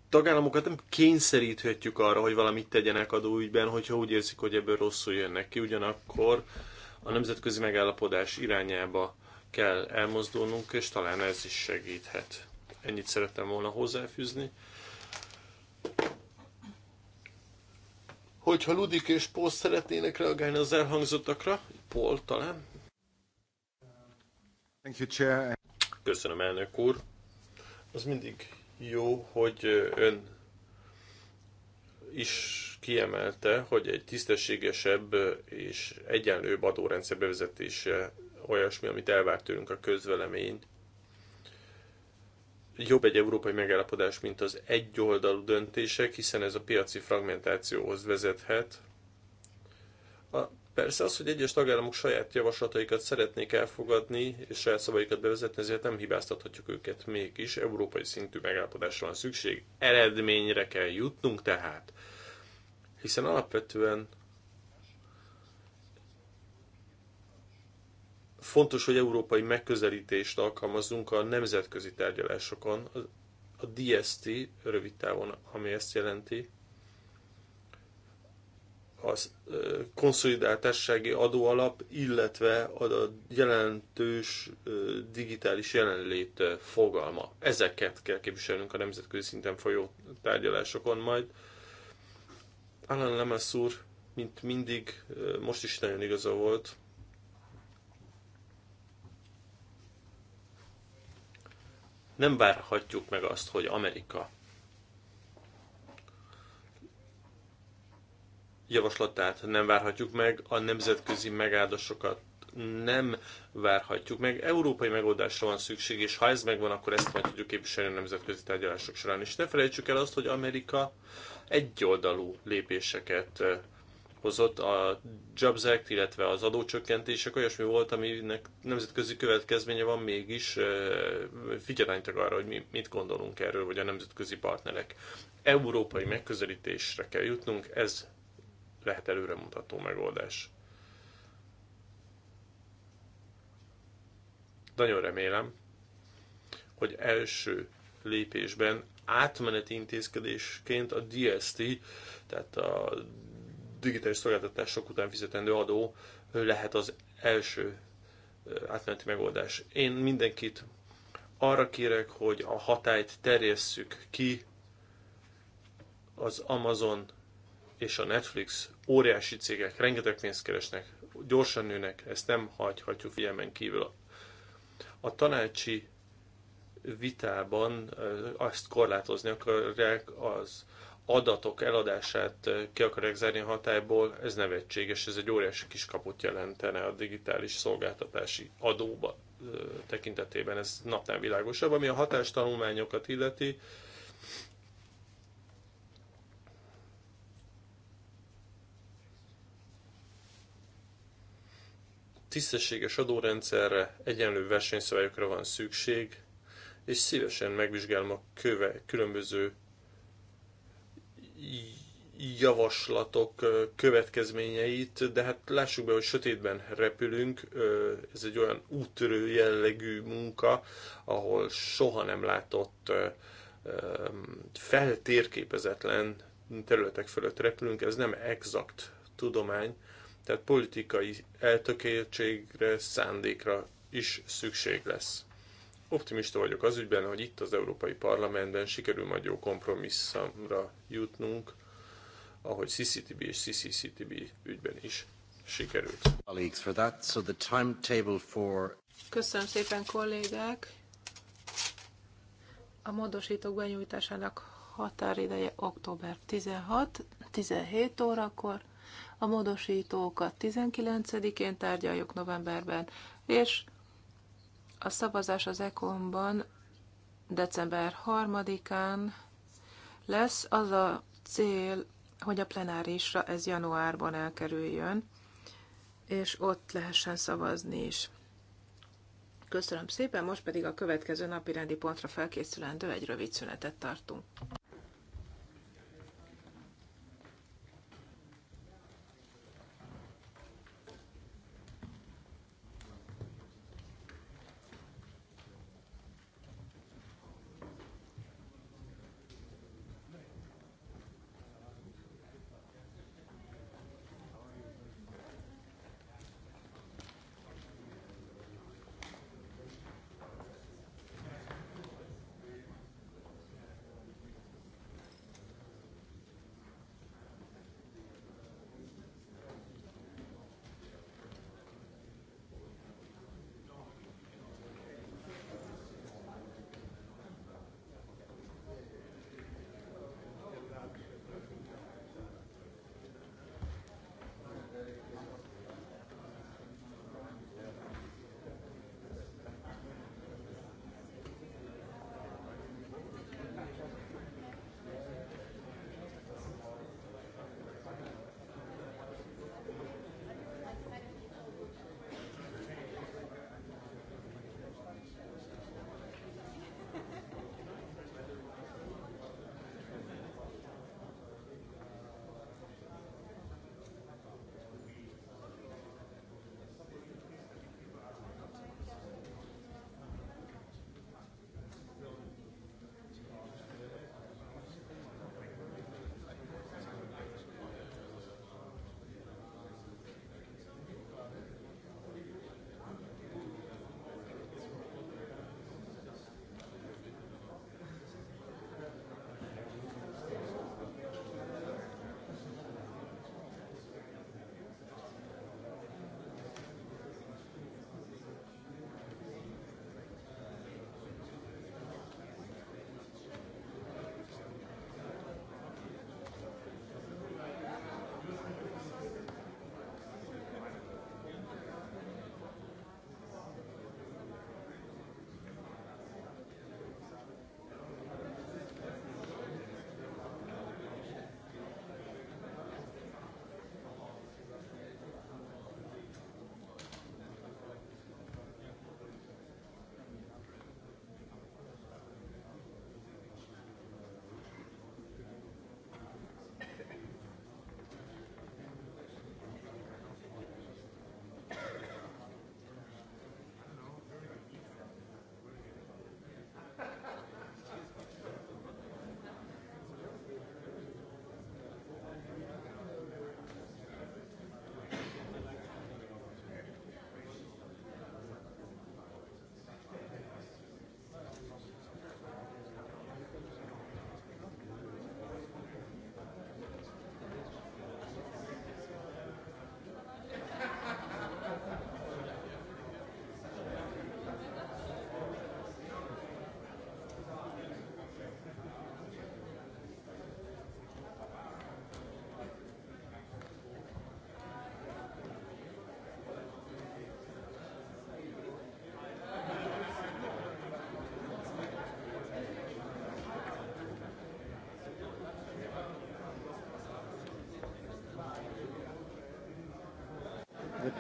tagállamokat nem kényszeríthetjük arra, hogy valamit tegyenek adóügyben, hogyha úgy érzik, hogy ebből rosszul jönnek ki. Ugyanakkor a nemzetközi megállapodás irányába kell elmozdulnunk, és talán ez is segíthet. Ennyit szerettem volna hozzáfűzni. Hogyha Ludik és Paul szeretnének reagálni az elhangzottakra, Paul talán. Thank you, Chair. Köszönöm, elnök úr. Az mindig jó, hogy ön is kiemelte, hogy egy tisztességesebb és egyenlőbb adórendszer bevezetése olyasmi, amit elvár tőlünk a közvelemény. Jobb egy európai megállapodás, mint az egyoldalú döntések, hiszen ez a piaci fragmentációhoz vezethet. A, persze az, hogy egyes tagállamok saját javaslataikat szeretnék elfogadni, és saját szabályokat bevezetni, ezért nem hibáztathatjuk őket mégis. Európai szintű megállapodásra van szükség. Eredményre kell jutnunk tehát. Hiszen alapvetően Fontos, hogy európai megközelítést alkalmazzunk a nemzetközi tárgyalásokon. A DST rövid távon, ami ezt jelenti, az konszolidált társasági adóalap, illetve a jelentős digitális jelenlét fogalma. Ezeket kell képviselnünk a nemzetközi szinten folyó tárgyalásokon majd. Alan Lemesz úr, mint mindig, most is nagyon igaza volt, Nem várhatjuk meg azt, hogy Amerika javaslatát nem várhatjuk meg, a nemzetközi megáldásokat nem várhatjuk meg. Európai megoldásra van szükség, és ha ez megvan, akkor ezt majd tudjuk képviselni a nemzetközi tárgyalások során. És ne felejtsük el azt, hogy Amerika egyoldalú lépéseket eh, okozott, a Jobs Act, illetve az adócsökkentések olyasmi volt, aminek nemzetközi következménye van, mégis figyelányt arra, hogy mi mit gondolunk erről, vagy a nemzetközi partnerek. Európai megközelítésre kell jutnunk, ez lehet előremutató megoldás. Nagyon remélem, hogy első lépésben átmeneti intézkedésként a DST, tehát a digitális szolgáltatások után fizetendő adó lehet az első átmeneti megoldás. Én mindenkit arra kérek, hogy a hatályt terjesszük ki az Amazon és a Netflix óriási cégek rengeteg pénzt keresnek, gyorsan nőnek, ezt nem hagyhatjuk figyelmen kívül. A tanácsi vitában azt korlátozni akarják az adatok eladását ki akarják zárni a hatályból, ez nevetséges, ez egy óriási kiskaput jelentene a digitális szolgáltatási adóba tekintetében, ez napnál világosabb. Ami a hatástanulmányokat illeti, tisztességes adórendszerre, egyenlő versenyszabályokra van szükség, és szívesen megvizsgálom a köve, különböző javaslatok következményeit, de hát lássuk be, hogy sötétben repülünk, ez egy olyan úttörő jellegű munka, ahol soha nem látott feltérképezetlen területek fölött repülünk, ez nem exakt tudomány, tehát politikai eltökéltségre, szándékra is szükség lesz. Optimista vagyok az ügyben, hogy itt az Európai Parlamentben sikerül majd jó kompromisszamra jutnunk, ahogy CCTB és CCCTB ügyben is sikerült. Köszönöm szépen, kollégák! A módosítók benyújtásának határideje október 16-17 órakor, a módosítókat 19-én tárgyaljuk novemberben, és a szavazás az ECOM-ban december 3-án lesz. Az a cél, hogy a plenárisra ez januárban elkerüljön, és ott lehessen szavazni is. Köszönöm szépen, most pedig a következő napi rendi pontra felkészülendő egy rövid szünetet tartunk.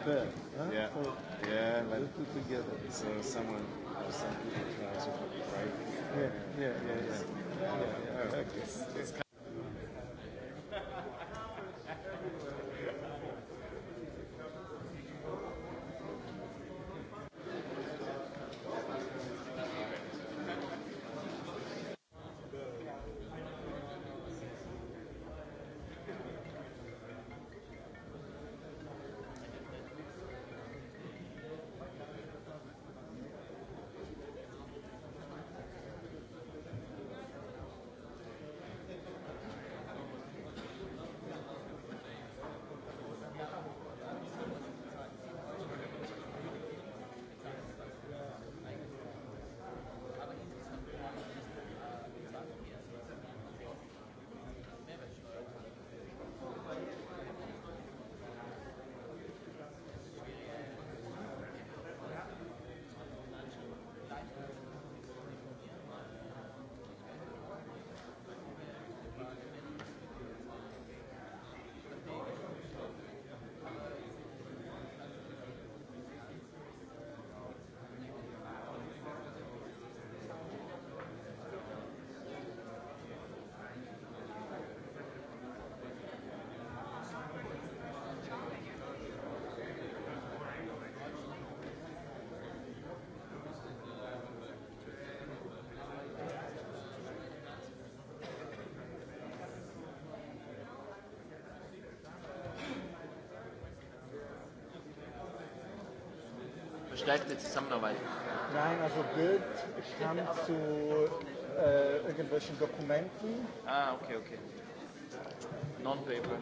prepare. Huh? Yeah. For, yeah. But put together. So someone or some people try to write. Yeah. Yeah. Yeah. Yeah. yeah. yeah. yeah. yeah. yeah. yeah. yeah. yeah. yeah. stärkt die Zusammenarbeit? Nein, also Bild stand zu äh, irgendwelchen Dokumenten. Ah, okay, okay. Non-paper.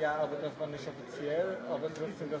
Ja, aber das war nicht offiziell, aber trotzdem, das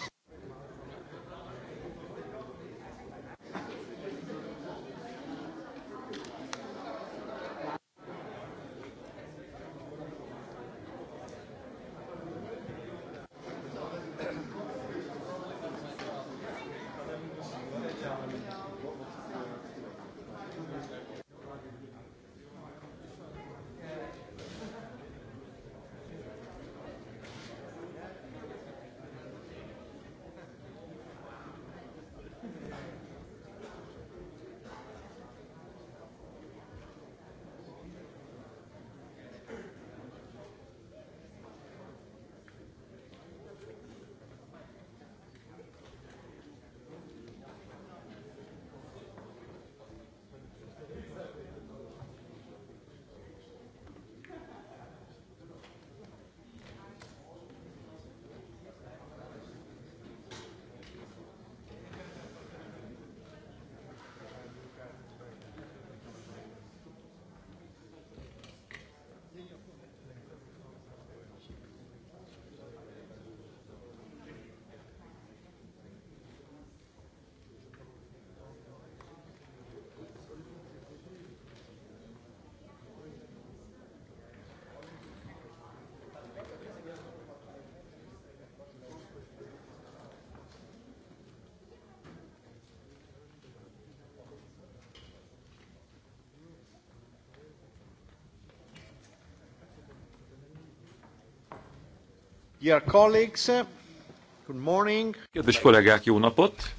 Kedves kollégák, jó napot!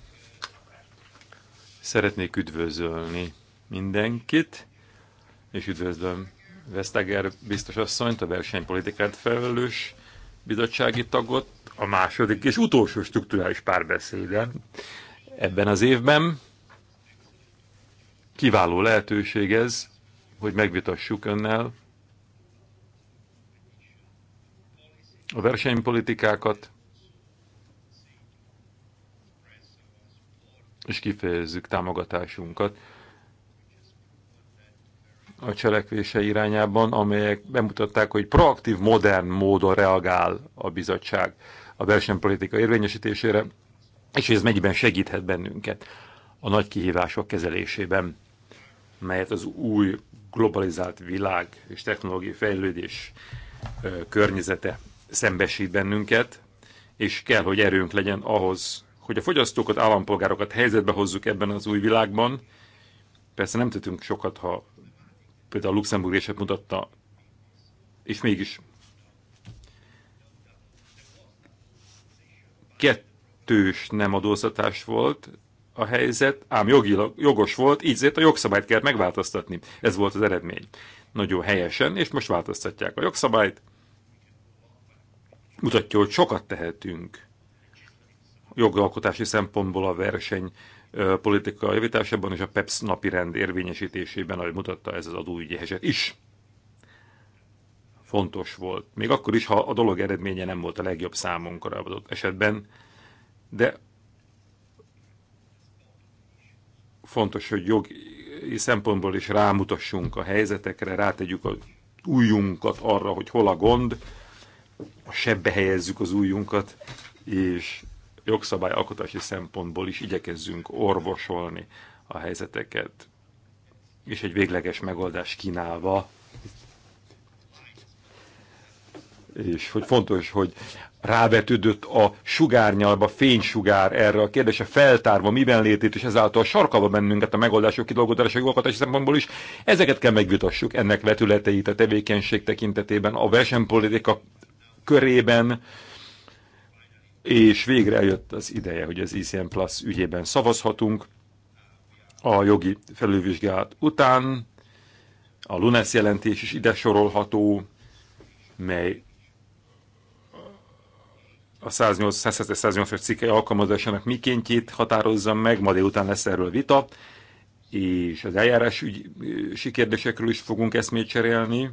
Szeretnék üdvözölni mindenkit, és üdvözlöm Vesztager biztos asszonyt, a versenypolitikát felelős bizottsági tagot, a második és utolsó struktúrális párbeszéden ebben az évben. Kiváló lehetőség ez, hogy megvitassuk önnel versenypolitikákat, és kifejezzük támogatásunkat a cselekvése irányában, amelyek bemutatták, hogy proaktív, modern módon reagál a bizottság a versenypolitika érvényesítésére, és ez mennyiben segíthet bennünket a nagy kihívások kezelésében, melyet az új globalizált világ és technológiai fejlődés környezete szembesít bennünket, és kell, hogy erőnk legyen ahhoz, hogy a fogyasztókat, állampolgárokat helyzetbe hozzuk ebben az új világban. Persze nem tettünk sokat, ha például a Luxemburg eset mutatta, és mégis kettős nem adóztatás volt a helyzet, ám jogilag, jogos volt, így a jogszabályt kell megváltoztatni. Ez volt az eredmény. Nagyon helyesen, és most változtatják a jogszabályt, mutatja, hogy sokat tehetünk jogalkotási szempontból a verseny politika javításában és a PEPS napi rend érvényesítésében, ahogy mutatta ez az adóügyi eset is. Fontos volt. Még akkor is, ha a dolog eredménye nem volt a legjobb számunkra adott esetben, de fontos, hogy jogi szempontból is rámutassunk a helyzetekre, rátegyük a újunkat arra, hogy hol a gond, a sebbe helyezzük az újunkat, és jogszabályalkotási szempontból is igyekezzünk orvosolni a helyzeteket, és egy végleges megoldást kínálva. És hogy fontos, hogy rávetődött a sugárnyalba, fénysugár erre a kérdése, feltárva miben létét, és ezáltal sarkalva bennünket a megoldások kidolgozása jogokatási szempontból is, ezeket kell megvitassuk, ennek vetületeit a tevékenység tekintetében, a versenypolitika körében, és végre eljött az ideje, hogy az ICM e Plus ügyében szavazhatunk a jogi felülvizsgálat után. A Lunes jelentés is ide sorolható, mely a 108-108-as cikke alkalmazásának mikéntjét határozza meg, ma délután lesz erről vita, és az eljárás kérdésekről is fogunk eszmét cserélni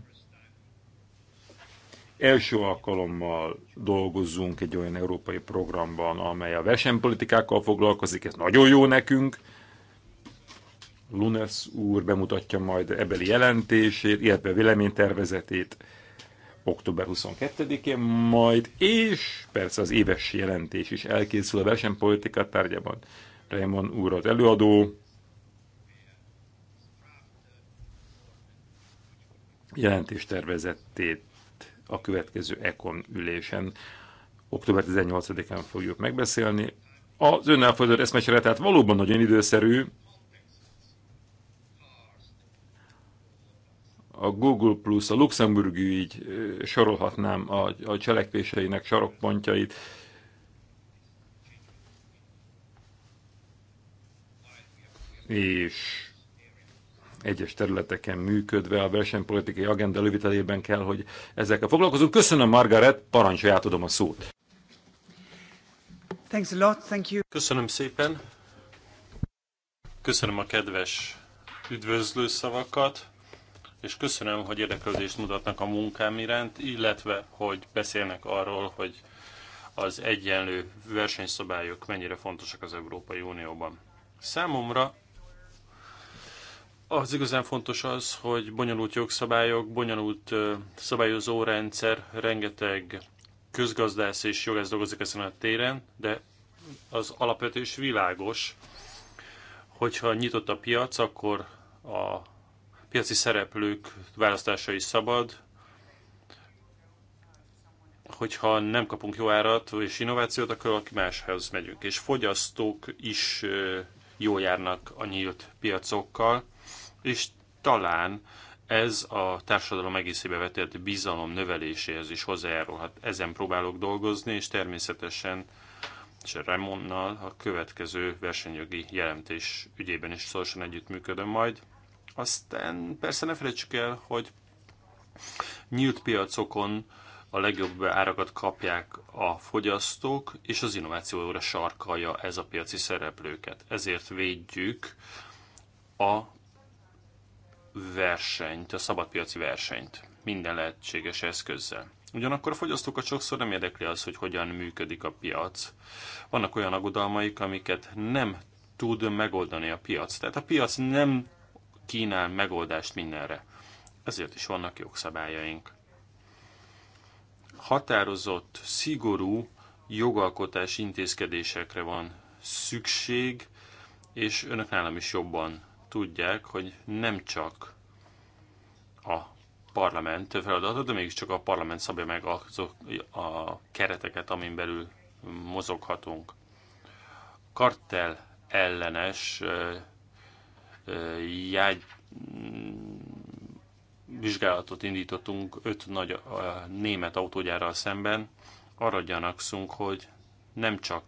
első alkalommal dolgozzunk egy olyan európai programban, amely a versenypolitikákkal foglalkozik, ez nagyon jó nekünk. Lunes úr bemutatja majd ebeli jelentését, illetve véleménytervezetét október 22-én majd, és persze az éves jelentés is elkészül a versenypolitika tárgyában. Raymond úr az előadó, jelentéstervezettét a következő ECON ülésen október 18-án fogjuk megbeszélni. Az önnel folytatott eszmecsere, tehát valóban nagyon időszerű. A Google Plus, a luxemburgi ügy, sorolhatnám a, a cselekvéseinek sarokpontjait. És egyes területeken működve a versenypolitikai agenda lövitelében kell, hogy ezekkel foglalkozunk. Köszönöm, Margaret, parancsolj, átadom a szót. Thanks a lot, thank you. Köszönöm szépen. Köszönöm a kedves üdvözlő szavakat, és köszönöm, hogy érdeklődést mutatnak a munkám iránt, illetve, hogy beszélnek arról, hogy az egyenlő versenyszabályok mennyire fontosak az Európai Unióban. Számomra az igazán fontos az, hogy bonyolult jogszabályok, bonyolult szabályozó rendszer, rengeteg közgazdász és jogász dolgozik ezen a téren, de az alapvetés világos, hogyha nyitott a piac, akkor a piaci szereplők választása is szabad, hogyha nem kapunk jó árat és innovációt, akkor aki máshoz megyünk. És fogyasztók is jól járnak a nyílt piacokkal és talán ez a társadalom egészébe vetett bizalom növeléséhez is hozzájárulhat. Ezen próbálok dolgozni, és természetesen és Remonnal a következő versenyjogi jelentés ügyében is szorosan együttműködöm majd. Aztán persze ne felejtsük el, hogy nyílt piacokon a legjobb árakat kapják a fogyasztók, és az innovációra sarkalja ez a piaci szereplőket. Ezért védjük a versenyt, a szabadpiaci versenyt minden lehetséges eszközzel. Ugyanakkor a fogyasztókat sokszor nem érdekli az, hogy hogyan működik a piac. Vannak olyan aggodalmaik, amiket nem tud megoldani a piac. Tehát a piac nem kínál megoldást mindenre. Ezért is vannak jogszabályaink. Határozott, szigorú jogalkotás intézkedésekre van szükség, és önök nálam is jobban tudják, hogy nem csak a parlament feladata, de mégiscsak a parlament szabja meg azok a kereteket, amin belül mozoghatunk. Kartel ellenes jágy vizsgálatot indítottunk öt nagy német autógyárral szemben. Arra gyanakszunk, hogy nem csak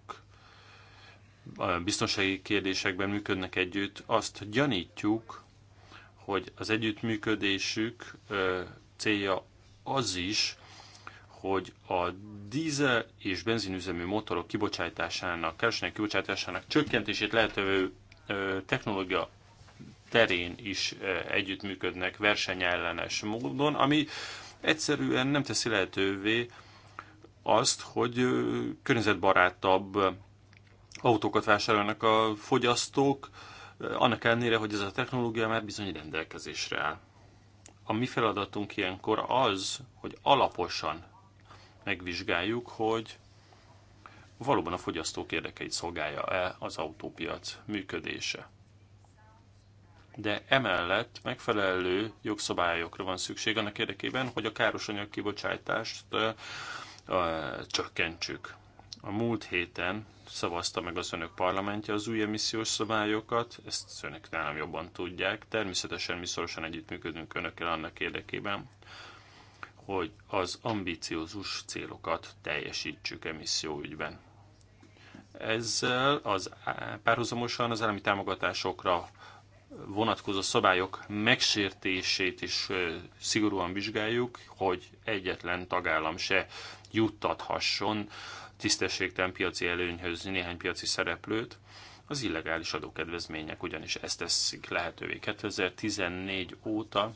biztonsági kérdésekben működnek együtt, azt gyanítjuk, hogy az együttműködésük célja az is, hogy a dízel és benzinüzemű motorok kibocsátásának, keresnek kibocsátásának csökkentését lehetővé technológia terén is együttműködnek versenyellenes módon, ami egyszerűen nem teszi lehetővé azt, hogy környezetbarátabb autókat vásárolnak a fogyasztók, annak ellenére, hogy ez a technológia már bizony rendelkezésre áll. A mi feladatunk ilyenkor az, hogy alaposan megvizsgáljuk, hogy valóban a fogyasztók érdekeit szolgálja-e az autópiac működése. De emellett megfelelő jogszabályokra van szükség annak érdekében, hogy a károsanyag kibocsátást csökkentsük. A múlt héten szavazta meg az önök parlamentje az új emissziós szabályokat, ezt önök nálam jobban tudják. Természetesen mi szorosan együttműködünk önökkel annak érdekében, hogy az ambiciózus célokat teljesítsük emisszióügyben. Ezzel az párhuzamosan az állami támogatásokra vonatkozó szabályok megsértését is szigorúan vizsgáljuk, hogy egyetlen tagállam se juttathasson tisztességtelen piaci előnyhöz néhány piaci szereplőt, az illegális adókedvezmények ugyanis ezt teszik lehetővé. 2014 óta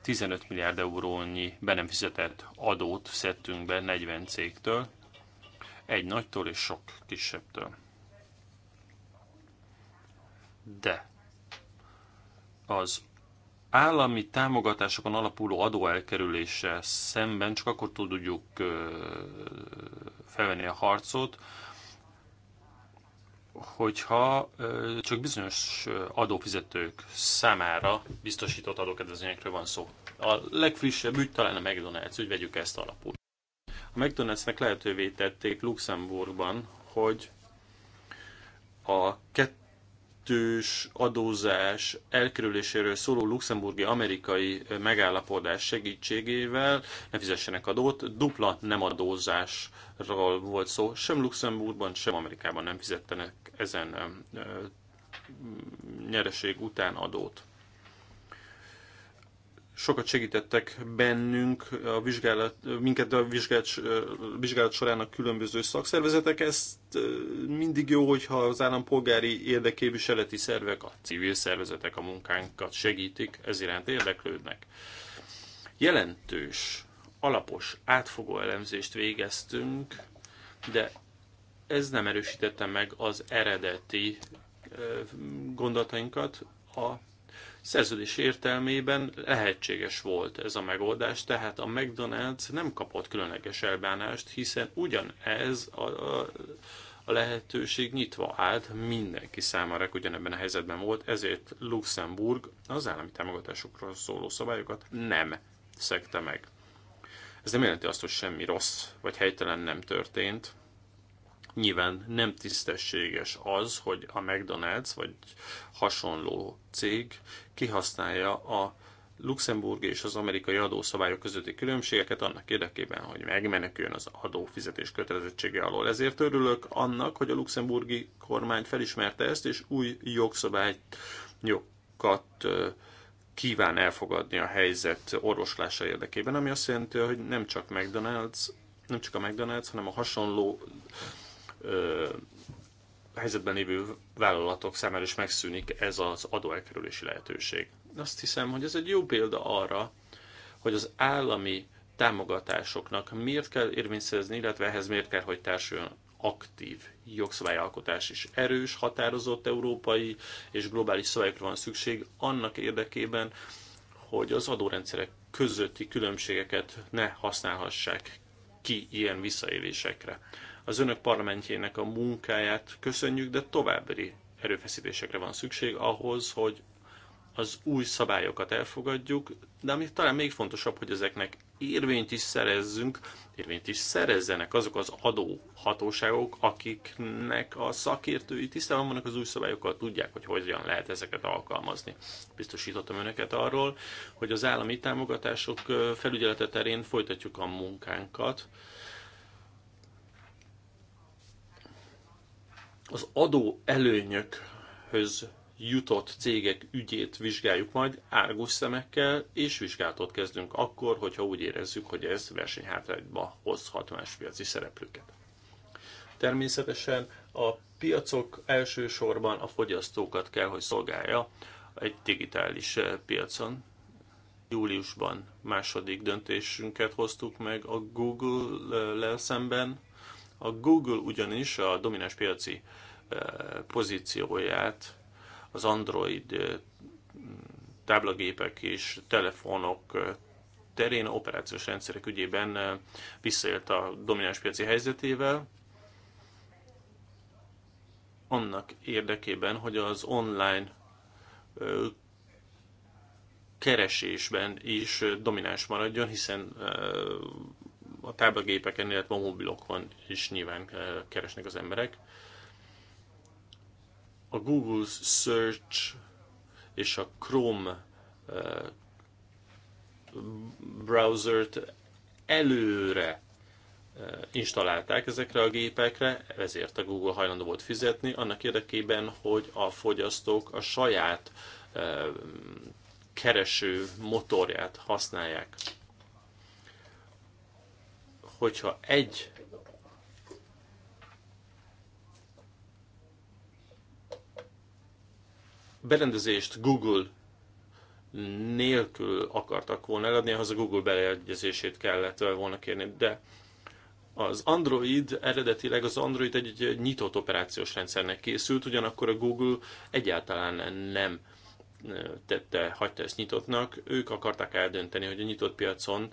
15 milliárd eurónyi be nem fizetett adót szedtünk be 40 cégtől, egy nagytól és sok kisebbtől. De az állami támogatásokon alapuló adóelkerülése szemben csak akkor tudjuk felvenni a harcot, hogyha csak bizonyos adófizetők számára biztosított adókedvezményekről van szó. A legfrissebb ügy talán a McDonald's, Úgy vegyük ezt alapul. A McDonald'snek lehetővé tették Luxemburgban, hogy a kettő kettős adózás elkerüléséről szóló luxemburgi amerikai megállapodás segítségével ne fizessenek adót. Dupla nem adózásról volt szó, sem Luxemburgban, sem Amerikában nem fizettenek ezen nyereség után adót sokat segítettek bennünk, a vizsgálat, minket a vizsgálat, vizsgálat során a különböző szakszervezetek. Ezt mindig jó, hogyha az állampolgári érdekképviseleti szervek, a civil szervezetek a munkánkat segítik, ez iránt érdeklődnek. Jelentős, alapos, átfogó elemzést végeztünk, de ez nem erősítette meg az eredeti gondolatainkat. A szerződés értelmében lehetséges volt ez a megoldás, tehát a McDonald's nem kapott különleges elbánást, hiszen ugyanez a, a, a lehetőség nyitva állt mindenki számára, ugyanebben a helyzetben volt, ezért Luxemburg az állami támogatásokról szóló szabályokat nem szegte meg. Ez nem jelenti azt, hogy semmi rossz vagy helytelen nem történt, Nyilván nem tisztességes az, hogy a McDonald's vagy hasonló cég kihasználja a Luxemburg és az amerikai adószabályok közötti különbségeket annak érdekében, hogy megmeneküljön az adófizetés kötelezettsége alól. Ezért örülök annak, hogy a luxemburgi kormány felismerte ezt, és új jogszabályokat kíván elfogadni a helyzet orvoslása érdekében, ami azt jelenti, hogy nem csak McDonald's, nem csak a McDonald's, hanem a hasonló ö, helyzetben lévő vállalatok számára is megszűnik ez az adóelkerülési lehetőség. Azt hiszem, hogy ez egy jó példa arra, hogy az állami támogatásoknak miért kell érvényszerezni, illetve ehhez miért kell, hogy társuljon aktív jogszabályalkotás is. Erős, határozott európai és globális szabályokra van szükség annak érdekében, hogy az adórendszerek közötti különbségeket ne használhassák ki ilyen visszaélésekre. Az önök parlamentjének a munkáját köszönjük, de további erőfeszítésekre van szükség ahhoz, hogy az új szabályokat elfogadjuk, de ami talán még fontosabb, hogy ezeknek érvényt is szerezzünk, érvényt is szerezzenek azok az adóhatóságok, akiknek a szakértői tisztában vannak az új szabályokkal, tudják, hogy hogyan lehet ezeket alkalmazni. Biztosítottam önöket arról, hogy az állami támogatások felügyelete terén folytatjuk a munkánkat, az adó előnyökhöz jutott cégek ügyét vizsgáljuk majd árgus szemekkel, és vizsgálatot kezdünk akkor, hogyha úgy érezzük, hogy ez versenyhátrányba hozhat más piaci szereplőket. Természetesen a piacok elsősorban a fogyasztókat kell, hogy szolgálja egy digitális eh, piacon. Júliusban második döntésünket hoztuk meg a Google-lel szemben. A Google ugyanis a domináns piaci pozícióját az Android táblagépek és telefonok terén, operációs rendszerek ügyében visszaélt a domináns piaci helyzetével, annak érdekében, hogy az online keresésben is domináns maradjon, hiszen a táblagépeken, illetve a mobilokon is nyilván keresnek az emberek a Google Search és a Chrome eh, browsert előre eh, installálták ezekre a gépekre, ezért a Google hajlandó volt fizetni, annak érdekében, hogy a fogyasztók a saját eh, kereső motorját használják. Hogyha egy berendezést Google nélkül akartak volna eladni, ahhoz a Google beleegyezését kellett volna kérni, de az Android eredetileg az Android egy, egy nyitott operációs rendszernek készült, ugyanakkor a Google egyáltalán nem eh, tette, hagyta ezt nyitottnak. Ők akarták eldönteni, hogy a nyitott piacon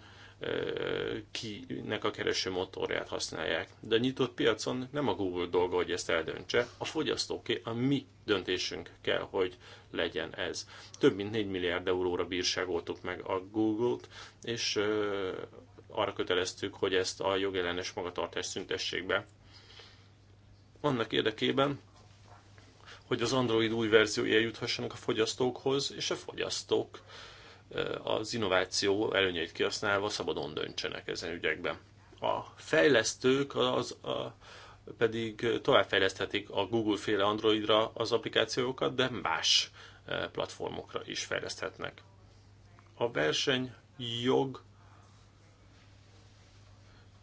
kinek a kereső motorját használják. De a nyitott piacon nem a Google dolga, hogy ezt eldöntse, a fogyasztóké, a mi döntésünk kell, hogy legyen ez. Több mint 4 milliárd euróra bírságoltuk meg a Google-t, és arra köteleztük, hogy ezt a jogellenes magatartást szüntessék be. Annak érdekében, hogy az Android új verziója juthassanak a fogyasztókhoz, és a fogyasztók uh, az innováció előnyeit kihasználva szabadon döntsenek ezen ügyekben. A fejlesztők az, a, pedig továbbfejleszthetik a Google-féle Androidra az applikációkat, de más platformokra is fejleszthetnek. A verseny jog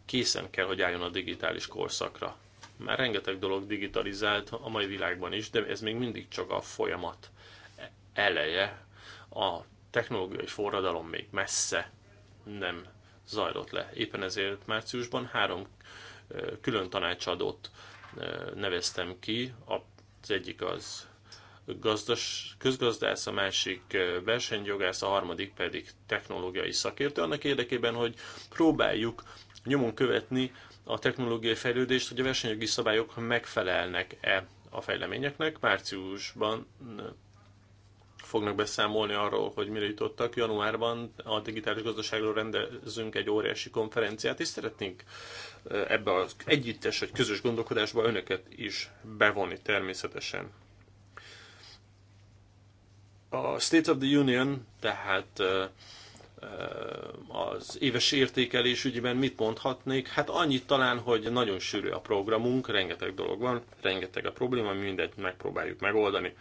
készen kell, hogy álljon a digitális korszakra. Már rengeteg dolog digitalizált a mai világban is, de ez még mindig csak a folyamat eleje. A technológiai forradalom még messze nem zajlott le. Éppen ezért márciusban három külön tanácsadót neveztem ki, az egyik az gazdas, közgazdász, a másik versenyjogász, a harmadik pedig technológiai szakértő, annak érdekében, hogy próbáljuk nyomon követni a technológiai fejlődést, hogy a versenyjogi szabályok megfelelnek-e a fejleményeknek. Márciusban fognak beszámolni arról, hogy mire jutottak. Januárban a digitális gazdaságról rendezünk egy óriási konferenciát, és szeretnénk eh, ebbe az együttes vagy közös gondolkodásba önöket is bevonni természetesen. A State of the Union, tehát eh, eh, az éves értékelés ügyben mit mondhatnék? Hát annyit talán, hogy nagyon sűrű a programunk, rengeteg dolog van, rengeteg a probléma, mindegy megpróbáljuk megoldani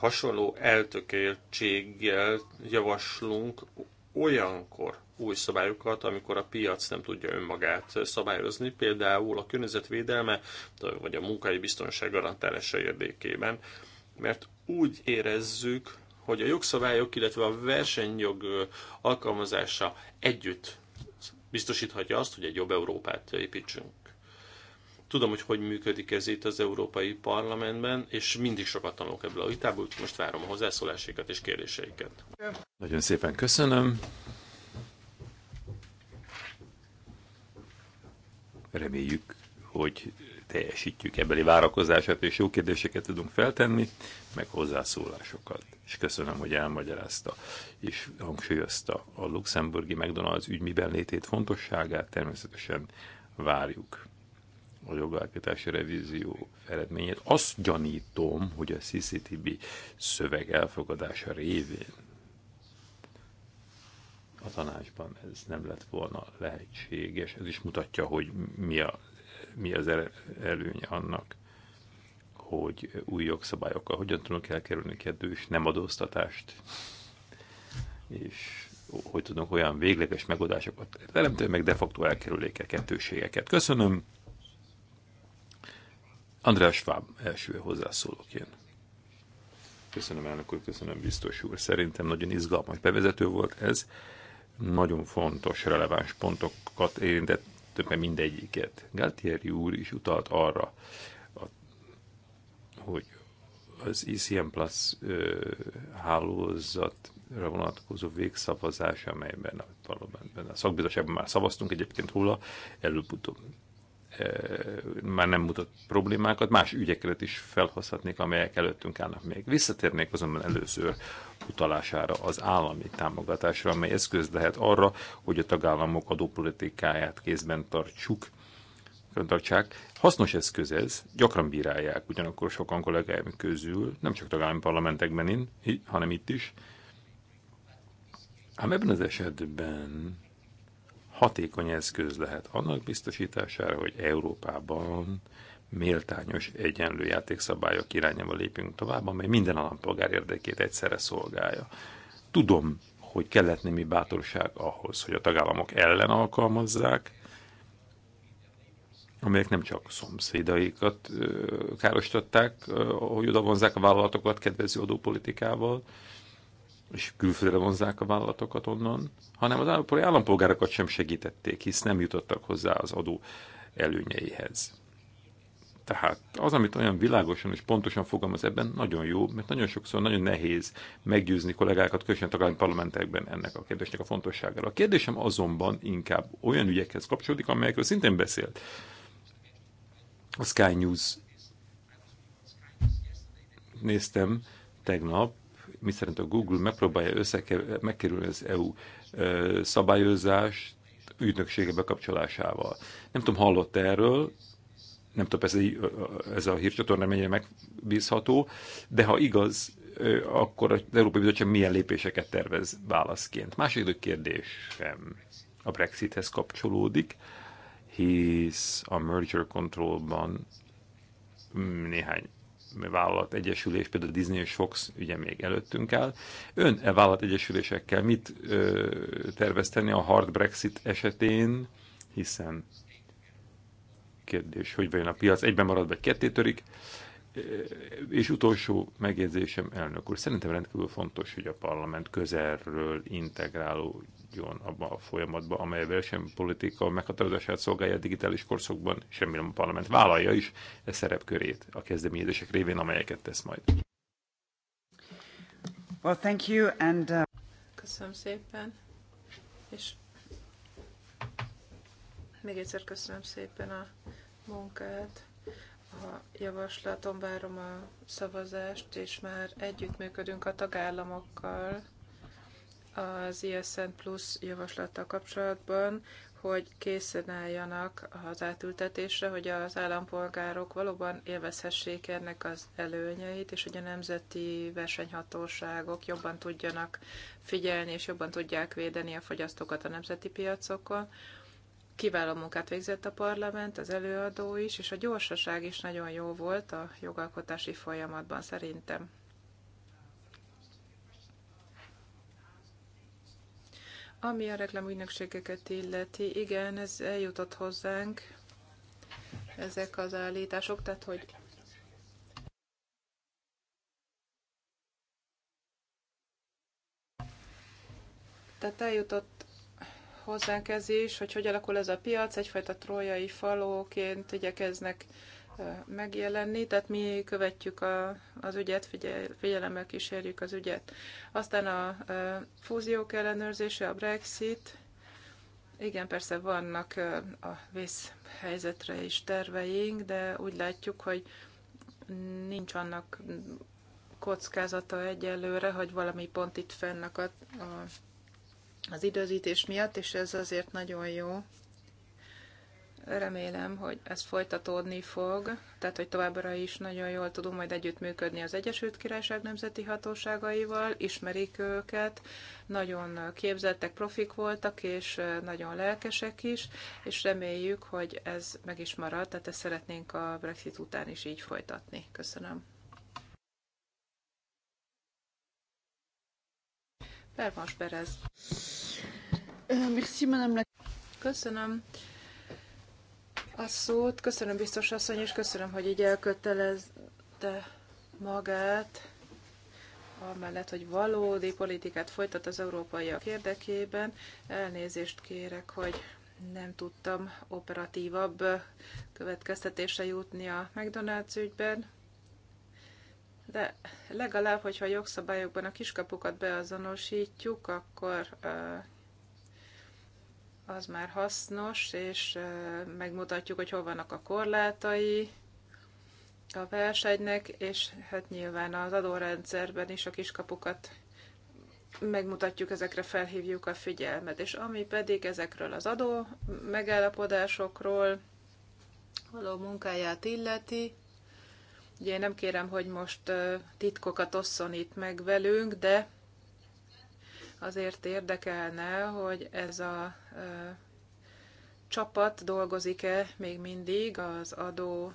hasonló eltökéltséggel javaslunk olyankor új szabályokat, amikor a piac nem tudja önmagát szabályozni, például a környezetvédelme vagy a munkai biztonság garantálása érdekében, mert úgy érezzük, hogy a jogszabályok, illetve a versenyjog alkalmazása együtt biztosíthatja azt, hogy egy jobb Európát építsünk. Tudom, hogy hogy működik ez itt az Európai Parlamentben, és mindig sokat tanulok ebből a vitából, úgyhogy most várom a hozzászólásékat és kérdéseiket. Nagyon szépen köszönöm. Reméljük, hogy teljesítjük ebbeli várakozását, és jó kérdéseket tudunk feltenni, meg hozzászólásokat. És köszönöm, hogy elmagyarázta és hangsúlyozta a luxemburgi McDonald's ügy miben létét fontosságát, természetesen várjuk a jogalkotási revízió eredményét. Azt gyanítom, hogy a CCTB szöveg elfogadása révén a tanácsban ez nem lett volna lehetséges. Ez is mutatja, hogy mi, a, mi az előnye annak, hogy új jogszabályokkal hogyan tudunk elkerülni kedvős nem adóztatást, és hogy tudunk olyan végleges megoldásokat teremteni, meg de facto elkerüléke kettőségeket. Köszönöm! András Schwab első hozzászólóként. Köszönöm elnök úr, köszönöm biztos úr. Szerintem nagyon izgalmas bevezető volt ez. Nagyon fontos, releváns pontokat érintett többen mindegyiket. Galtieri úr is utalt arra, hogy az ICM e Plus ö, hálózatra vonatkozó végszavazás, amelyben a, valóban, a szakbizottságban már szavaztunk egyébként róla, előbb-utóbb már nem mutat problémákat, más ügyeket is felhozhatnék, amelyek előttünk állnak még. Visszatérnék azonban előző utalására az állami támogatásra, amely eszköz lehet arra, hogy a tagállamok adópolitikáját kézben tartsuk, tartsák. Hasznos eszköz ez, gyakran bírálják ugyanakkor sokan kollégáim közül, nem csak tagállami parlamentekben, hanem itt is. Ám ebben az esetben hatékony eszköz lehet annak biztosítására, hogy Európában méltányos, egyenlő játékszabályok irányába lépünk tovább, amely minden állampolgár érdekét egyszerre szolgálja. Tudom, hogy kellett némi bátorság ahhoz, hogy a tagállamok ellen alkalmazzák, amelyek nem csak szomszédaikat károsították, hogy odavonzák a vállalatokat kedvező adópolitikával, és külföldre vonzák a vállalatokat onnan, hanem az állampolgárokat sem segítették, hisz nem jutottak hozzá az adó előnyeihez. Tehát az, amit olyan világosan és pontosan fogalmaz ebben, nagyon jó, mert nagyon sokszor nagyon nehéz meggyőzni kollégákat, különösen tagállami parlamentekben ennek a kérdésnek a fontosságára. A kérdésem azonban inkább olyan ügyekhez kapcsolódik, amelyekről szintén beszélt. A Sky News néztem tegnap, miszerint a Google megpróbálja összekev- megkerülni az EU ö, szabályozást ügynöksége bekapcsolásával. Nem tudom, hallott -e erről, nem tudom, ez, ez a hírcsatorna mennyire megbízható, de ha igaz, akkor az Európai Bizottság milyen lépéseket tervez válaszként. Második kérdésem a Brexithez kapcsolódik, hisz a merger controlban mm, néhány vállalat egyesülés, például Disney és Fox ugye még előttünk áll. Ön e vállalat egyesülésekkel mit ö, tervez tenni a hard Brexit esetén, hiszen kérdés, hogy vajon a piac egyben marad, vagy ketté törik. És utolsó megjegyzésem, elnök úr, szerintem rendkívül fontos, hogy a parlament közelről integráló maradjon abban a folyamatban, amely a versenypolitika meghatározását szolgálja a digitális korszakban, semmi a parlament vállalja is e szerepkörét a kezdeményezések révén, amelyeket tesz majd. Well, thank you and, uh... Köszönöm szépen, és még egyszer köszönöm szépen a munkát a javaslatom, várom a szavazást, és már együttműködünk a tagállamokkal, az ISN Plus javaslattal kapcsolatban, hogy készen álljanak az átültetésre, hogy az állampolgárok valóban élvezhessék ennek az előnyeit, és hogy a nemzeti versenyhatóságok jobban tudjanak figyelni, és jobban tudják védeni a fogyasztókat a nemzeti piacokon. Kiváló munkát végzett a parlament, az előadó is, és a gyorsaság is nagyon jó volt a jogalkotási folyamatban szerintem. Ami a reklámügynökségeket illeti, igen, ez eljutott hozzánk, ezek az állítások, tehát hogy Tehát eljutott hozzánk ez is, hogy hogy alakul ez a piac, egyfajta trójai falóként igyekeznek megjelenni, tehát mi követjük a, az ügyet, figyel, figyelemmel kísérjük az ügyet. Aztán a, a fúziók ellenőrzése, a Brexit, igen, persze vannak a vészhelyzetre is terveink, de úgy látjuk, hogy nincs annak kockázata egyelőre, hogy valami pont itt fennakad az időzítés miatt, és ez azért nagyon jó remélem, hogy ez folytatódni fog, tehát hogy továbbra is nagyon jól tudunk majd együttműködni az Egyesült Királyság nemzeti hatóságaival, ismerik őket, nagyon képzettek, profik voltak, és nagyon lelkesek is, és reméljük, hogy ez meg is marad, tehát ezt szeretnénk a Brexit után is így folytatni. Köszönöm. Pervans Perez. Köszönöm a szót. Köszönöm biztos asszony, és köszönöm, hogy így elkötelezte magát amellett, hogy valódi politikát folytat az európaiak érdekében. Elnézést kérek, hogy nem tudtam operatívabb következtetésre jutni a McDonald's ügyben, de legalább, hogyha a jogszabályokban a kiskapukat beazonosítjuk, akkor az már hasznos, és megmutatjuk, hogy hol vannak a korlátai a versenynek, és hát nyilván az adórendszerben is a kiskapukat megmutatjuk, ezekre felhívjuk a figyelmet. És ami pedig ezekről az adó megállapodásokról való munkáját illeti, ugye én nem kérem, hogy most titkokat osszon itt meg velünk, de azért érdekelne, hogy ez a csapat dolgozik-e még mindig az adó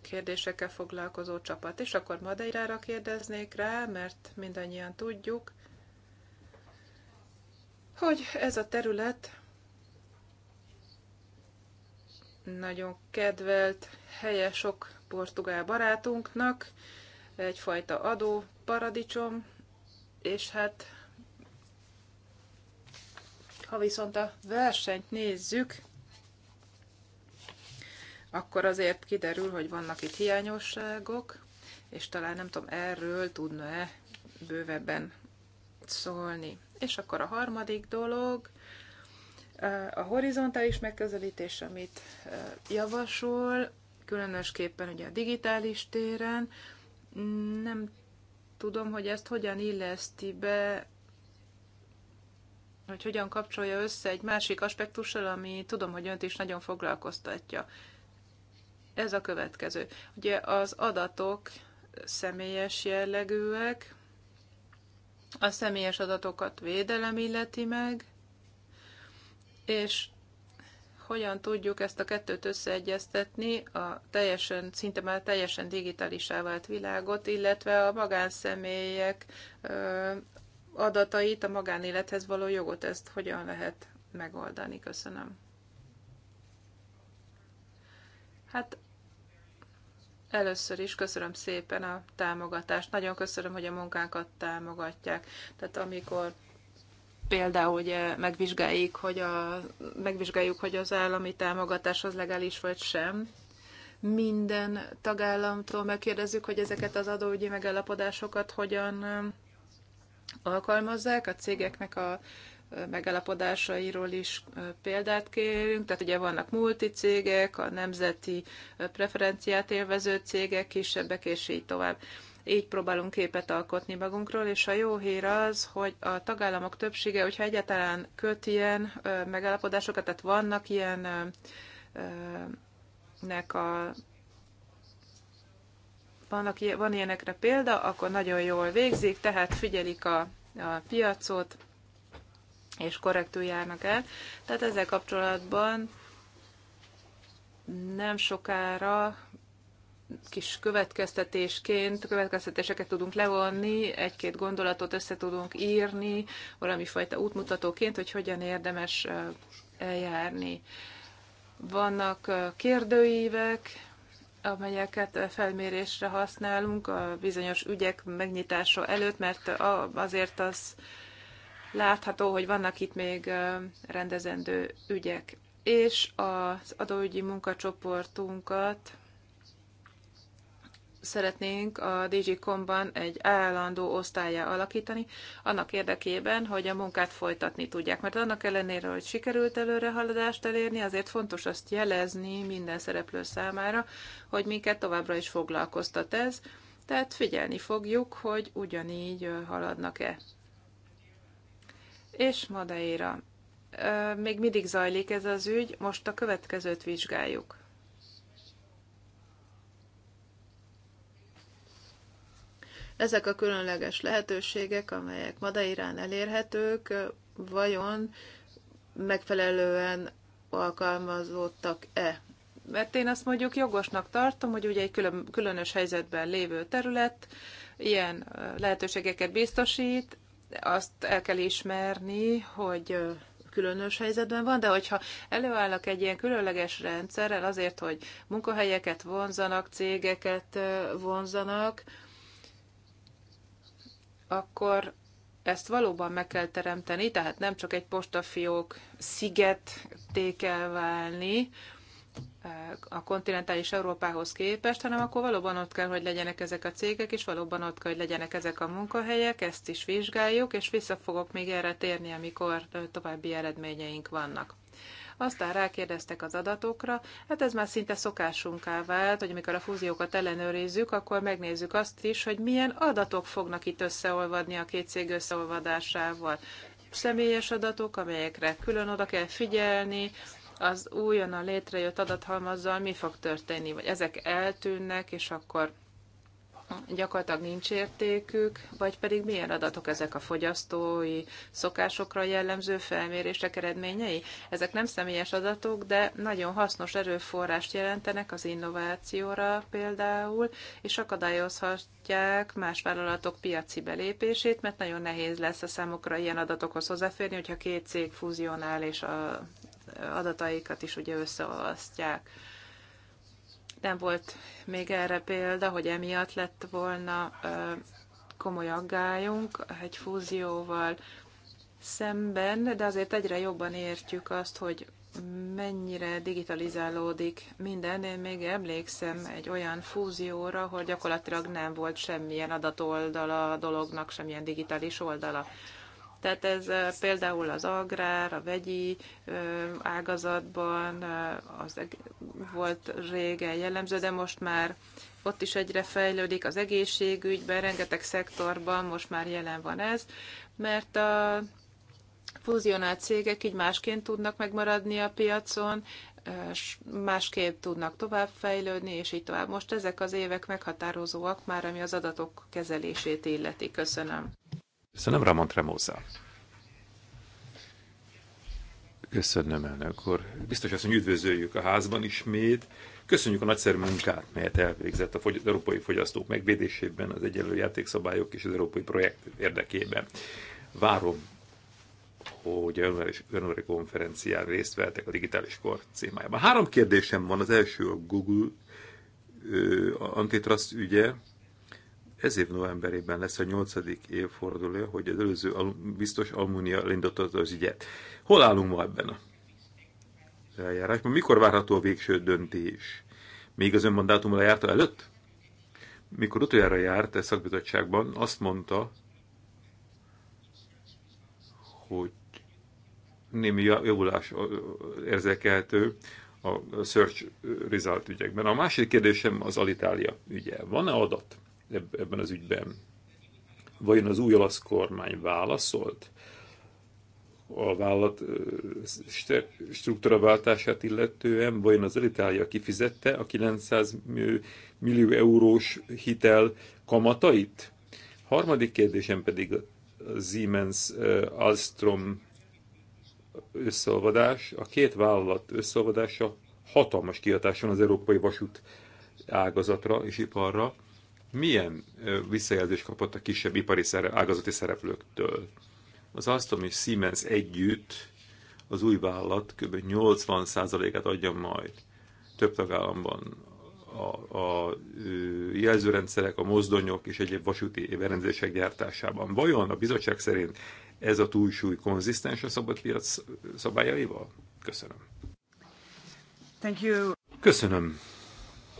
kérdésekkel foglalkozó csapat. És akkor Madeirára kérdeznék rá, mert mindannyian tudjuk, hogy ez a terület nagyon kedvelt helye sok portugál barátunknak, egyfajta adó paradicsom, és hát ha viszont a versenyt nézzük, akkor azért kiderül, hogy vannak itt hiányosságok, és talán nem tudom, erről tudna-e bővebben szólni. És akkor a harmadik dolog, a horizontális megközelítés, amit javasol, különösképpen ugye a digitális téren, nem tudom, hogy ezt hogyan illeszti be hogy hogyan kapcsolja össze egy másik aspektussal, ami tudom, hogy önt is nagyon foglalkoztatja. Ez a következő. Ugye az adatok személyes jellegűek, a személyes adatokat védelem illeti meg, és hogyan tudjuk ezt a kettőt összeegyeztetni, a teljesen, szinte már teljesen digitálisá vált világot, illetve a magánszemélyek adatait, a magánélethez való jogot, ezt hogyan lehet megoldani? Köszönöm. Hát először is köszönöm szépen a támogatást. Nagyon köszönöm, hogy a munkánkat támogatják. Tehát amikor például ugye megvizsgáljuk, hogy, a, megvizsgáljuk, hogy az állami támogatás az legális vagy sem, minden tagállamtól megkérdezzük, hogy ezeket az adóügyi megállapodásokat hogyan alkalmazzák, a cégeknek a megalapodásairól is példát kérünk. Tehát ugye vannak multicégek, a nemzeti preferenciát élvező cégek, kisebbek, és így tovább. Így próbálunk képet alkotni magunkról, és a jó hír az, hogy a tagállamok többsége, hogyha egyáltalán köt ilyen megállapodásokat, tehát vannak ilyen nek a vannak, van ilyenekre példa, akkor nagyon jól végzik, tehát figyelik a, a piacot, és korrektül járnak el. Tehát ezzel kapcsolatban nem sokára kis következtetésként, következtetéseket tudunk levonni, egy-két gondolatot össze tudunk írni, valami fajta útmutatóként, hogy hogyan érdemes eljárni. Vannak kérdőívek, amelyeket felmérésre használunk a bizonyos ügyek megnyitása előtt, mert azért az látható, hogy vannak itt még rendezendő ügyek. És az adóügyi munkacsoportunkat szeretnénk a digicom egy állandó osztályá alakítani, annak érdekében, hogy a munkát folytatni tudják. Mert annak ellenére, hogy sikerült előre haladást elérni, azért fontos azt jelezni minden szereplő számára, hogy minket továbbra is foglalkoztat ez, tehát figyelni fogjuk, hogy ugyanígy haladnak-e. És Madeira. Még mindig zajlik ez az ügy, most a következőt vizsgáljuk. Ezek a különleges lehetőségek, amelyek Madeirán elérhetők, vajon megfelelően alkalmazottak-e? Mert én azt mondjuk jogosnak tartom, hogy ugye egy külön, különös helyzetben lévő terület ilyen lehetőségeket biztosít, azt el kell ismerni, hogy különös helyzetben van, de hogyha előállnak egy ilyen különleges rendszerrel azért, hogy munkahelyeket vonzanak, cégeket vonzanak, akkor ezt valóban meg kell teremteni, tehát nem csak egy postafiók sziget kell válni a kontinentális Európához képest, hanem akkor valóban ott kell, hogy legyenek ezek a cégek, és valóban ott kell, hogy legyenek ezek a munkahelyek, ezt is vizsgáljuk, és vissza fogok még erre térni, amikor további eredményeink vannak. Aztán rákérdeztek az adatokra, hát ez már szinte szokásunká vált, hogy amikor a fúziókat ellenőrizzük, akkor megnézzük azt is, hogy milyen adatok fognak itt összeolvadni a két cég összeolvadásával. Személyes adatok, amelyekre külön oda kell figyelni, az újonnan létrejött adathalmazzal mi fog történni, vagy ezek eltűnnek, és akkor gyakorlatilag nincs értékük, vagy pedig milyen adatok ezek a fogyasztói szokásokra jellemző felmérések eredményei? Ezek nem személyes adatok, de nagyon hasznos erőforrást jelentenek az innovációra például, és akadályozhatják más vállalatok piaci belépését, mert nagyon nehéz lesz a számukra ilyen adatokhoz hozzáférni, hogyha két cég fúzionál és a adataikat is ugye összeolvasztják nem volt még erre példa, hogy emiatt lett volna komoly aggályunk egy fúzióval szemben, de azért egyre jobban értjük azt, hogy mennyire digitalizálódik minden. Én még emlékszem egy olyan fúzióra, hogy gyakorlatilag nem volt semmilyen adatoldala a dolognak, semmilyen digitális oldala. Tehát ez például az agrár, a vegyi ágazatban az volt régen jellemző, de most már ott is egyre fejlődik az egészségügyben, rengeteg szektorban most már jelen van ez, mert a fúzionált cégek így másként tudnak megmaradni a piacon, másképp tudnak továbbfejlődni, és így tovább. Most ezek az évek meghatározóak már, ami az adatok kezelését illeti. Köszönöm. Köszönöm, Ramon Tremosa. Köszönöm, elnök úr. Biztos azt, hogy üdvözöljük a házban ismét. Köszönjük a nagyszerű munkát, melyet elvégzett a fogy- az európai fogyasztók megvédésében, az egyenlő játékszabályok és az európai projekt érdekében. Várom, hogy a januári konferencián részt vettek a digitális kor címájában. Három kérdésem van. Az első a Google ö, antitrust ügye, ez év novemberében lesz a nyolcadik évforduló, hogy az előző biztos Almunia elindította az ügyet. Hol állunk ma ebben a eljárásban? Mikor várható a végső döntés? Még az önmandátum lejárta előtt? Mikor utoljára járt a e szakbizottságban, azt mondta, hogy némi javulás érzékelhető a search result ügyekben. A másik kérdésem az Alitália ügye. Van-e adat ebben az ügyben? Vajon az új olasz kormány válaszolt a vállalat struktúraváltását illetően, vajon az Elitália kifizette a 900 millió eurós hitel kamatait? Harmadik kérdésem pedig a Siemens Alstrom összeolvadás, a két vállalat összeolvadása hatalmas kihatáson az európai vasút ágazatra és iparra milyen visszajelzést kapott a kisebb ipari szerep, ágazati szereplőktől? Az Alstom és Siemens együtt az új vállalat kb. 80%-át adja majd több tagállamban a, a jelzőrendszerek, a mozdonyok és egyéb vasúti berendezések gyártásában. Vajon a bizottság szerint ez a túlsúly konzisztens a szabad piac szabályaival? Köszönöm. Thank you. Köszönöm.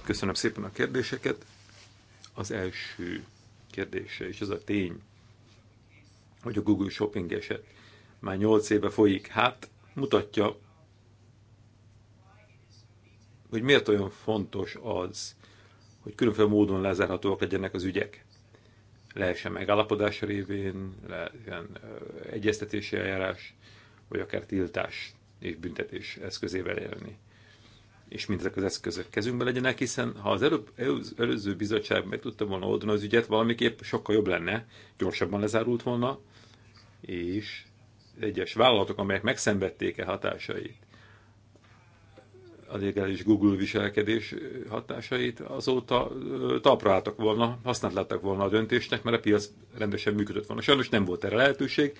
Köszönöm szépen a kérdéseket az első kérdése, és ez a tény, hogy a Google Shopping eset már 8 éve folyik. Hát, mutatja, hogy miért olyan fontos az, hogy különféle módon lezárhatóak legyenek az ügyek. Lehessen megállapodás révén, lehessen egyeztetési eljárás, vagy akár tiltás és büntetés eszközével élni és mindezek az eszközök kezünkben legyenek, hiszen ha az előbb, előző bizottság meg tudta volna oldani az ügyet, valamiképp sokkal jobb lenne, gyorsabban lezárult volna, és egyes vállalatok, amelyek megszenvedték e hatásait, a legális Google viselkedés hatásait, azóta talpra álltak volna, használt láttak volna a döntésnek, mert a piac rendesen működött volna. Sajnos nem volt erre lehetőség,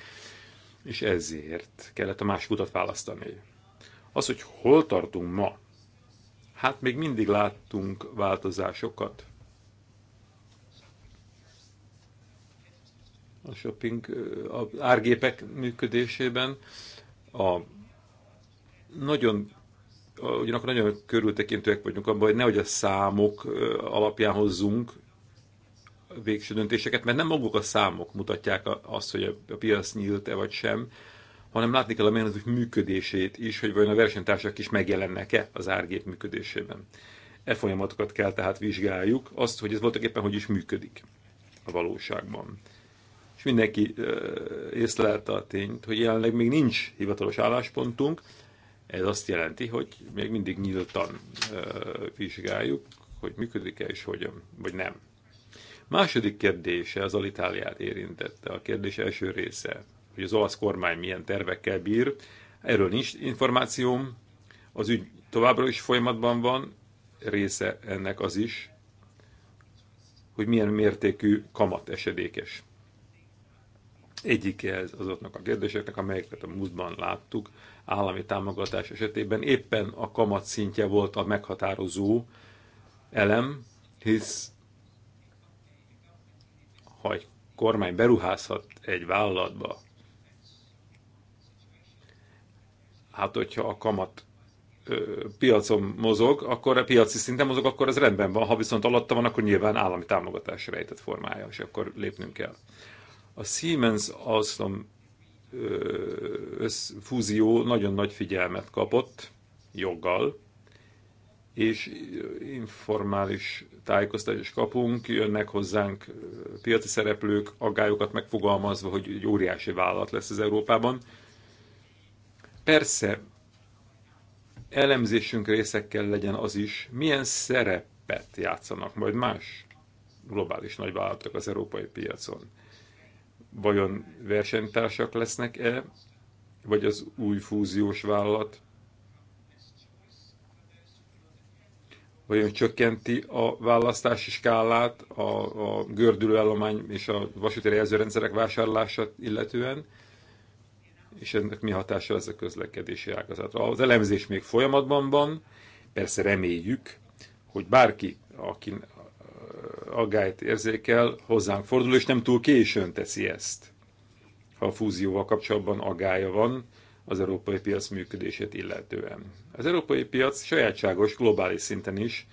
és ezért kellett a másik utat választani. Az, hogy hol tartunk ma, hát még mindig láttunk változásokat. A shopping, a árgépek működésében a nagyon ugyanakkor nagyon körültekintőek vagyunk abban, hogy nehogy a számok alapján hozzunk végső döntéseket, mert nem maguk a számok mutatják azt, hogy a piac nyílt-e vagy sem, hanem látni kell a mechanizmus működését is, hogy vajon a versenytársak is megjelennek-e az árgép működésében. E folyamatokat kell tehát vizsgáljuk, azt, hogy ez voltak éppen hogy is működik a valóságban. És mindenki észlelte a tényt, hogy jelenleg még nincs hivatalos álláspontunk, ez azt jelenti, hogy még mindig nyíltan vizsgáljuk, hogy működik-e és hogyan, vagy nem. Második kérdése az Alitáliát érintette, a kérdés első része hogy az olasz kormány milyen tervekkel bír. Erről nincs információm, az ügy továbbra is folyamatban van, része ennek az is, hogy milyen mértékű kamat esedékes. Egyike ez azoknak a kérdéseknek, amelyeket a múltban láttuk, állami támogatás esetében éppen a kamat szintje volt a meghatározó elem, hisz ha egy kormány beruházhat egy vállalatba, Hát, hogyha a kamat ö, piacon mozog, akkor a piaci szinten mozog, akkor ez rendben van. Ha viszont alatta van, akkor nyilván állami támogatás rejtett formája, és akkor lépnünk kell. A Siemens Alstom fúzió nagyon nagy figyelmet kapott, joggal, és informális tájékoztatás kapunk, jönnek hozzánk piaci szereplők, aggályokat megfogalmazva, hogy egy óriási vállalat lesz az Európában, Persze, elemzésünk részekkel legyen az is, milyen szerepet játszanak majd más globális nagyvállalatok az európai piacon. Vajon versenytársak lesznek-e, vagy az új fúziós vállalat? Vajon csökkenti a választási skálát a, a gördülőállomány és a vasúti jelzőrendszerek vásárlását illetően? és ennek mi hatása lesz a közlekedési ágazatra. Az elemzés még folyamatban van, persze reméljük, hogy bárki, aki aggályt érzékel, hozzánk fordul, és nem túl későn teszi ezt, ha a fúzióval kapcsolatban aggája van az európai piac működését illetően. Az európai piac sajátságos globális szinten is,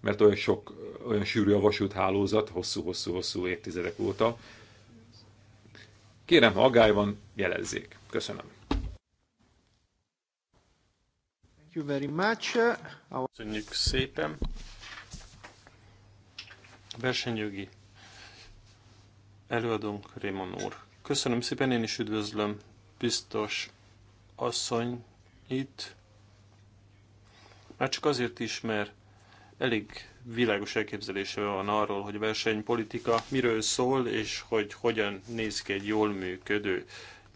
mert olyan sok, olyan sűrű a vasúthálózat hosszú-hosszú-hosszú évtizedek óta, Kérem, ha agály van, jelezzék. Köszönöm. Thank you very much. Köszönjük szépen. Versenyjogi előadónk Raymond úr. Köszönöm szépen, én is üdvözlöm biztos asszony itt. Már csak azért is, mert elég világos elképzelése van arról, hogy a versenypolitika miről szól, és hogy hogyan néz ki egy jól működő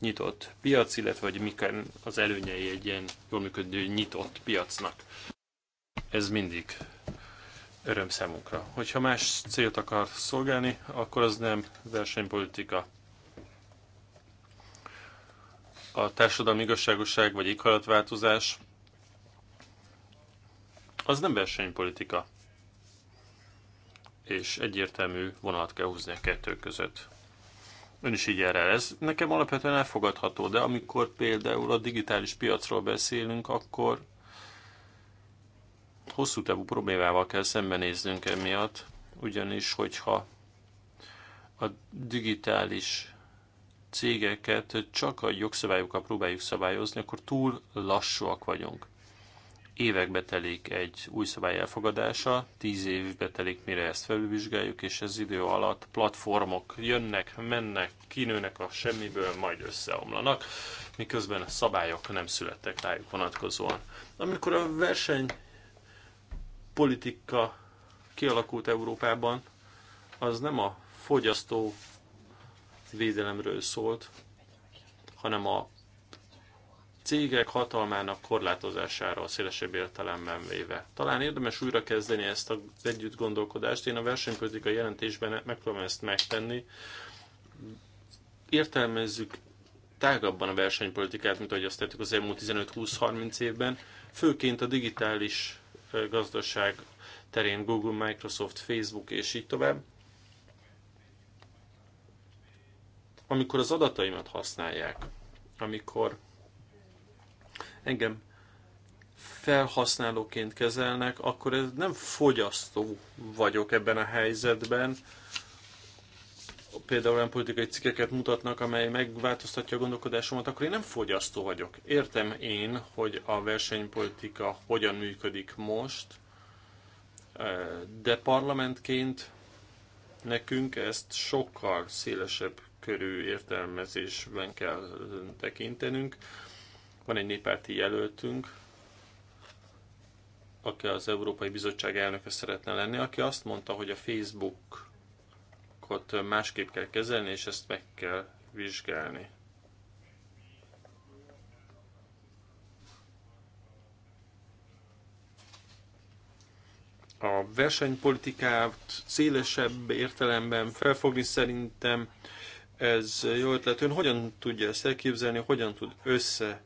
nyitott piac, illetve hogy mik az előnyei egy ilyen jól működő nyitott piacnak. Ez mindig öröm számunkra. Hogyha más célt akar szolgálni, akkor az nem versenypolitika. A társadalmi igazságosság vagy éghajlatváltozás az nem versenypolitika. És egyértelmű vonalat kell húzni a kettő között. Ön is így erre el. Ez nekem alapvetően elfogadható, de amikor például a digitális piacról beszélünk, akkor hosszú távú problémával kell szembenéznünk emiatt, ugyanis hogyha a digitális cégeket csak a jogszabályokkal próbáljuk szabályozni, akkor túl lassúak vagyunk évekbe telik egy új szabály elfogadása, tíz évbe telik, mire ezt felülvizsgáljuk, és ez idő alatt platformok jönnek, mennek, kinőnek a semmiből, majd összeomlanak, miközben a szabályok nem születtek rájuk vonatkozóan. Amikor a verseny politika kialakult Európában, az nem a fogyasztó védelemről szólt, hanem a cégek hatalmának korlátozására a szélesebb értelemben véve. Talán érdemes újra kezdeni ezt az együtt gondolkodást. Én a versenypolitikai jelentésben megpróbálom ezt megtenni. Értelmezzük tágabban a versenypolitikát, mint ahogy azt tettük az elmúlt 15-20-30 évben, főként a digitális gazdaság terén Google, Microsoft, Facebook és így tovább. Amikor az adataimat használják, amikor engem felhasználóként kezelnek, akkor ez nem fogyasztó vagyok ebben a helyzetben. Például olyan politikai cikkeket mutatnak, amely megváltoztatja a gondolkodásomat, akkor én nem fogyasztó vagyok. Értem én, hogy a versenypolitika hogyan működik most, eh, de parlamentként nekünk ezt sokkal szélesebb körű értelmezésben kell tekintenünk. Van egy néppárti jelöltünk, aki az Európai Bizottság elnöke szeretne lenni, aki azt mondta, hogy a Facebookot másképp kell kezelni, és ezt meg kell vizsgálni. a versenypolitikát szélesebb értelemben felfogni szerintem ez jó ötlet. Ön hogyan tudja ezt elképzelni, hogyan tud össze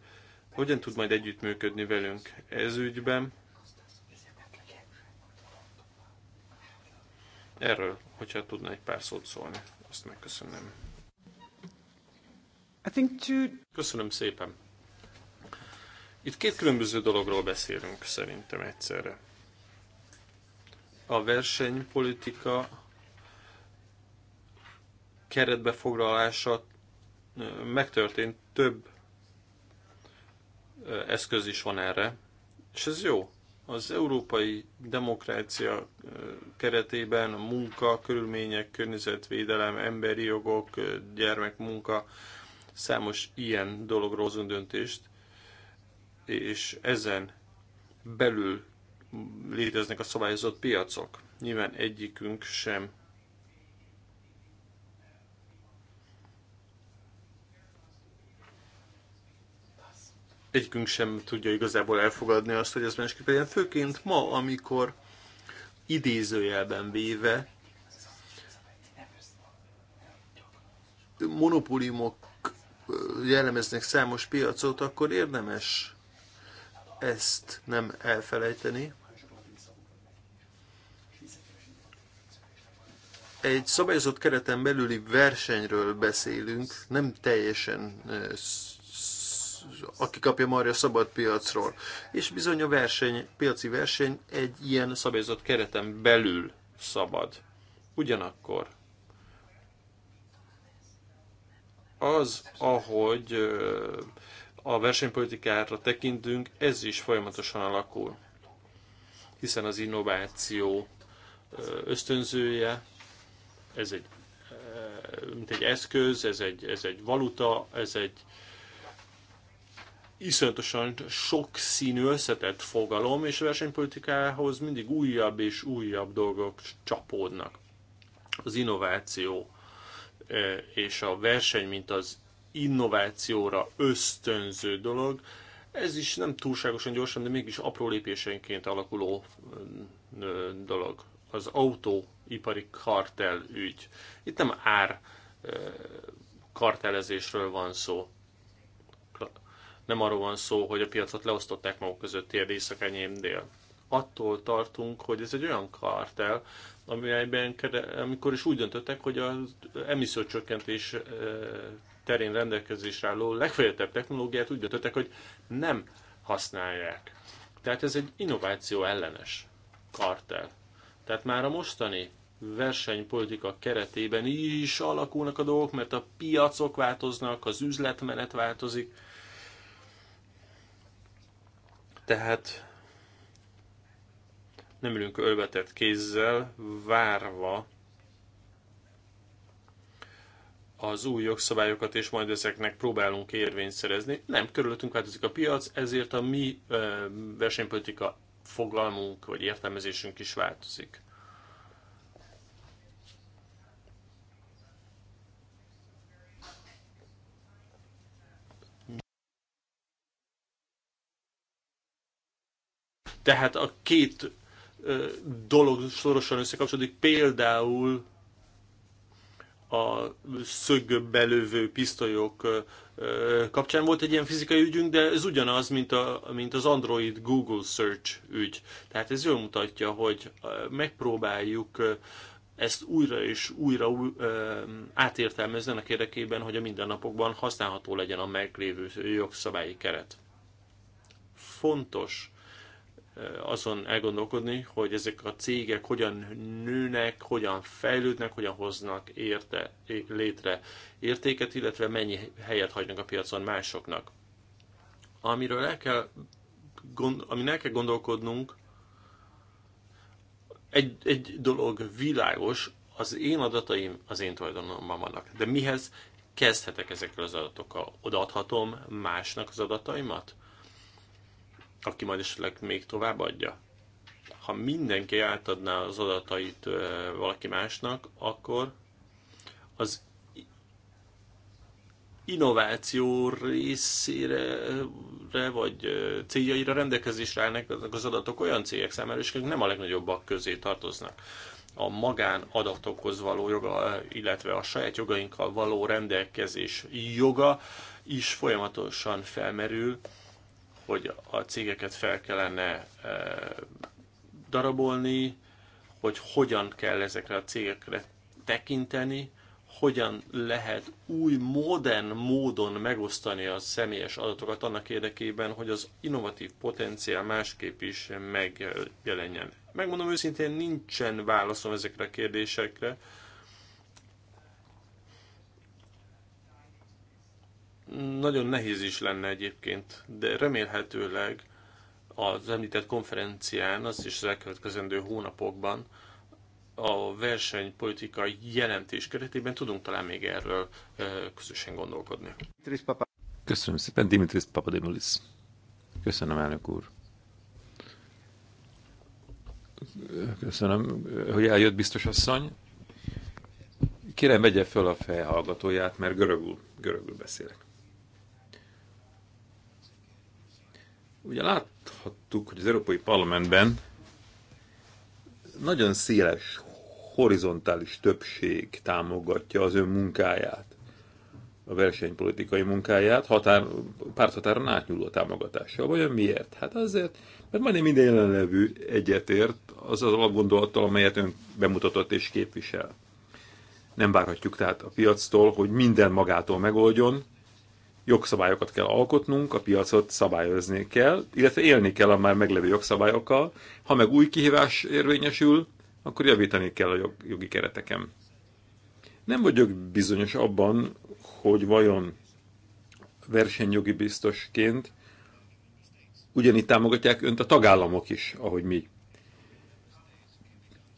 hogyan tud majd együttműködni velünk ez ügyben. Erről, hogyha tudna egy pár szót szólni, azt megköszönöm. Köszönöm szépen. Itt két különböző dologról beszélünk szerintem egyszerre. A versenypolitika keretbefoglalása megtörtént több eszköz is van erre, és ez jó. Az európai demokrácia keretében a munka, körülmények, környezetvédelem, emberi jogok, gyermekmunka, számos ilyen dologról hozunk döntést, és ezen belül léteznek a szabályozott piacok. Nyilván egyikünk sem egyikünk sem tudja igazából elfogadni azt, hogy ez másképp legyen. Főként ma, amikor idézőjelben véve monopóliumok jellemeznek számos piacot, akkor érdemes ezt nem elfelejteni. Egy szabályozott kereten belüli versenyről beszélünk, nem teljesen aki kapja marja a szabad piacról. És bizony a verseny, piaci verseny egy ilyen szabályozott kereten belül szabad. Ugyanakkor az, ahogy a versenypolitikára tekintünk, ez is folyamatosan alakul. Hiszen az innováció ösztönzője, ez egy mint egy eszköz, ez egy, ez egy valuta, ez egy iszonyatosan sok színű összetett fogalom, és a versenypolitikához mindig újabb és újabb dolgok csapódnak. Az innováció eh, és a verseny, mint az innovációra ösztönző dolog, ez is nem túlságosan gyorsan, de mégis apró lépésenként alakuló eh, dolog. Az autóipari kartel ügy. Itt nem ár eh, kartelezésről van szó. Nem arról van szó, hogy a piacot leosztották maguk között tél, éjszak, dél. Attól tartunk, hogy ez egy olyan kartel, amelyben, amikor is úgy döntöttek, hogy az emissziócsökkentés terén rendelkezésre álló legfejlettebb technológiát úgy döntöttek, hogy nem használják. Tehát ez egy innováció ellenes kartel. Tehát már a mostani versenypolitika keretében is alakulnak a dolgok, mert a piacok változnak, az üzletmenet változik, tehát nem ülünk ölvetett kézzel, várva az új jogszabályokat, és majd ezeknek próbálunk érvényt szerezni. Nem, körülöttünk változik a piac, ezért a mi versenypolitika fogalmunk vagy értelmezésünk is változik. Tehát a két dolog szorosan összekapcsolódik, például a szögbelövő pisztolyok kapcsán volt egy ilyen fizikai ügyünk, de ez ugyanaz, mint, a, mint az Android Google Search ügy. Tehát ez jól mutatja, hogy megpróbáljuk ezt újra és újra új, ö, átértelmezni a érdekében, hogy a mindennapokban használható legyen a meglévő jogszabályi keret. Fontos azon elgondolkodni, hogy ezek a cégek hogyan nőnek, hogyan fejlődnek, hogyan hoznak érte, létre értéket, illetve mennyi helyet hagynak a piacon másoknak. Amiről el kell, gond, amin el kell gondolkodnunk, egy, egy dolog világos, az én adataim az én tulajdonomban vannak. De mihez kezdhetek ezekkel az adatokkal? Odaadhatom másnak az adataimat? aki majd esetleg még tovább adja. Ha mindenki átadná az adatait valaki másnak, akkor az innováció részére vagy céljaira rendelkezésre állnak az adatok olyan cégek számára, és nem a legnagyobbak közé tartoznak. A magán adatokhoz való joga, illetve a saját jogainkkal való rendelkezés joga is folyamatosan felmerül, hogy a cégeket fel kellene e, darabolni, hogy hogyan kell ezekre a cégekre tekinteni, hogyan lehet új, modern módon megosztani a személyes adatokat annak érdekében, hogy az innovatív potenciál másképp is megjelenjen. Megmondom őszintén, nincsen válaszom ezekre a kérdésekre. nagyon nehéz is lenne egyébként, de remélhetőleg az említett konferencián, az is az elkövetkezendő hónapokban a versenypolitikai jelentés keretében tudunk talán még erről közösen gondolkodni. Köszönöm szépen, Dimitris Papadimulis. Köszönöm, elnök úr. Köszönöm, hogy eljött biztos asszony. Kérem, vegye föl a fejhallgatóját, mert görögül, görögül beszélek. Ugye láthattuk, hogy az Európai Parlamentben nagyon széles, horizontális többség támogatja az ön munkáját, a versenypolitikai munkáját, határ, párthatáron átnyúló támogatással. Vajon miért? Hát azért, mert majdnem minden jelenlevő egyetért az az alapgondolattal, amelyet ön bemutatott és képvisel. Nem várhatjuk tehát a piactól, hogy minden magától megoldjon, jogszabályokat kell alkotnunk, a piacot szabályozni kell, illetve élni kell a már meglevő jogszabályokkal. Ha meg új kihívás érvényesül, akkor javítani kell a jogi kereteken. Nem vagyok bizonyos abban, hogy vajon versenyjogi biztosként ugyanígy támogatják önt a tagállamok is, ahogy mi.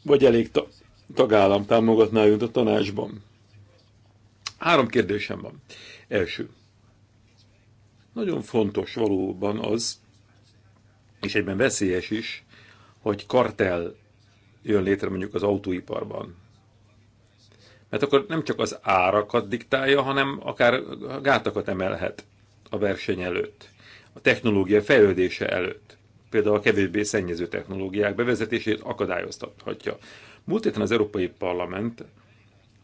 Vagy elég ta- tagállam támogatná önt a tanácsban. Három kérdésem van. Első. Nagyon fontos valóban az, és egyben veszélyes is, hogy kartel jön létre mondjuk az autóiparban. Mert akkor nem csak az árakat diktálja, hanem akár gátakat emelhet a verseny előtt, a technológia fejlődése előtt. Például a kevésbé szennyező technológiák bevezetését akadályoztathatja. Múlt héten az Európai Parlament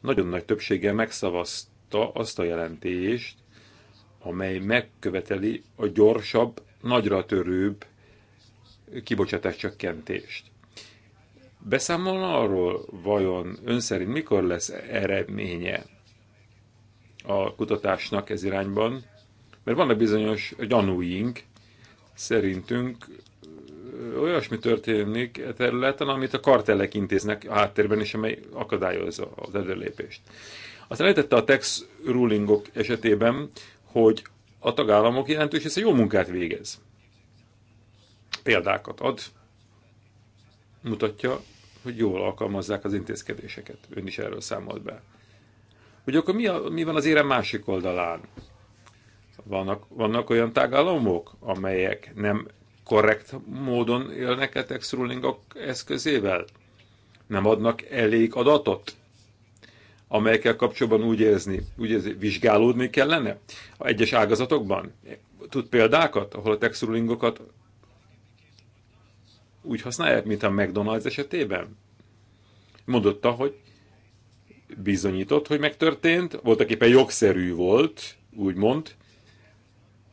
nagyon nagy többséggel megszavazta azt a jelentést, amely megköveteli a gyorsabb, nagyra törőbb kibocsátás csökkentést. Beszámolna arról, vajon ön szerint mikor lesz eredménye a kutatásnak ez irányban? Mert vannak bizonyos gyanúink, szerintünk olyasmi történik e területen, amit a kartellek intéznek a háttérben, és amely akadályozza az előlépést. Aztán lehetette a tax rulingok esetében, hogy a tagállamok jelentős része jó munkát végez. Példákat ad, mutatja, hogy jól alkalmazzák az intézkedéseket. Ön is erről számolt be. Hogy akkor mi, a, mi van az érem másik oldalán? Vannak, vannak olyan tagállamok, amelyek nem korrekt módon élnek a tax eszközével? Nem adnak elég adatot? amelyekkel kapcsolatban úgy érzni, úgy érzi, vizsgálódni kellene? A egyes ágazatokban? Tud példákat, ahol a texturingokat úgy használják, mint a McDonald's esetében? Mondotta, hogy bizonyított, hogy megtörtént, voltak éppen jogszerű volt, úgymond,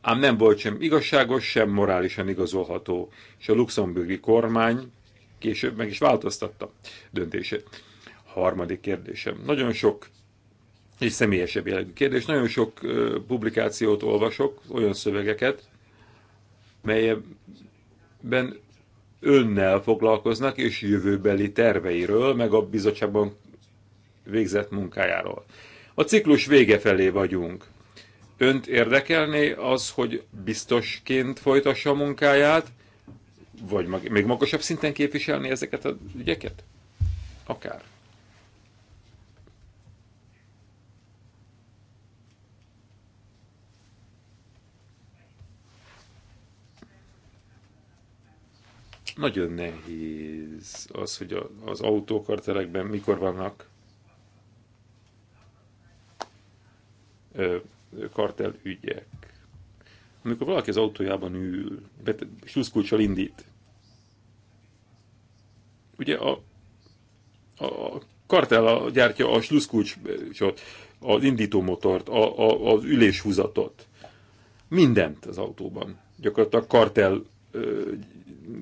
ám nem volt sem igazságos, sem morálisan igazolható, és a luxemburgi kormány később meg is változtatta döntését harmadik kérdésem. Nagyon sok, és személyesebb jellegű kérdés, nagyon sok publikációt olvasok, olyan szövegeket, melyben önnel foglalkoznak, és jövőbeli terveiről, meg a bizottságban végzett munkájáról. A ciklus vége felé vagyunk. Önt érdekelné az, hogy biztosként folytassa a munkáját, vagy még magasabb szinten képviselni ezeket a ügyeket? Akár. Nagyon nehéz az, hogy az autókartelekben mikor vannak kartelügyek. Amikor valaki az autójában ül, húszkulcsal indít, ugye a, a kartel a gyártja a sluszkulcsot, az indítómotort, a, a, az üléshúzatot, mindent az autóban. Gyakorlatilag kartel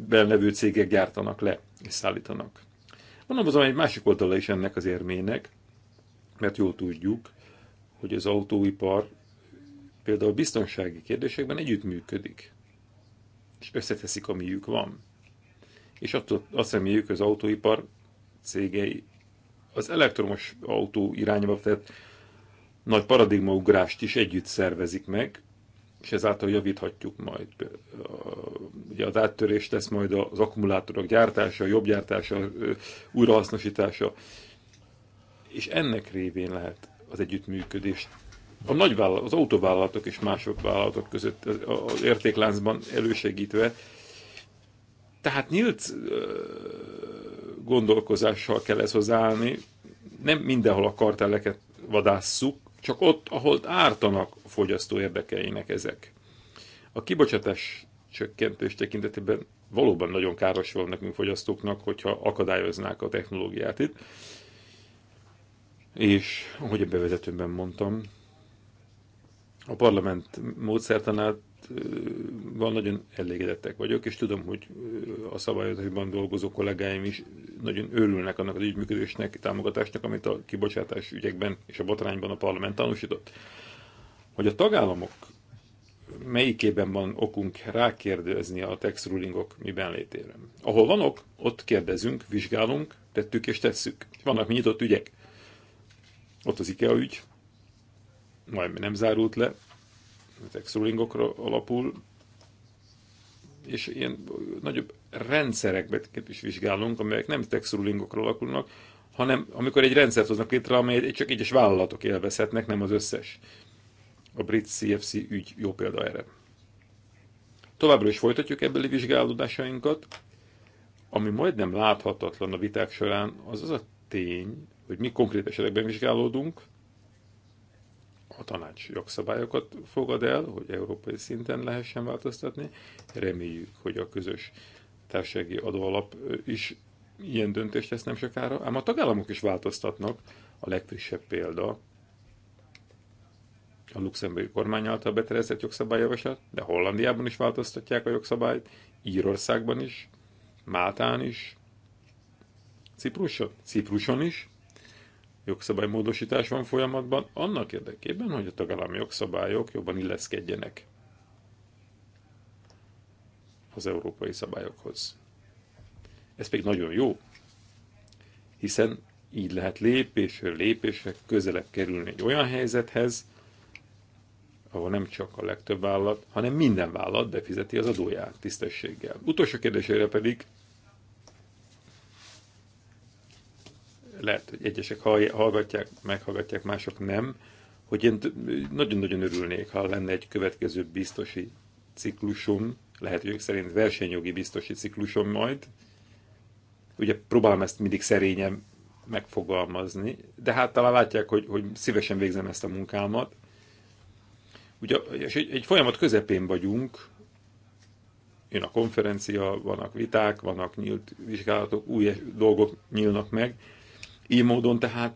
belnevő cégek gyártanak le és szállítanak. Van azon egy másik oldala is ennek az érmének, mert jól tudjuk, hogy az autóipar például biztonsági kérdésekben együttműködik, és összeteszik, amiük van. És attól azt reméljük, az autóipar cégei az elektromos autó irányba tett nagy paradigmaugrást is együtt szervezik meg, és ezáltal javíthatjuk majd. Ugye az áttörés tesz majd az akkumulátorok gyártása, jobb gyártása, újrahasznosítása, és ennek révén lehet az együttműködést a nagyvállalat, az autóvállalatok és mások vállalatok között az értékláncban elősegítve. Tehát nyílt gondolkozással kell ez hozzáállni, nem mindenhol a karteleket vadásszuk, csak ott, ahol ártanak a fogyasztó érdekeinek ezek. A kibocsátás csökkentés tekintetében valóban nagyon káros van nekünk fogyasztóknak, hogyha akadályoznák a technológiát itt. És ahogy a bevezetőben mondtam, a parlament módszertanát van nagyon elégedettek vagyok, és tudom, hogy a szabályozásban dolgozó kollégáim is nagyon örülnek annak az ügyműködésnek, támogatásnak, amit a kibocsátás ügyekben és a botrányban a parlament tanúsított. Hogy a tagállamok melyikében van okunk rákérdezni a tax rulingok miben létére. Ahol ok, ott kérdezünk, vizsgálunk, tettük és tesszük. Vannak nyitott ügyek. Ott az IKEA ügy, majd nem zárult le, ezek alapul, és ilyen nagyobb rendszereket is vizsgálunk, amelyek nem tax alakulnak, hanem amikor egy rendszert hoznak létre, amelyet csak egyes vállalatok élvezhetnek, nem az összes. A brit CFC ügy jó példa erre. Továbbra is folytatjuk ebbeli vizsgálódásainkat. Ami majdnem láthatatlan a viták során, az az a tény, hogy mi konkrét esetekben vizsgálódunk, a tanács jogszabályokat fogad el, hogy európai szinten lehessen változtatni. Reméljük, hogy a közös társasági adóalap is ilyen döntést tesz nem sokára, ám a tagállamok is változtatnak. A legfrissebb példa a luxemburgi kormány által beterezett jogszabályjavaslat, de Hollandiában is változtatják a jogszabályt, Írországban is, Máltán is, Cipruson, Cipruson is, jogszabálymódosítás van folyamatban, annak érdekében, hogy a tagállami jogszabályok jobban illeszkedjenek az európai szabályokhoz. Ez pedig nagyon jó, hiszen így lehet lépésről lépésre közelebb kerülni egy olyan helyzethez, ahol nem csak a legtöbb vállalat, hanem minden vállalat befizeti az adóját tisztességgel. Utolsó kérdésére pedig lehet, hogy egyesek hallgatják, meghallgatják, mások nem, hogy én nagyon-nagyon örülnék, ha lenne egy következő biztosi ciklusom, lehet, hogy szerint versenyjogi biztosi ciklusom majd. Ugye próbálom ezt mindig szerényen megfogalmazni, de hát talán látják, hogy, hogy szívesen végzem ezt a munkámat. Ugye, és egy, egy folyamat közepén vagyunk, jön a konferencia, vannak viták, vannak nyílt vizsgálatok, új dolgok nyílnak meg, így módon tehát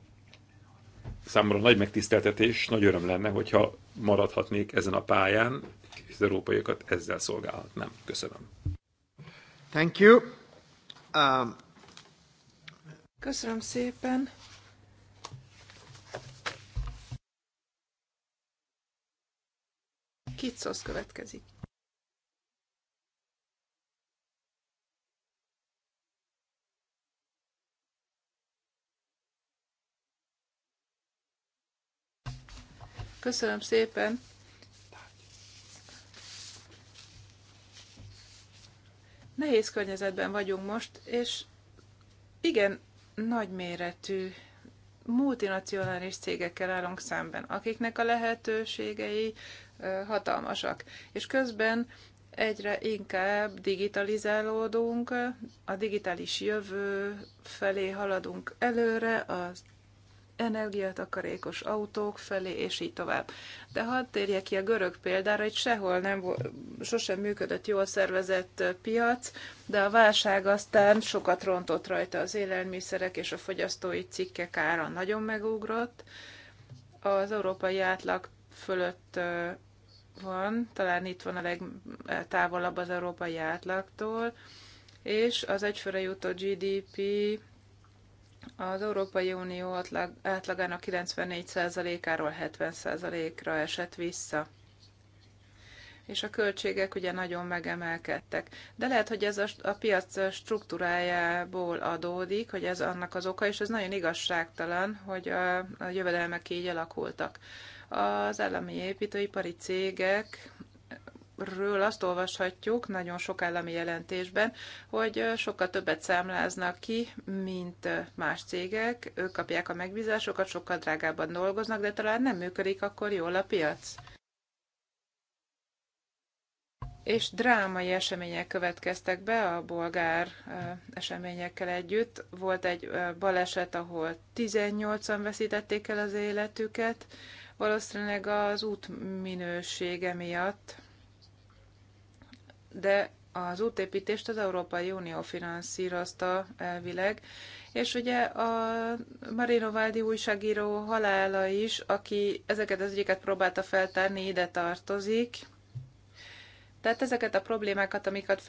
számomra nagy megtiszteltetés, nagy öröm lenne, hogyha maradhatnék ezen a pályán, és az európaiakat ezzel szolgálhatnám. Köszönöm. Thank you. Um... Köszönöm szépen. Kicsos következik. Köszönöm szépen. Nehéz környezetben vagyunk most, és igen, nagyméretű multinacionális cégekkel állunk szemben, akiknek a lehetőségei hatalmasak. És közben egyre inkább digitalizálódunk, a digitális jövő felé haladunk előre, az energiatakarékos autók felé, és így tovább. De hadd térjek ki a görög példára, itt sehol nem sosem működött jól szervezett piac, de a válság aztán sokat rontott rajta az élelmiszerek és a fogyasztói cikkek ára nagyon megugrott. Az európai átlag fölött van, talán itt van a legtávolabb az európai átlagtól, és az egyfőre jutó GDP az Európai Unió átlagának 94%-áról 70%-ra esett vissza és a költségek ugye nagyon megemelkedtek. De lehet, hogy ez a, a piac struktúrájából adódik, hogy ez annak az oka, és ez nagyon igazságtalan, hogy a, a jövedelmek így alakultak. Az állami építőipari cégek ről azt olvashatjuk nagyon sok állami jelentésben, hogy sokkal többet számláznak ki, mint más cégek, ők kapják a megbízásokat, sokkal drágábban dolgoznak, de talán nem működik akkor jól a piac. És drámai események következtek be a bolgár eseményekkel együtt. Volt egy baleset, ahol 18-an veszítették el az életüket, valószínűleg az út minősége miatt de az útépítést az Európai Unió finanszírozta elvileg, és ugye a Marino Valdi újságíró halála is, aki ezeket az ügyeket próbálta feltárni, ide tartozik. Tehát ezeket a problémákat, amiket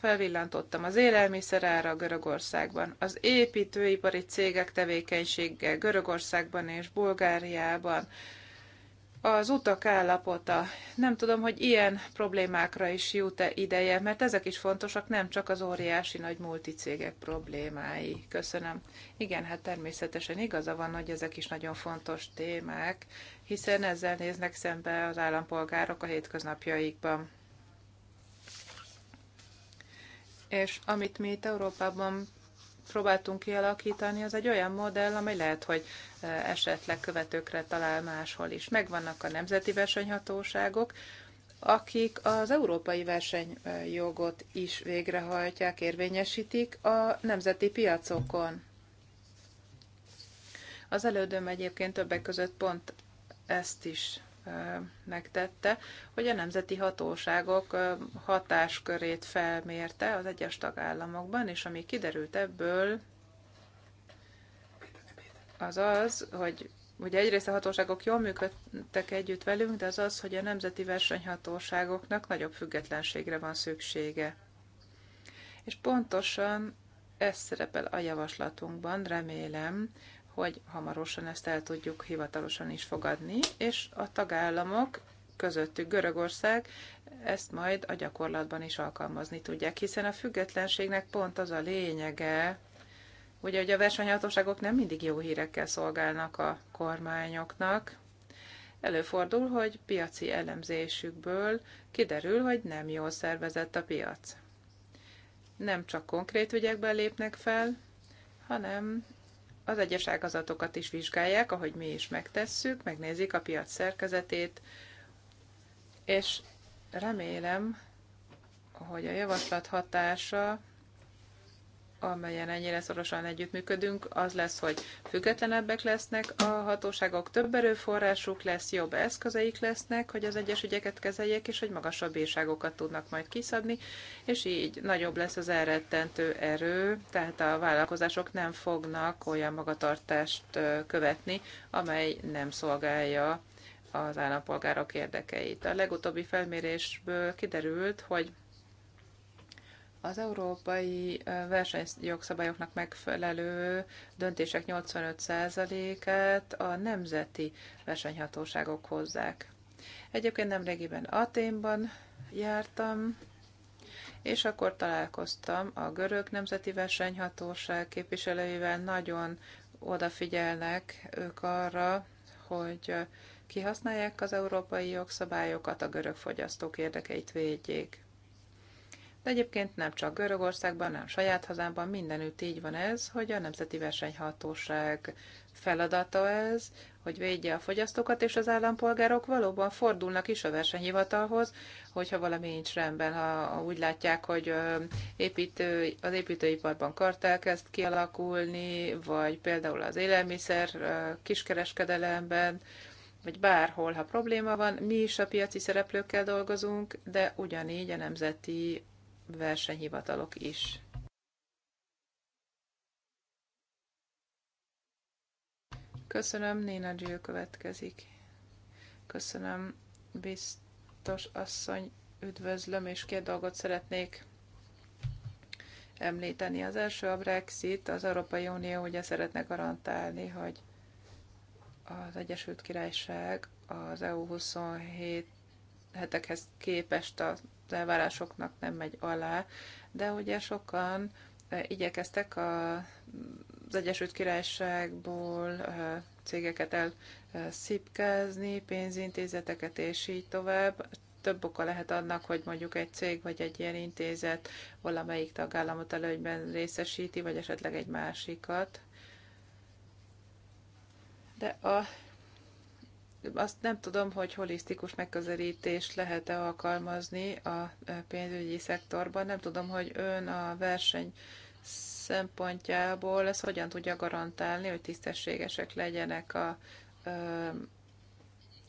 felvillantottam, az élelmiszerára Görögországban, az építőipari cégek tevékenysége Görögországban és Bulgáriában, az utak állapota. Nem tudom, hogy ilyen problémákra is jut-e ideje, mert ezek is fontosak, nem csak az óriási nagy multicégek problémái. Köszönöm. Igen, hát természetesen igaza van, hogy ezek is nagyon fontos témák, hiszen ezzel néznek szembe az állampolgárok a hétköznapjaikban. És amit mi itt Európában próbáltunk kialakítani, az egy olyan modell, amely lehet, hogy esetleg követőkre talál máshol is. Megvannak a nemzeti versenyhatóságok, akik az európai versenyjogot is végrehajtják, érvényesítik a nemzeti piacokon. Az elődöm egyébként többek között pont ezt is megtette, hogy a nemzeti hatóságok hatáskörét felmérte az egyes tagállamokban, és ami kiderült ebből, az az, hogy ugye egyrészt a hatóságok jól működtek együtt velünk, de az az, hogy a nemzeti versenyhatóságoknak nagyobb függetlenségre van szüksége. És pontosan ez szerepel a javaslatunkban, remélem, hogy hamarosan ezt el tudjuk hivatalosan is fogadni, és a tagállamok közöttük Görögország ezt majd a gyakorlatban is alkalmazni tudják, hiszen a függetlenségnek pont az a lényege, ugye, hogy a versenyhatóságok nem mindig jó hírekkel szolgálnak a kormányoknak, Előfordul, hogy piaci elemzésükből kiderül, hogy nem jól szervezett a piac. Nem csak konkrét ügyekben lépnek fel, hanem az egyes ágazatokat is vizsgálják, ahogy mi is megtesszük, megnézik a piac szerkezetét, és remélem, hogy a javaslat hatása amelyen ennyire szorosan együttműködünk, az lesz, hogy függetlenebbek lesznek a hatóságok, több erőforrásuk lesz, jobb eszközeik lesznek, hogy az egyes ügyeket kezeljék, és hogy magasabb bírságokat tudnak majd kiszabni, és így nagyobb lesz az elrettentő erő, tehát a vállalkozások nem fognak olyan magatartást követni, amely nem szolgálja az állampolgárok érdekeit. A legutóbbi felmérésből kiderült, hogy az európai versenyjogszabályoknak megfelelő döntések 85%-át a nemzeti versenyhatóságok hozzák. Egyébként nemrégiben Aténban jártam, és akkor találkoztam a görög nemzeti versenyhatóság képviselőivel, nagyon odafigyelnek ők arra, hogy kihasználják az európai jogszabályokat, a görög fogyasztók érdekeit védjék. De egyébként nem csak Görögországban, nem saját hazámban, mindenütt így van ez, hogy a Nemzeti Versenyhatóság feladata ez, hogy védje a fogyasztókat, és az állampolgárok valóban fordulnak is a versenyhivatalhoz, hogyha valami nincs rendben, ha úgy látják, hogy építő, az építőiparban kartel kezd kialakulni, vagy például az élelmiszer kiskereskedelemben, vagy bárhol, ha probléma van, mi is a piaci szereplőkkel dolgozunk, de ugyanígy a nemzeti versenyhivatalok is. Köszönöm, Néna Gyűl következik. Köszönöm, biztos asszony, üdvözlöm, és két dolgot szeretnék említeni. Az első a Brexit, az Európai Unió ugye szeretne garantálni, hogy az Egyesült Királyság az EU 27 hetekhez képest a elvárásoknak nem megy alá, de ugye sokan eh, igyekeztek a, az Egyesült Királyságból eh, cégeket elszipkázni, pénzintézeteket és így tovább. Több oka lehet annak, hogy mondjuk egy cég vagy egy ilyen intézet valamelyik tagállamot előnyben részesíti, vagy esetleg egy másikat. De a azt nem tudom, hogy holisztikus megközelítést lehet-e alkalmazni a pénzügyi szektorban. Nem tudom, hogy ön a verseny szempontjából ezt hogyan tudja garantálni, hogy tisztességesek legyenek a ö,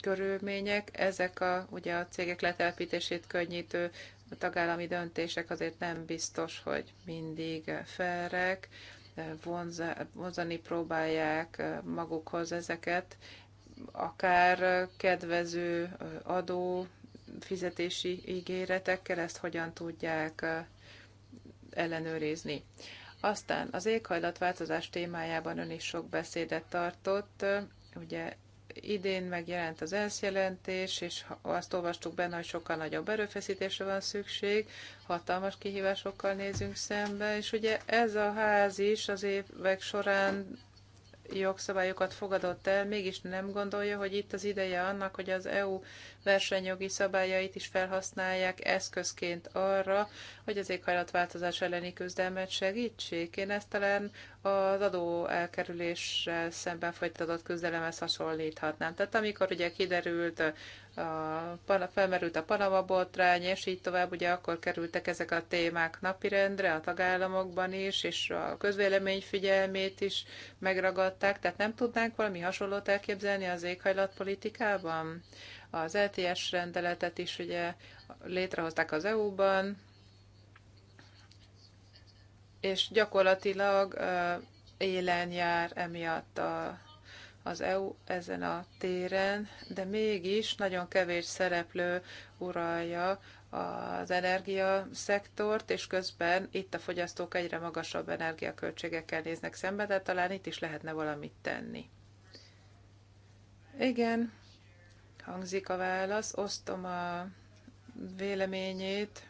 körülmények. Ezek a, ugye a cégek letelepítését könnyítő tagállami döntések azért nem biztos, hogy mindig Vonza, vonzani próbálják magukhoz ezeket, akár kedvező adó fizetési ígéretekkel ezt hogyan tudják ellenőrizni. Aztán az éghajlatváltozás témájában ön is sok beszédet tartott. Ugye idén megjelent az ENSZ jelentés, és azt olvastuk benne, hogy sokkal nagyobb erőfeszítésre van szükség, hatalmas kihívásokkal nézünk szembe, és ugye ez a ház is az évek során jogszabályokat fogadott el, mégis nem gondolja, hogy itt az ideje annak, hogy az EU versenyjogi szabályait is felhasználják eszközként arra, hogy az éghajlatváltozás elleni küzdelmet segítsék. Én ezt talán az adó elkerüléssel szemben folytatott küzdelemhez hasonlíthatnám. Tehát amikor ugye kiderült a, felmerült a Panama botrány, és így tovább, ugye akkor kerültek ezek a témák napirendre a tagállamokban is, és a közvélemény figyelmét is megragadták, tehát nem tudnánk valami hasonlót elképzelni az éghajlatpolitikában? Az LTS rendeletet is ugye létrehozták az EU-ban, és gyakorlatilag élen jár emiatt a az EU ezen a téren, de mégis nagyon kevés szereplő uralja az energiaszektort, és közben itt a fogyasztók egyre magasabb energiaköltségekkel néznek szembe, de talán itt is lehetne valamit tenni. Igen, hangzik a válasz, osztom a véleményét,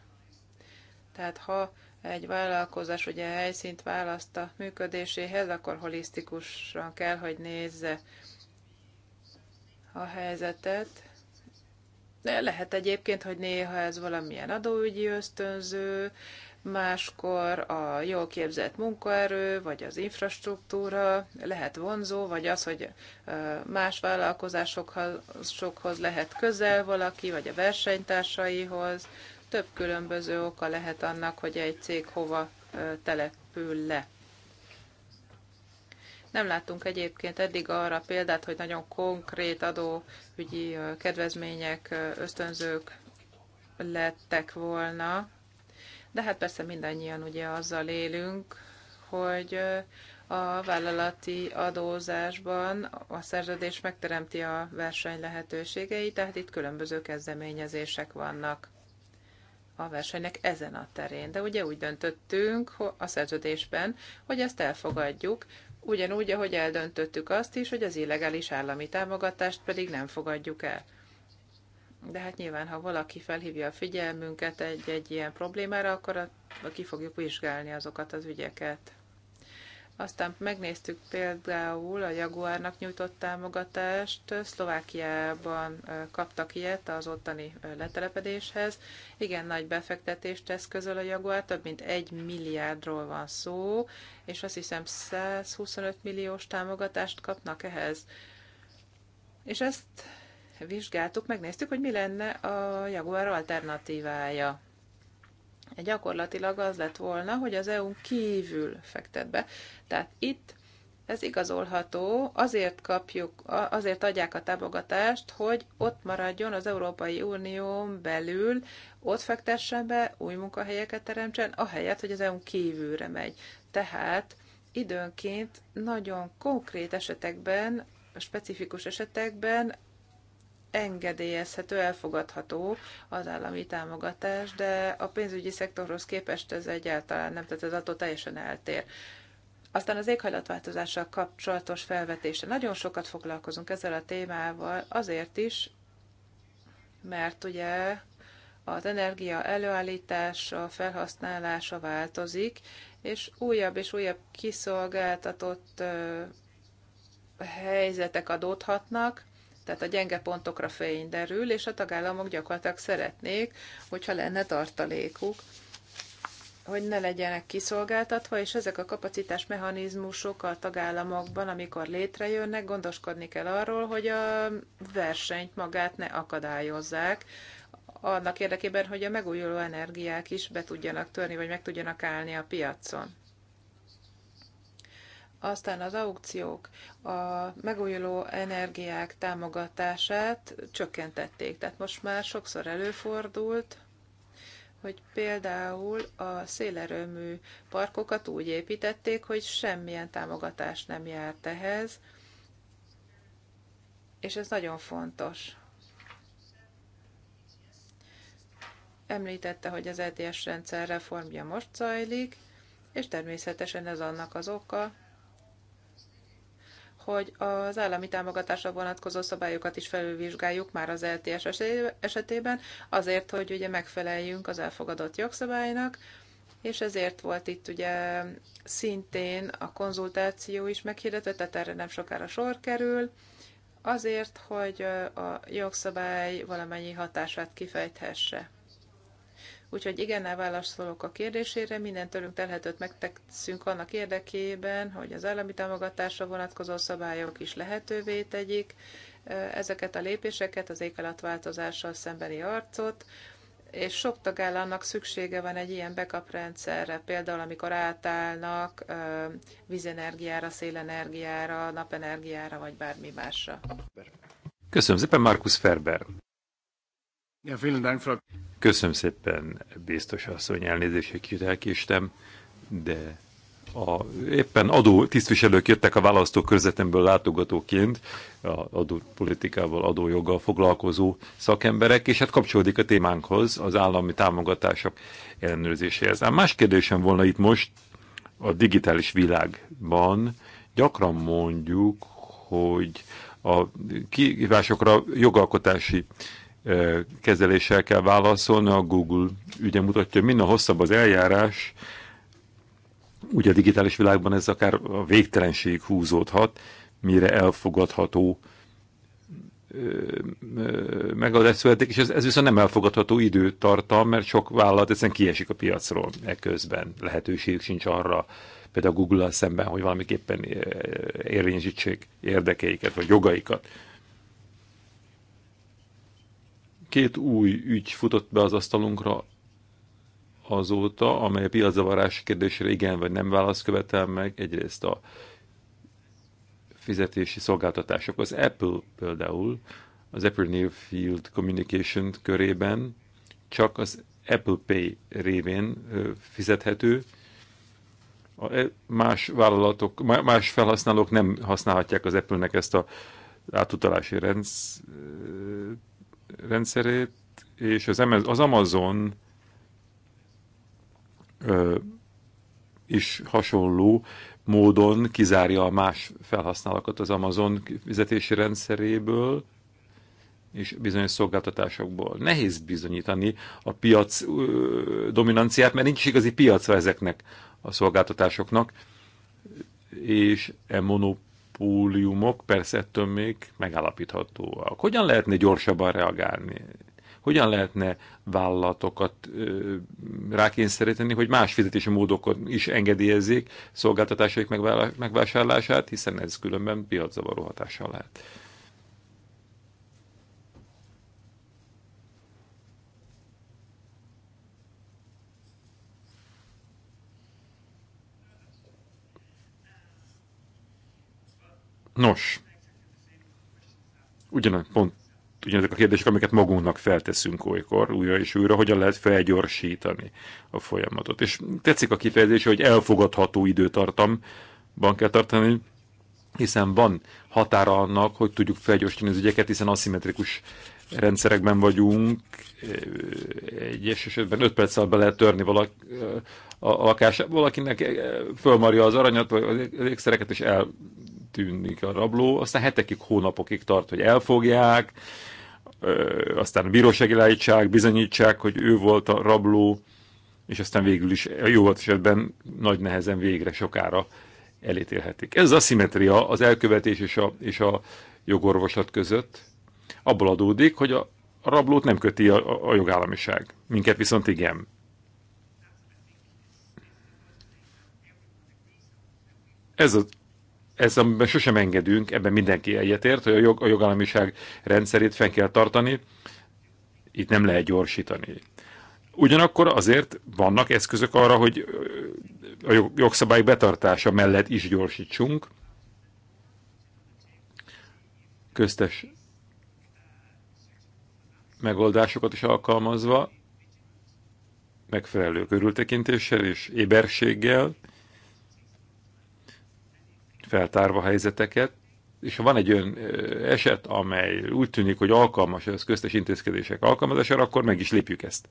tehát ha egy vállalkozás ugye a helyszínt választ a működéséhez, akkor holisztikusan kell, hogy nézze a helyzetet. De lehet egyébként, hogy néha ez valamilyen adóügyi ösztönző, máskor a jól képzett munkaerő, vagy az infrastruktúra lehet vonzó, vagy az, hogy más vállalkozásokhoz lehet közel valaki, vagy a versenytársaihoz, több különböző oka lehet annak, hogy egy cég hova települ le. Nem láttunk egyébként eddig arra példát, hogy nagyon konkrét adóügyi kedvezmények, ösztönzők lettek volna, de hát persze mindannyian ugye azzal élünk, hogy a vállalati adózásban a szerződés megteremti a verseny lehetőségeit, tehát itt különböző kezdeményezések vannak a versenynek ezen a terén. De ugye úgy döntöttünk a szerződésben, hogy ezt elfogadjuk, ugyanúgy, ahogy eldöntöttük azt is, hogy az illegális állami támogatást pedig nem fogadjuk el. De hát nyilván, ha valaki felhívja a figyelmünket egy-egy ilyen problémára, akkor a, ki fogjuk vizsgálni azokat az ügyeket. Aztán megnéztük például a Jaguárnak nyújtott támogatást, Szlovákiában kaptak ilyet az ottani letelepedéshez. Igen, nagy befektetést eszközöl a Jaguár, több mint egy milliárdról van szó, és azt hiszem 125 milliós támogatást kapnak ehhez. És ezt vizsgáltuk, megnéztük, hogy mi lenne a Jaguar alternatívája gyakorlatilag az lett volna, hogy az EU-n kívül fektet be. Tehát itt ez igazolható, azért kapjuk, azért adják a támogatást, hogy ott maradjon az Európai Unión belül, ott fektessen be, új munkahelyeket teremtsen, ahelyett, hogy az EU-n kívülre megy. Tehát időnként nagyon konkrét esetekben, specifikus esetekben engedélyezhető, elfogadható az állami támogatás, de a pénzügyi szektorhoz képest ez egyáltalán nem, tehát ez attól teljesen eltér. Aztán az éghajlatváltozással kapcsolatos felvetése. Nagyon sokat foglalkozunk ezzel a témával, azért is, mert ugye az energia előállítása, felhasználása változik, és újabb és újabb kiszolgáltatott helyzetek adódhatnak, tehát a gyenge pontokra fény derül, és a tagállamok gyakorlatilag szeretnék, hogyha lenne tartalékuk, hogy ne legyenek kiszolgáltatva, és ezek a kapacitás mechanizmusok a tagállamokban, amikor létrejönnek, gondoskodni kell arról, hogy a versenyt magát ne akadályozzák, annak érdekében, hogy a megújuló energiák is be tudjanak törni, vagy meg tudjanak állni a piacon. Aztán az aukciók a megújuló energiák támogatását csökkentették. Tehát most már sokszor előfordult, hogy például a szélerőmű parkokat úgy építették, hogy semmilyen támogatás nem járt ehhez, és ez nagyon fontos. Említette, hogy az ETS rendszer reformja most zajlik, és természetesen ez annak az oka, hogy az állami támogatásra vonatkozó szabályokat is felülvizsgáljuk már az LTS esetében, azért, hogy ugye megfeleljünk az elfogadott jogszabálynak, és ezért volt itt ugye szintén a konzultáció is meghirdetve, tehát erre nem sokára sor kerül, azért, hogy a jogszabály valamennyi hatását kifejthesse. Úgyhogy igennel válaszolok a kérdésére, minden tőlünk telhetőt megteszünk annak érdekében, hogy az állami támogatásra vonatkozó szabályok is lehetővé tegyék ezeket a lépéseket, az éghajlatváltozással szembeni harcot, és sok tagállamnak szüksége van egy ilyen backup rendszerre, például amikor átállnak vízenergiára, szélenergiára, napenergiára, vagy bármi másra. Köszönöm szépen, Markus Ferber. Köszönöm szépen, biztos asszony, elnézést, hogy kicsit elkéstem, de a, éppen adó tisztviselők jöttek a választókörzetemből látogatóként, a adópolitikával, adójoggal foglalkozó szakemberek, és hát kapcsolódik a témánkhoz, az állami támogatások ellenőrzéséhez. Ám más kérdésem volna itt most, a digitális világban gyakran mondjuk, hogy a kihívásokra jogalkotási kezeléssel kell válaszolni. A Google Ugye mutatja, hogy minden hosszabb az eljárás, ugye a digitális világban ez akár a végtelenség húzódhat, mire elfogadható megadás születik, és ez, ez viszont nem elfogadható időtartam, mert sok vállalat egyszerűen kiesik a piacról ekközben. Lehetőség sincs arra, például Google-al szemben, hogy valamiképpen érvényesítsék érdekeiket, vagy jogaikat. Két új ügy futott be az asztalunkra azóta, amely a piaczavarás kérdésére igen vagy nem válasz követel meg. Egyrészt a fizetési szolgáltatások. Az Apple például az Apple Nearfield Communication körében csak az Apple Pay révén fizethető, a e, más vállalatok, más felhasználók nem használhatják az Apple-nek ezt a átutalási rendszert, rendszerét, és az, az Amazon ö, is hasonló módon kizárja a más felhasználókat az Amazon fizetési rendszeréből, és bizonyos szolgáltatásokból. Nehéz bizonyítani a piac ö, dominanciát, mert nincs igazi piacra ezeknek a szolgáltatásoknak, és e monop fóliumok, persze ettől még megállapíthatóak. Hogyan lehetne gyorsabban reagálni? Hogyan lehetne vállalatokat rákényszeríteni, hogy más fizetési módokon is engedélyezzék szolgáltatásaik megvásárlását, hiszen ez különben piaczavaró hatással lehet. Nos, ugyanak pont ugyanezek a kérdések, amiket magunknak felteszünk olykor, újra és újra, hogyan lehet felgyorsítani a folyamatot. És tetszik a kifejezés, hogy elfogadható időtartamban kell tartani, hiszen van határa annak, hogy tudjuk felgyorsítani az ügyeket, hiszen aszimmetrikus rendszerekben vagyunk, egyes esetben 5 perc alatt be lehet törni valaki, a, a lakását, valakinek fölmarja az aranyat, vagy az ékszereket, és el eltűnik a rabló, aztán hetekig, hónapokig tart, hogy elfogják, aztán a bírósági lájtság, bizonyítsák, hogy ő volt a rabló, és aztán végül is jó volt esetben nagy nehezen végre sokára elítélhetik. Ez az aszimetria az elkövetés és a, és a jogorvoslat között abból adódik, hogy a, a rablót nem köti a, a jogállamiság. Minket viszont igen. Ez az ez, amiben sosem engedünk, ebben mindenki egyetért, hogy a, jog, a jogállamiság rendszerét fenn kell tartani, itt nem lehet gyorsítani. Ugyanakkor azért vannak eszközök arra, hogy a jogszabály betartása mellett is gyorsítsunk. Köztes megoldásokat is alkalmazva, megfelelő körültekintéssel és éberséggel, feltárva helyzeteket, és ha van egy olyan eset, amely úgy tűnik, hogy alkalmas az köztes intézkedések alkalmazására, akkor meg is lépjük ezt.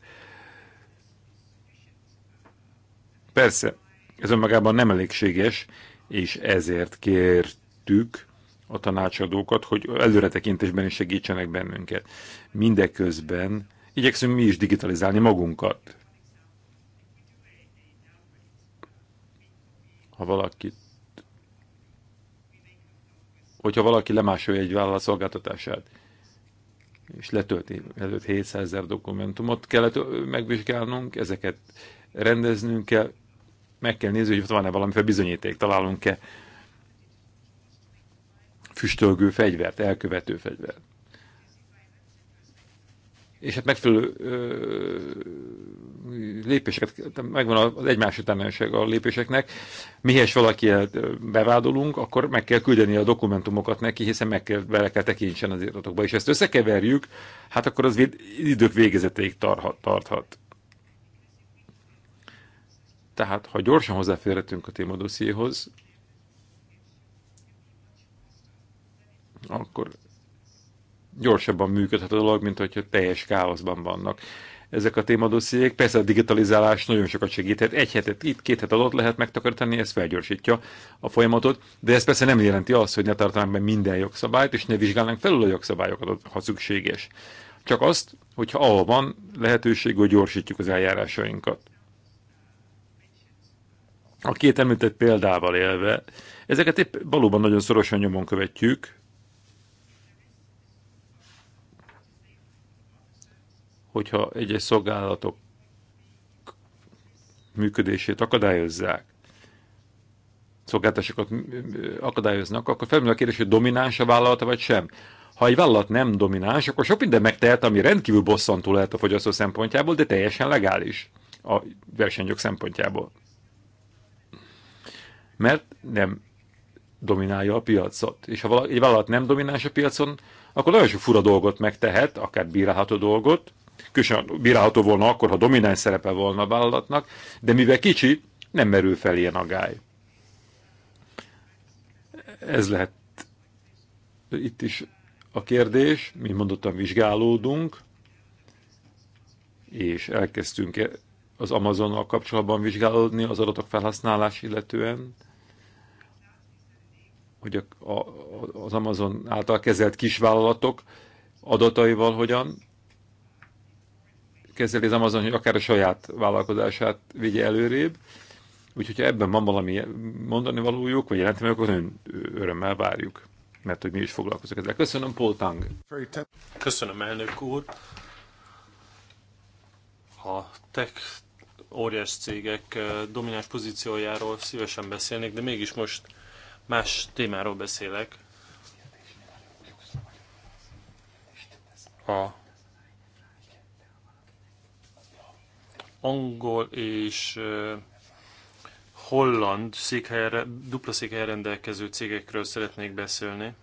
Persze, ez önmagában nem elégséges, és ezért kértük a tanácsadókat, hogy előretekintésben is segítsenek bennünket. Mindeközben igyekszünk mi is digitalizálni magunkat. Ha valakit hogyha valaki lemásolja egy vállalat szolgáltatását, és letölti előtt 700 ezer dokumentumot kellett megvizsgálnunk, ezeket rendeznünk kell, meg kell nézni, hogy van-e valamiféle bizonyíték, találunk-e füstölgő fegyvert, elkövető fegyvert és hát megfelelő ö, lépéseket, megvan az egymás utánság a lépéseknek, mihez valaki bevádolunk, akkor meg kell küldeni a dokumentumokat neki, hiszen meg kell, bele kell tekintsen az iratokba, és ezt összekeverjük, hát akkor az idők végezetéig tarhat, tarthat. Tehát, ha gyorsan hozzáférhetünk a témadossziéhoz, akkor gyorsabban működhet a dolog, mint hogyha teljes káoszban vannak ezek a témadossziék. Persze a digitalizálás nagyon sokat segíthet. Egy hetet itt, két hetet adott lehet megtakarítani, ez felgyorsítja a folyamatot, de ez persze nem jelenti azt, hogy ne tartanánk be minden jogszabályt, és ne vizsgálnánk felül a jogszabályokat, ha szükséges. Csak azt, hogyha ahol van lehetőség, hogy gyorsítjuk az eljárásainkat. A két említett példával élve, ezeket épp valóban nagyon szorosan nyomon követjük, hogyha egyes szolgálatok működését akadályozzák, szolgáltatásokat akadályoznak, akkor felmerül a kérdés, hogy domináns a vállalata vagy sem. Ha egy vállalat nem domináns, akkor sok minden megtehet, ami rendkívül bosszantó lehet a fogyasztó szempontjából, de teljesen legális a versenyjog szempontjából. Mert nem dominálja a piacot. És ha egy vállalat nem domináns a piacon, akkor nagyon sok fura dolgot megtehet, akár bírálható dolgot, különösen bírálható volna akkor, ha domináns szerepe volna a vállalatnak, de mivel kicsi, nem merül fel ilyen agály. Ez lehet itt is a kérdés, mint mondottam, vizsgálódunk, és elkezdtünk e- az Amazonnal kapcsolatban vizsgálódni az adatok felhasználás illetően, hogy a, a, az Amazon által kezelt kisvállalatok adataival hogyan kezeli az Amazon, hogy akár a saját vállalkozását vigye előrébb. Úgyhogy ha ebben van valami mondani valójuk, vagy jelenteni, akkor ön örömmel várjuk. Mert hogy mi is foglalkozunk ezzel. Köszönöm, Paul Tang. Köszönöm, elnök úr. A tech óriás cégek eh, domináns pozíciójáról szívesen beszélnék, de mégis most más témáról beszélek. A angol és holland székhelyre, dupla székhelyre rendelkező cégekről szeretnék beszélni.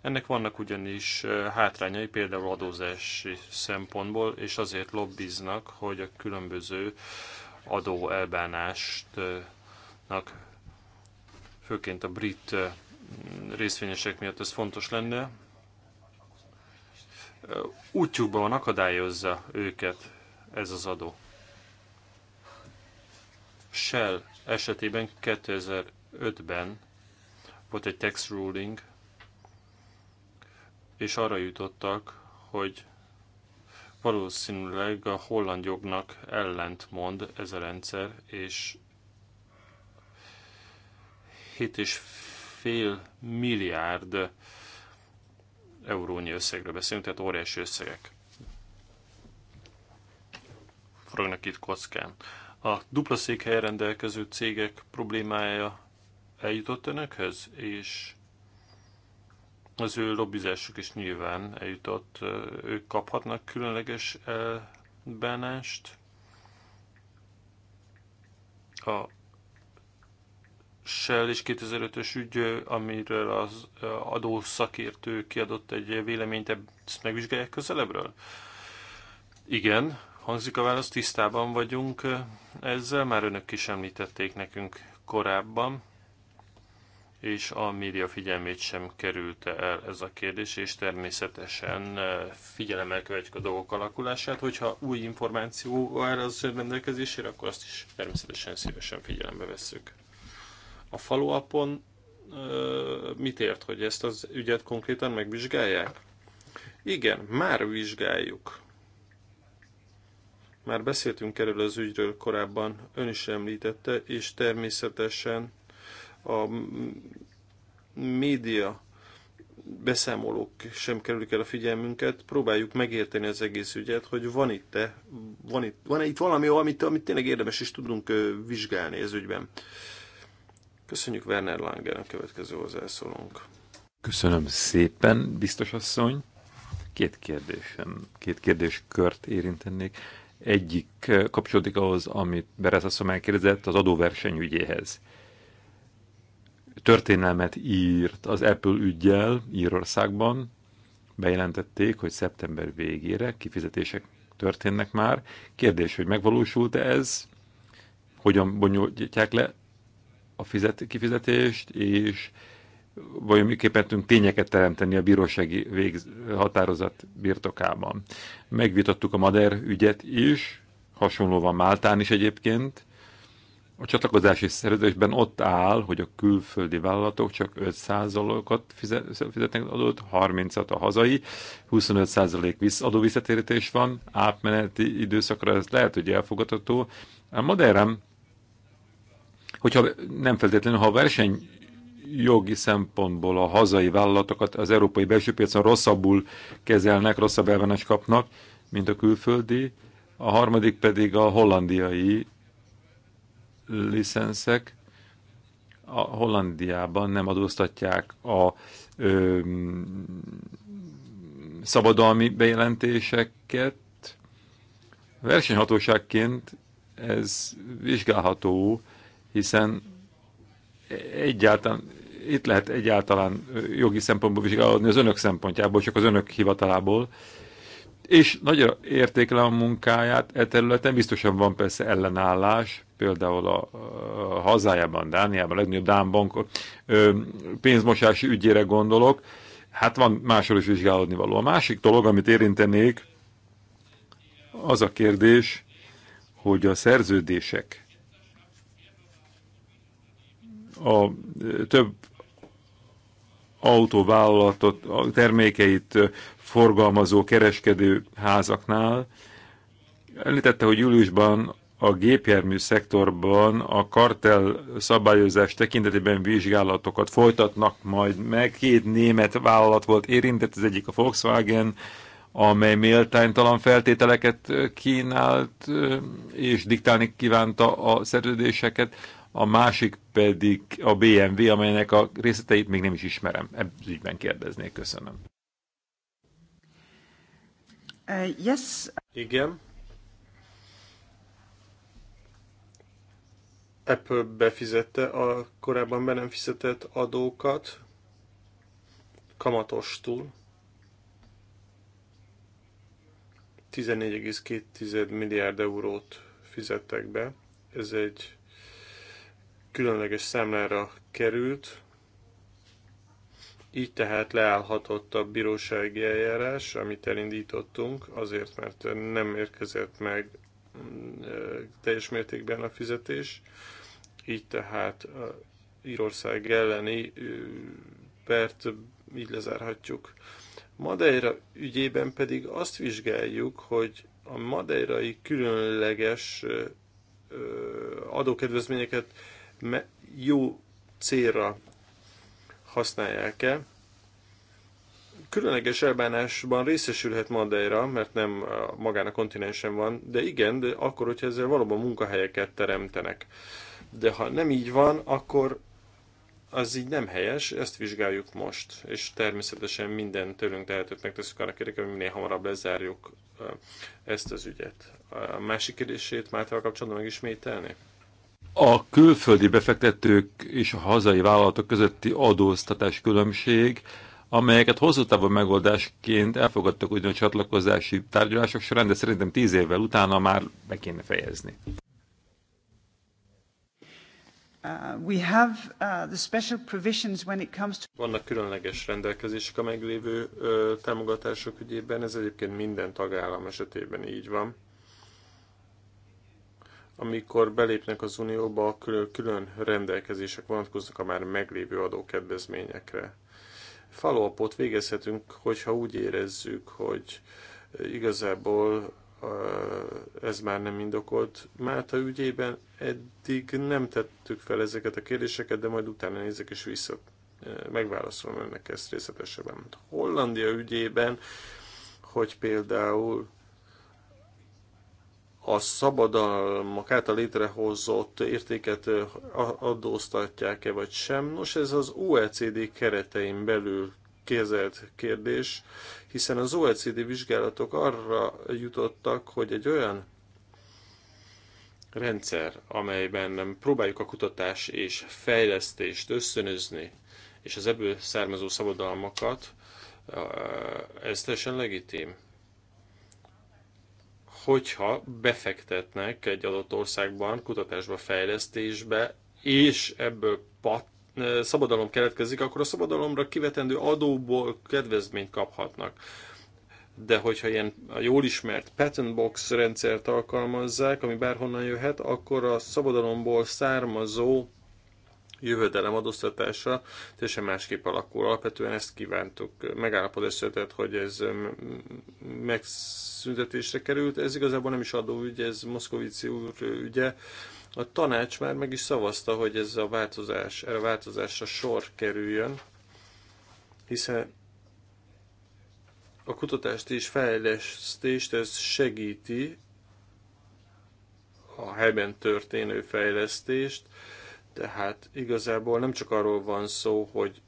Ennek vannak ugyanis hátrányai, például adózási szempontból, és azért lobbiznak, hogy a különböző adó elbánástnak, főként a brit részvényesek miatt ez fontos lenne, útjukban van, akadályozza őket ez az adó. Shell esetében 2005-ben volt egy tax ruling, és arra jutottak, hogy valószínűleg a holland jognak ellentmond ez a rendszer, és 7,5 milliárd eurónyi összegről beszélünk, tehát óriási összegek forognak itt kockán a dupla székhelyen rendelkező cégek problémája eljutott önökhez, és az ő lobbizásuk is nyilván eljutott. Ők kaphatnak különleges bánást. A Shell és 2005-ös ügy, amiről az adószakértő kiadott egy véleményt, ezt megvizsgálják közelebbről? Igen, Hangzik a válasz, tisztában vagyunk ezzel, már önök is említették nekünk korábban, és a média figyelmét sem került el ez a kérdés, és természetesen figyelemmel követjük a dolgok alakulását, hogyha új információ áll az rendelkezésére, akkor azt is természetesen szívesen figyelembe vesszük. A follow mit ért, hogy ezt az ügyet konkrétan megvizsgálják? Igen, már vizsgáljuk. Már beszéltünk erről az ügyről korábban, ön is említette, és természetesen a média beszámolók sem kerülik el a figyelmünket, próbáljuk megérteni az egész ügyet, hogy van itt, -e, van itt, van -e itt valami, amit, amit tényleg érdemes is tudunk vizsgálni ez ügyben. Köszönjük Werner Langer, a következő hozzászólónk. Köszönöm szépen, biztos asszony. Két kérdésem, két kérdéskört érintenék egyik kapcsolódik ahhoz, amit Berezaszom megkérdezett, az adóverseny ügyéhez. Történelmet írt az Apple ügyjel Írországban, bejelentették, hogy szeptember végére kifizetések történnek már. Kérdés, hogy megvalósult-e ez, hogyan bonyolítják le a fizet, kifizetést, és vajon miképpen tudunk tényeket teremteni a bírósági végz, határozat birtokában. Megvitattuk a Mader ügyet is, hasonlóan Máltán is egyébként. A csatlakozási szerződésben ott áll, hogy a külföldi vállalatok csak 5%-ot fizetnek adót, 30-at a hazai, 25% adóvisszatérítés van, átmeneti időszakra ez lehet, hogy elfogadható. A Maderem hogyha nem feltétlenül, ha a verseny jogi szempontból a hazai vállalatokat az európai belső piacon rosszabbul kezelnek, rosszabb elvenes kapnak, mint a külföldi, a harmadik pedig a hollandiai licenszek. A Hollandiában nem adóztatják a ö, szabadalmi bejelentéseket. Versenyhatóságként ez vizsgálható, hiszen egyáltalán itt lehet egyáltalán jogi szempontból vizsgálódni az önök szempontjából, csak az önök hivatalából. És nagyra értékelem a munkáját e területen, biztosan van persze ellenállás, például a, a hazájában, Dániában, a legnagyobb Dán bank pénzmosási ügyére gondolok, hát van máshol is vizsgálódni való. A másik dolog, amit érintenék, az a kérdés, hogy a szerződések a több autóvállalatot, termékeit forgalmazó kereskedő házaknál. Említette, hogy júliusban a gépjármű szektorban a kartel szabályozás tekintetében vizsgálatokat folytatnak majd meg. Két német vállalat volt érintett, az egyik a Volkswagen, amely méltánytalan feltételeket kínált és diktálni kívánta a szerződéseket a másik pedig a BMW, amelynek a részleteit még nem is ismerem. Ebből ügyben kérdeznék, köszönöm. Uh, yes. Igen. Apple befizette a korábban be nem fizetett adókat kamatostul. 14,2 milliárd eurót fizettek be. Ez egy különleges számlára került, így tehát leállhatott a bírósági eljárás, amit elindítottunk, azért, mert nem érkezett meg mm, e, teljes mértékben a fizetés, így tehát a Írország elleni pert így lezárhatjuk. Madeira ügyében pedig azt vizsgáljuk, hogy a madeirai különleges adókedvezményeket jó célra használják-e. Különleges elbánásban részesülhet Madeira, mert nem magán a kontinensen van, de igen, de akkor, hogyha ezzel valóban munkahelyeket teremtenek. De ha nem így van, akkor az így nem helyes, ezt vizsgáljuk most, és természetesen minden tőlünk tehetőt megteszünk annak érdekében, hogy minél hamarabb lezárjuk ezt az ügyet. A másik kérdését Mátával kapcsolatban megismételni? a külföldi befektetők és a hazai vállalatok közötti adóztatás különbség, amelyeket hosszú távon megoldásként elfogadtak ugyan a csatlakozási tárgyalások során, de szerintem tíz évvel utána már be kéne fejezni. Vannak különleges rendelkezések a meglévő ö, támogatások ügyében, ez egyébként minden tagállam esetében így van amikor belépnek az Unióba, külön, külön rendelkezések vonatkoznak a már meglévő adókedvezményekre. Falopot végezhetünk, hogyha úgy érezzük, hogy igazából ez már nem indokolt. Málta ügyében eddig nem tettük fel ezeket a kérdéseket, de majd utána nézek és vissza megválaszolom önnek ezt részletesebben. Hollandia ügyében, hogy például a szabadalmak által létrehozott értéket adóztatják-e vagy sem. Nos, ez az OECD keretein belül kezelt kérdés, hiszen az OECD vizsgálatok arra jutottak, hogy egy olyan rendszer, amelyben próbáljuk a kutatás és fejlesztést összönözni, és az ebből származó szabadalmakat, ez teljesen legitim hogyha befektetnek egy adott országban kutatásba, fejlesztésbe, és ebből pat, eh, szabadalom keletkezik, akkor a szabadalomra kivetendő adóból kedvezményt kaphatnak. De hogyha ilyen a jól ismert patent box rendszert alkalmazzák, ami bárhonnan jöhet, akkor a szabadalomból származó jövedelemadóztatása teljesen másképp alakul. Alapvetően ezt kívántuk, megállapodás született, hogy ez mm, megszüntetésre került. Ez igazából nem is ügy, ez Moszkovici úr ügye. A tanács már meg is szavazta, hogy ez a változás, erre a változásra sor kerüljön, hiszen a kutatást és fejlesztést ez segíti, a helyben történő fejlesztést, tehát igazából nem csak arról van szó, hogy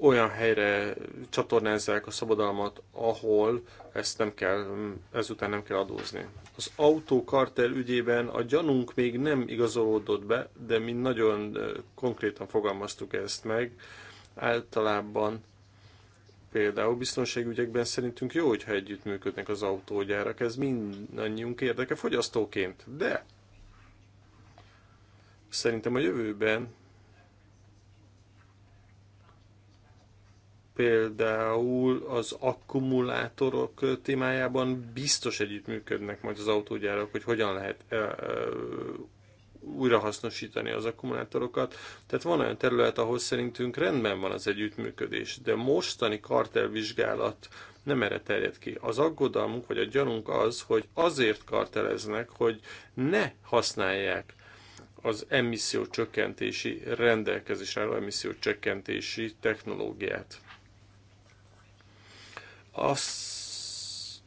olyan helyre csatornázzák a szabadalmat, ahol ezt nem kell, ezután nem kell adózni. Az autókartel ügyében a gyanunk még nem igazolódott be, de mi nagyon konkrétan fogalmaztuk ezt meg. Általában például biztonságügyekben szerintünk jó, hogyha együttműködnek az autógyárak, ez mindannyiunk érdeke fogyasztóként, de Szerintem a jövőben például az akkumulátorok témájában biztos együttműködnek majd az autógyárak, hogy hogyan lehet újrahasznosítani az akkumulátorokat. Tehát van olyan terület, ahol szerintünk rendben van az együttműködés, de mostani kartelvizsgálat nem erre terjed ki. Az aggodalmunk vagy a gyanunk az, hogy azért karteleznek, hogy ne használják az emisszió csökkentési rendelkezésre álló emisszió csökkentési technológiát. Azt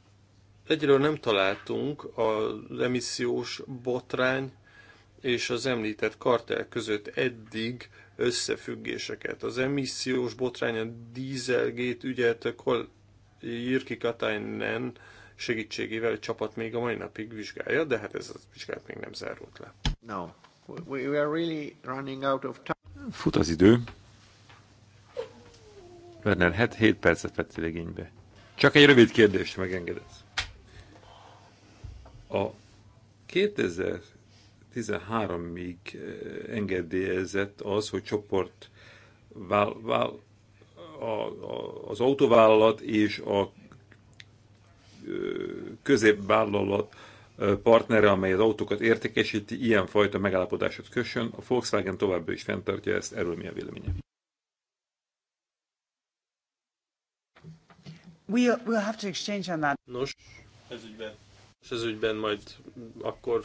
egyről nem találtunk az emissziós botrány és az említett kartel között eddig összefüggéseket. Az emissziós botrány, a Dieselgate ügyet Jirki Katainen segítségével a csapat még a mai napig vizsgálja, de hát ez a vizsgálat még nem zárult le. No. Fut az idő. Werner, 7 hát percet vettél igénybe. Csak egy rövid kérdést megengedesz. A 2013-ig eh, engedélyezett az, hogy csoport vál, vál, a, a, az autóvállalat és a eh, középvállalat partnere, amely az autókat értékesíti, ilyenfajta megállapodásot kössön. A Volkswagen továbbra is fenntartja ezt, erről mi a véleménye? We'll, have to exchange on that. Nos, ez ügyben. És ez ügyben majd akkor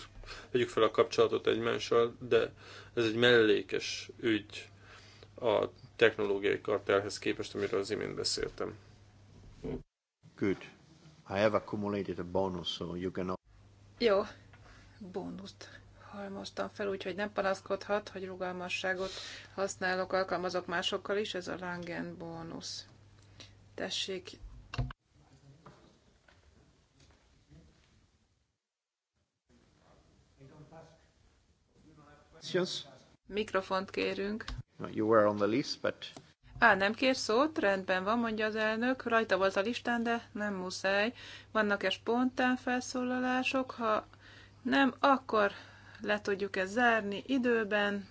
vegyük fel a kapcsolatot egymással, de ez egy mellékes ügy a technológiai kartelhez képest, amiről az imént beszéltem. Good. I have accumulated a bonus, so you can... Jó, bónuszt halmoztam fel, úgyhogy nem panaszkodhat, hogy rugalmasságot használok, alkalmazok másokkal is, ez a Rangen bónusz. Tessék, Mikrofont kérünk. You were on the list, but Á, nem kér szót? Rendben van, mondja az elnök. Rajta volt a listán, de nem muszáj. Vannak-e spontán felszólalások? Ha nem, akkor le tudjuk ezt zárni időben.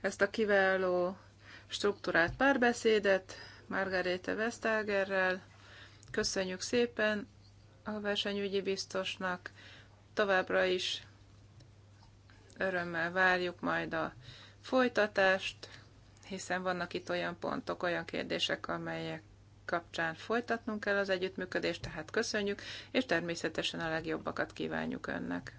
Ezt a kiváló struktúrált párbeszédet Margarete Vestagerrel. Köszönjük szépen a versenyügyi biztosnak. Továbbra is örömmel várjuk majd a folytatást hiszen vannak itt olyan pontok, olyan kérdések, amelyek kapcsán folytatnunk kell az együttműködést, tehát köszönjük, és természetesen a legjobbakat kívánjuk önnek.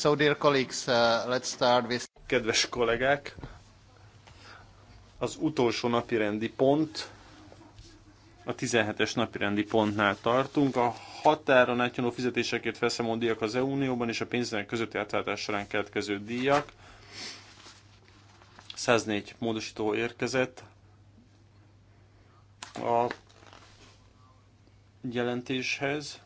So, dear colleagues, uh, let's start with... Kedves kollégák, az utolsó napirendi pont, a 17-es napirendi pontnál tartunk. A határon átnyúló fizetésekért felszámoló díjak az EU-unióban és a pénznek közötti átváltás során keletkező díjak. 104 módosító érkezett. A jelentéshez.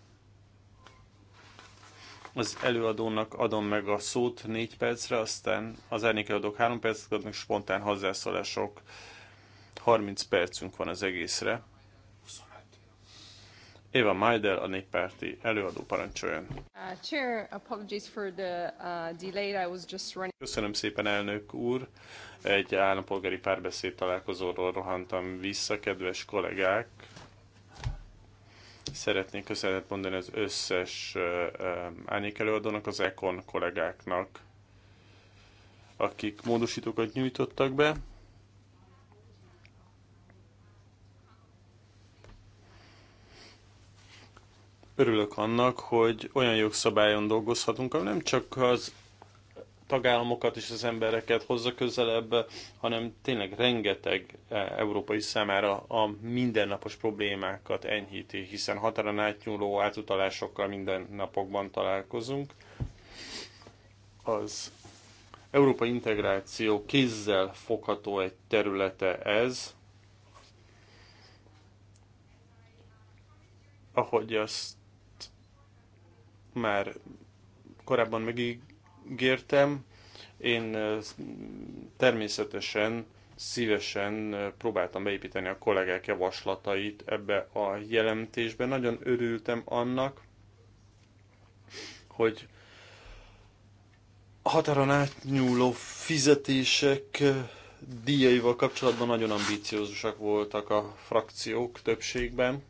Az előadónak adom meg a szót négy percre, aztán az árnyékeladók három percet adnak, spontán hozzászólások. 30 percünk van az egészre. Eva Majdel, a néppárti előadó parancsoljon. Köszönöm szépen, elnök úr. Egy állampolgári párbeszéd találkozóról rohantam vissza, kedves kollégák. Szeretnék köszönetet mondani az összes árnyék előadónak, az Econ kollégáknak, akik módosítókat nyújtottak be. Örülök annak, hogy olyan jogszabályon dolgozhatunk, ami nem csak az tagállamokat és az embereket hozza közelebb, hanem tényleg rengeteg e, európai számára a mindennapos problémákat enyhíti, hiszen határon átnyúló átutalásokkal minden napokban találkozunk. Az európai integráció kézzel fogható egy területe ez, ahogy azt már korábban megígértem, ígértem. Én természetesen szívesen próbáltam beépíteni a kollégák javaslatait ebbe a jelentésbe. Nagyon örültem annak, hogy határon átnyúló fizetések díjaival kapcsolatban nagyon ambíciózusak voltak a frakciók többségben.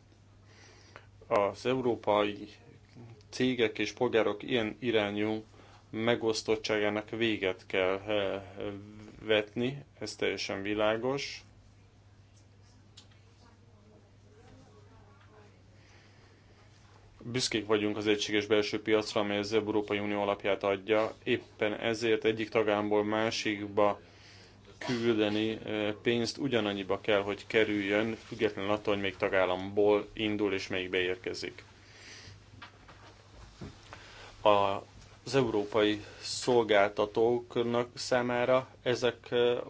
Az európai cégek és polgárok ilyen irányú megosztottságának véget kell eh, vetni, ez teljesen világos. Büszkék vagyunk az egységes belső piacra, amely az Európai Unió alapját adja. Éppen ezért egyik tagámból másikba küldeni eh, pénzt ugyanannyiba kell, hogy kerüljön, függetlenül attól, hogy melyik tagállamból indul és melyik beérkezik. A az európai szolgáltatóknak számára ezek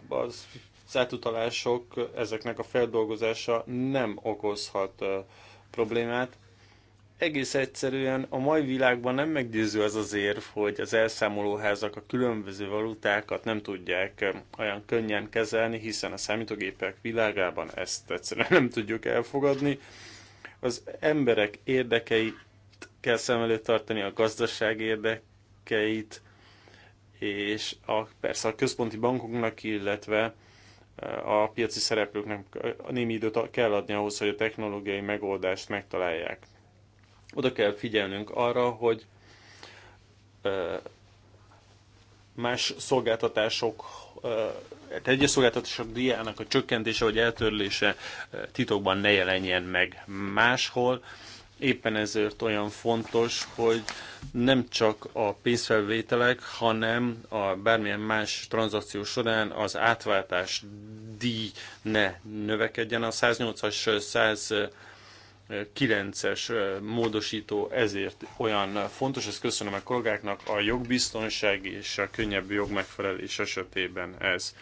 az átutalások, ezeknek a feldolgozása nem okozhat problémát. Egész egyszerűen a mai világban nem meggyőző az az érv, hogy az elszámolóházak a különböző valutákat nem tudják olyan könnyen kezelni, hiszen a számítógépek világában ezt egyszerűen nem tudjuk elfogadni. Az emberek érdekei kell szem előtt tartani, a gazdaság érdek, cikkeit, és a, persze a központi bankoknak, illetve eh, a piaci szereplőknek a némi időt kell adni ahhoz, hogy a technológiai megoldást megtalálják. Oda kell figyelnünk arra, hogy eh, más szolgáltatások, eh, tehát egyes szolgáltatások diának a csökkentése vagy eltörlése titokban ne jelenjen meg máshol. Éppen ezért olyan fontos, hogy nem csak a pénzfelvételek, hanem a bármilyen más tranzakció során az átváltás díj ne növekedjen. A 108-as, 109 es módosító ezért olyan fontos, ezt köszönöm a kollégáknak, a jogbiztonság és a könnyebb jogmegfelelés esetében ez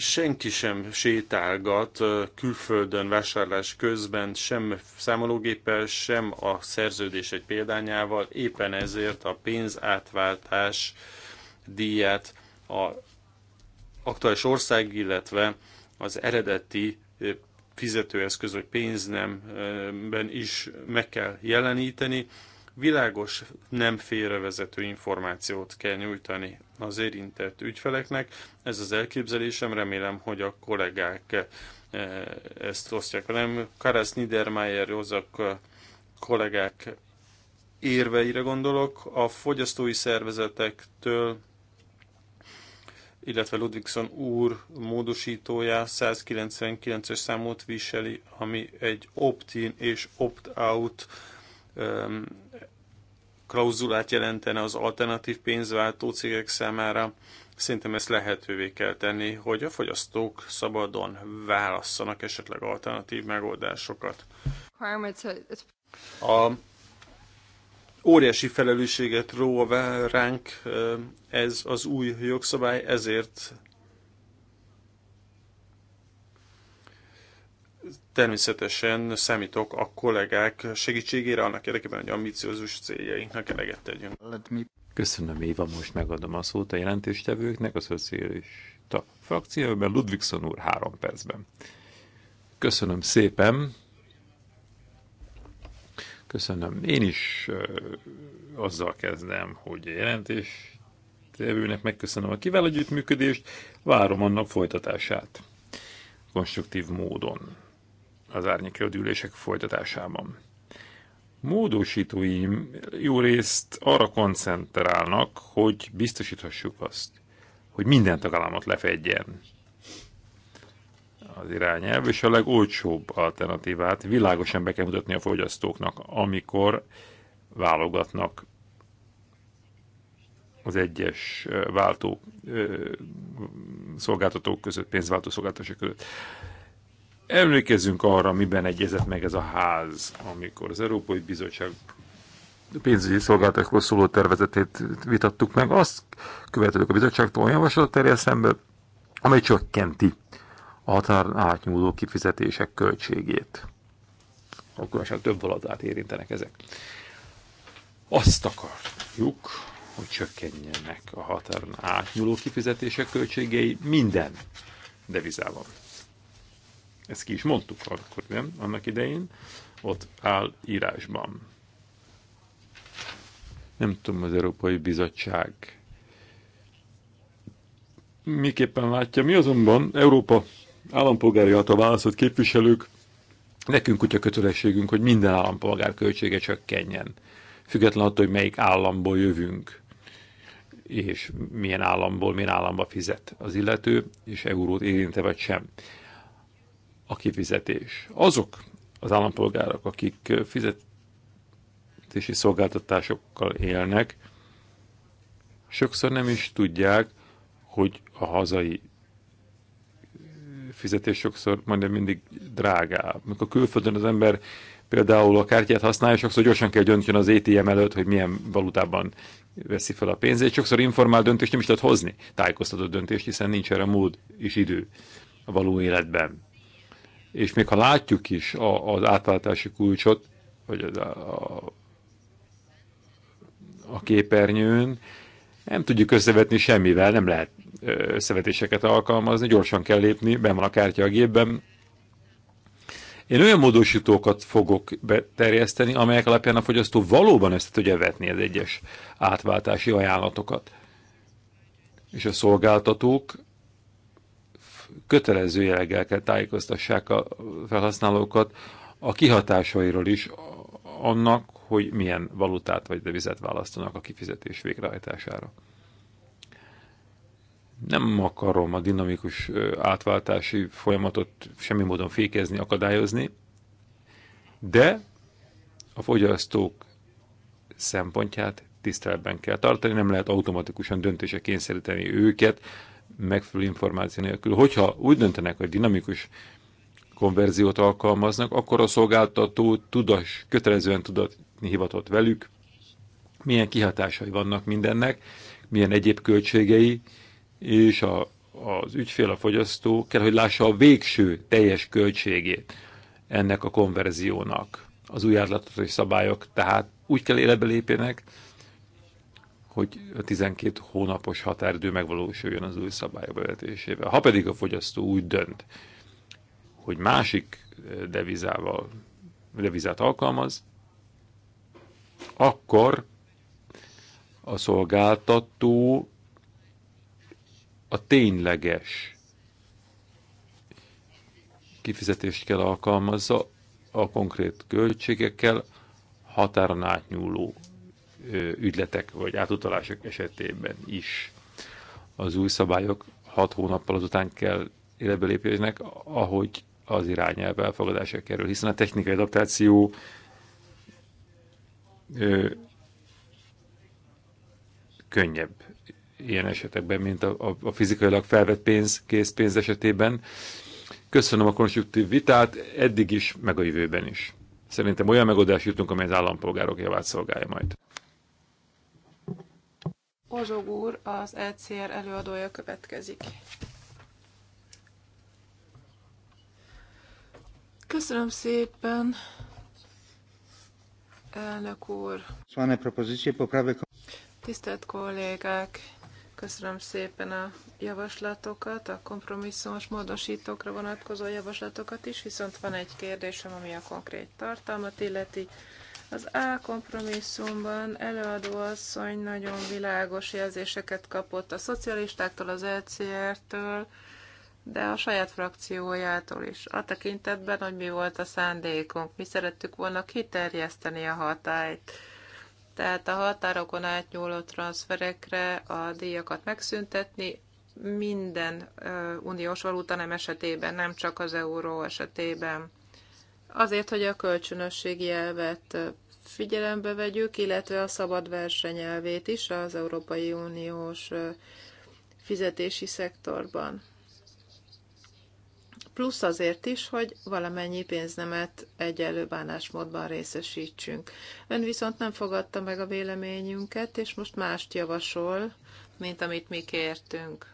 senki sem sétálgat külföldön vásárlás közben, sem számológéppel, sem a szerződés egy példányával, éppen ezért a pénzátváltás díját a aktuális ország, illetve az eredeti fizetőeszköz vagy pénznemben is meg kell jeleníteni, Világos, nem félrevezető információt kell nyújtani az érintett ügyfeleknek. Ez az elképzelésem, remélem, hogy a kollégák eh, ezt osztják velem. Karasz Niedermayer, Józak kollégák érveire gondolok. A fogyasztói szervezetektől illetve Ludvigson úr módosítója 199-es számot viseli, ami egy opt-in és opt-out um, klauzulát jelentene az alternatív pénzváltó cégek számára. Szerintem ezt lehetővé kell tenni, hogy a fogyasztók szabadon válasszanak esetleg alternatív megoldásokat. A óriási felelősséget ró ránk ez az új jogszabály, ezért Természetesen számítok a kollégák segítségére annak érdekében, hogy ambiciózus céljainknak eleget tegyünk. Köszönöm, Éva, most megadom a szót a jelentéstevőknek, a szocialista frakcióban, Ludvigson úr három percben. Köszönöm szépen. Köszönöm. Én is ö, azzal kezdem, hogy a tevőnek megköszönöm a kivel együttműködést, várom annak folytatását konstruktív módon az ülések folytatásában. Módosítóim jó részt arra koncentrálnak, hogy biztosíthassuk azt, hogy minden tagállamot lefedjen az irányelv, és a legolcsóbb alternatívát világosan be kell mutatni a fogyasztóknak, amikor válogatnak az egyes váltó ö, szolgáltatók között, pénzváltó szolgáltatások között. Emlékezzünk arra, miben egyezett meg ez a ház, amikor az Európai Bizottság pénzügyi szolgáltatásról szóló tervezetét vitattuk meg. Azt követeljük a bizottságtól olyan javaslatot szembe, amely csökkenti a határon átnyúló kifizetések költségét. Akkor több valadát érintenek ezek. Azt akarjuk, hogy csökkenjenek a határon átnyúló kifizetések költségei minden devizában. Ezt ki is mondtuk akkor, nem? Annak idején. Ott áll írásban. Nem tudom, az Európai Bizottság miképpen látja. Mi azonban Európa állampolgári által választott képviselők, nekünk kutya kötelességünk, hogy minden állampolgár költsége csökkenjen. Független attól, hogy melyik államból jövünk, és milyen államból, milyen államba fizet az illető, és eurót érinte vagy sem a kifizetés. Azok az állampolgárok, akik fizetési szolgáltatásokkal élnek, sokszor nem is tudják, hogy a hazai fizetés sokszor majdnem mindig drágább. Mikor külföldön az ember például a kártyát használja, sokszor gyorsan kell döntjön az ATM előtt, hogy milyen valutában veszi fel a pénzét. Sokszor informál döntést nem is lehet hozni, tájékoztatott döntést, hiszen nincs erre mód és idő a való életben és még ha látjuk is a, az átváltási kulcsot, vagy a, a, a képernyőn, nem tudjuk összevetni semmivel, nem lehet összevetéseket alkalmazni, gyorsan kell lépni, ben van a kártya a gépben. Én olyan módosítókat fogok beterjeszteni, amelyek alapján a fogyasztó valóban ezt tudja vetni az egyes átváltási ajánlatokat. És a szolgáltatók kötelező jelleggel kell tájékoztassák a felhasználókat a kihatásairól is annak, hogy milyen valutát vagy devizet választanak a kifizetés végrehajtására. Nem akarom a dinamikus átváltási folyamatot semmi módon fékezni, akadályozni, de a fogyasztók szempontját tiszteletben kell tartani, nem lehet automatikusan döntése kényszeríteni őket megfelelő információ nélkül. Hogyha úgy döntenek, hogy dinamikus konverziót alkalmaznak, akkor a szolgáltató tudas, kötelezően tudatni hivatott velük, milyen kihatásai vannak mindennek, milyen egyéb költségei, és a, az ügyfél, a fogyasztó kell, hogy lássa a végső teljes költségét ennek a konverziónak. Az új átlátható szabályok tehát úgy kell életbe lépjenek, hogy a 12 hónapos határidő megvalósuljon az új szabályok bevetésével. Ha pedig a fogyasztó úgy dönt, hogy másik eh, devizával, devizát alkalmaz, akkor a szolgáltató a tényleges kifizetést kell alkalmazza a konkrét költségekkel határon átnyúló ügyletek vagy átutalások esetében is. Az új szabályok hat hónappal azután kell életbe lépjenek, ahogy az irányelv elfogadása kerül, hiszen a technikai adaptáció ö, könnyebb ilyen esetekben, mint a, a, a fizikailag felvett pénz, készpénz esetében. Köszönöm a konstruktív vitát, eddig is, meg a jövőben is. Szerintem olyan megoldást jutunk, amely az állampolgárok javát szolgálja majd. Ozsog úr, az ECR előadója következik. Köszönöm szépen, elnök úr. Tisztelt kollégák, köszönöm szépen a javaslatokat, a kompromisszumos módosítókra vonatkozó javaslatokat is, viszont van egy kérdésem, ami a konkrét tartalmat illeti. Az A kompromisszumban asszony nagyon világos jelzéseket kapott a szocialistáktól, az ECR-től, de a saját frakciójától is. A tekintetben, hogy mi volt a szándékunk, mi szerettük volna kiterjeszteni a hatályt. Tehát a határokon átnyúló transferekre a díjakat megszüntetni, minden uniós valóta nem esetében, nem csak az euró esetében. Azért, hogy a kölcsönösségi elvet figyelembe vegyük, illetve a szabad versenyelvét is az Európai Uniós fizetési szektorban. Plusz azért is, hogy valamennyi pénznemet egyenlő bánásmódban részesítsünk. Ön viszont nem fogadta meg a véleményünket, és most mást javasol, mint amit mi kértünk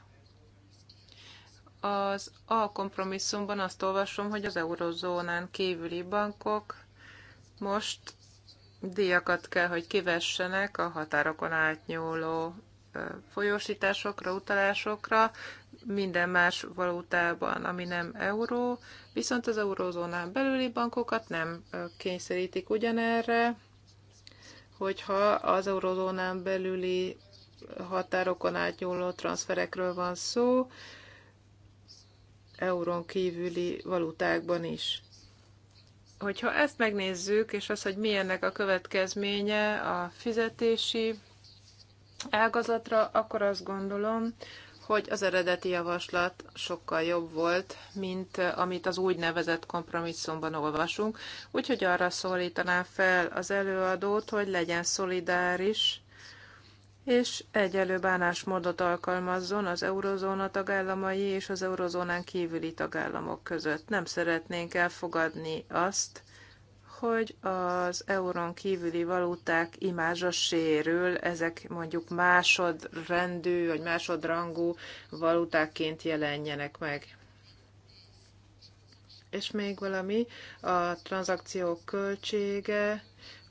az A kompromisszumban azt olvasom, hogy az eurozónán kívüli bankok most díjakat kell, hogy kivessenek a határokon átnyúló folyósításokra, utalásokra, minden más valutában, ami nem euró, viszont az eurózónán belüli bankokat nem kényszerítik ugyanerre, hogyha az eurózónán belüli határokon átnyúló transferekről van szó, eurón kívüli valutákban is. Hogyha ezt megnézzük, és az, hogy milyennek a következménye a fizetési ágazatra, akkor azt gondolom, hogy az eredeti javaslat sokkal jobb volt, mint amit az úgynevezett kompromisszumban olvasunk, úgyhogy arra szólítanám fel az előadót, hogy legyen szolidáris és egyelő bánásmódot alkalmazzon az eurozóna tagállamai és az eurozónán kívüli tagállamok között. Nem szeretnénk elfogadni azt, hogy az eurón kívüli valuták imázsa sérül, ezek mondjuk másodrendű vagy másodrangú valutákként jelenjenek meg. És még valami, a tranzakciók költsége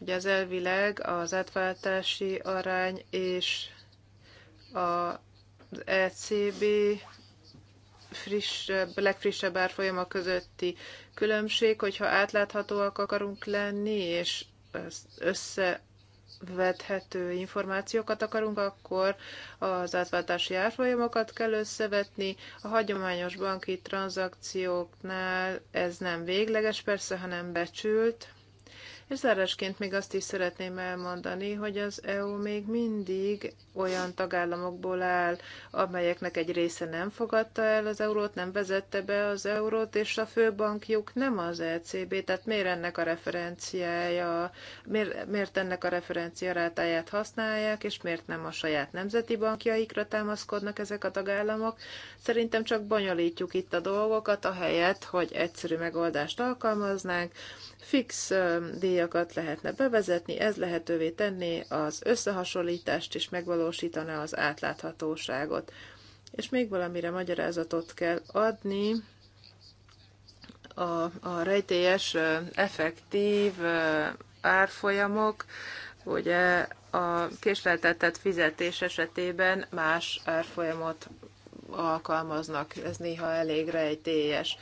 hogy az elvileg az átváltási arány és az ECB frissebb, legfrissebb árfolyama közötti különbség, hogyha átláthatóak akarunk lenni, és összevethető információkat akarunk, akkor az átváltási árfolyamokat kell összevetni. A hagyományos banki tranzakcióknál ez nem végleges persze, hanem becsült, és zárásként még azt is szeretném elmondani, hogy az EU még mindig olyan tagállamokból áll, amelyeknek egy része nem fogadta el az eurót, nem vezette be az eurót, és a főbankjuk nem az ECB, tehát miért ennek a referenciája, miért, miért ennek a referencia rátáját használják, és miért nem a saját nemzeti bankjaikra támaszkodnak ezek a tagállamok. Szerintem csak bonyolítjuk itt a dolgokat, ahelyett, hogy egyszerű megoldást alkalmaznánk, fix díjakat lehetne bevezetni, ez lehetővé tenné az összehasonlítást és megvalósítaná az átláthatóságot. És még valamire magyarázatot kell adni, a, a rejtélyes effektív árfolyamok, ugye a késleltetett fizetés esetében más árfolyamot alkalmaznak, ez néha elég rejtélyes.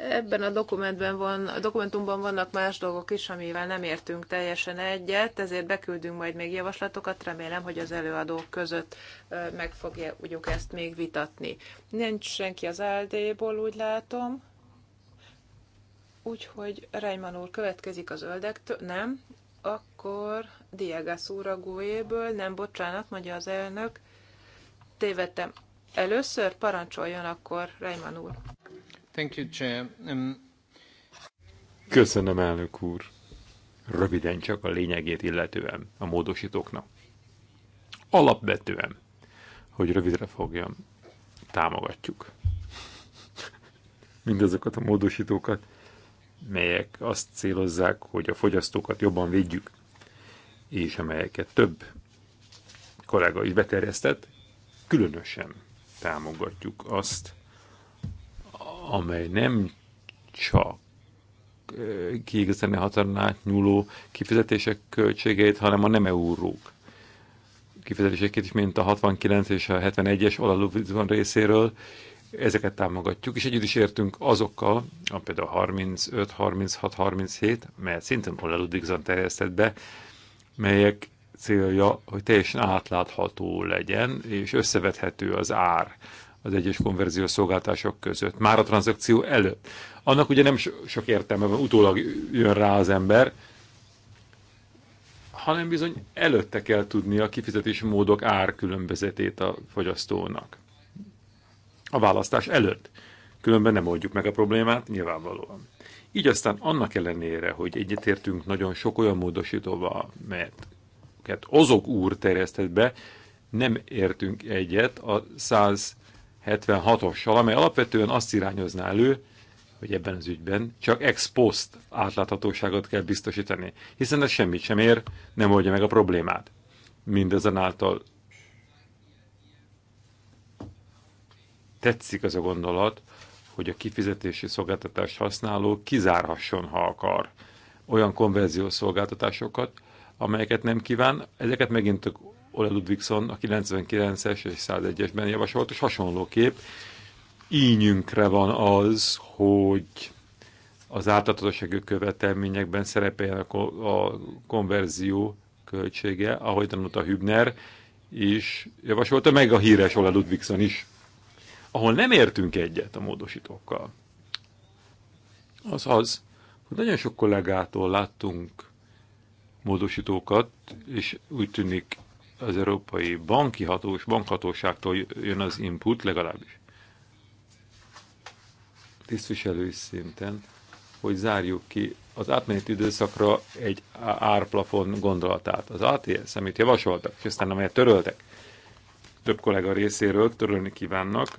Ebben a dokumentben van, a dokumentumban vannak más dolgok is, amivel nem értünk teljesen egyet, ezért beküldünk majd még javaslatokat, remélem, hogy az előadók között meg fogjuk ezt még vitatni. Nincs senki az LD-ból, úgy látom. Úgyhogy Reimann úr következik az öldektől, nem? Akkor Diegas úr a Guéből, nem bocsánat, mondja az elnök. Tévedtem. Először parancsoljon akkor Reimann úr. Um, Köszönöm, elnök úr. Röviden csak a lényegét illetően a módosítóknak. Alapvetően, hogy rövidre fogjam, támogatjuk mindazokat a módosítókat, melyek azt célozzák, hogy a fogyasztókat jobban védjük, és amelyeket több kollega is beterjesztett, különösen támogatjuk azt, amely nem csak kiigazítani határon átnyúló kifizetések költségeit, hanem a nem eurók kifizetéseket is, mint a 69 és a 71-es olalúvizban részéről, ezeket támogatjuk, és együtt is értünk azokkal, a például 35, 36, 37, mert szintén olalúvizban terjesztett be, melyek célja, hogy teljesen átlátható legyen, és összevethető az ár az egyes konverziós szolgáltások között, már a tranzakció előtt. Annak ugye nem sok értelme van, utólag jön rá az ember, hanem bizony előtte kell tudni a kifizetési módok árkülönbözetét a fogyasztónak. A választás előtt. Különben nem oldjuk meg a problémát, nyilvánvalóan. Így aztán annak ellenére, hogy egyetértünk nagyon sok olyan módosítóval, mert azok úr terjesztett be, nem értünk egyet a 100 76-ossal, amely alapvetően azt irányozná elő, hogy ebben az ügyben csak ex post átláthatóságot kell biztosítani, hiszen ez semmit sem ér, nem oldja meg a problémát. Mindezenáltal tetszik az a gondolat, hogy a kifizetési szolgáltatás használó kizárhasson, ha akar olyan konverziós szolgáltatásokat, amelyeket nem kíván, ezeket megint Ole Ludvigson a 99-es és 101-esben javasolt, és hasonló kép. Ínyünkre van az, hogy az átláthatósági követelményekben szerepeljen a, a konverzió költsége, ahogy tanult a Hübner, és javasolta meg a híres Ole Ludvigson is, ahol nem értünk egyet a módosítókkal. Az az, hogy nagyon sok kollégától láttunk módosítókat, és úgy tűnik az Európai Banki Hatós, Bankhatóságtól jön az input, legalábbis tisztviselői szinten, hogy zárjuk ki az átmeneti időszakra egy árplafon gondolatát. Az ATS, amit javasoltak, és aztán amelyet töröltek, több kollega részéről törölni kívánnak,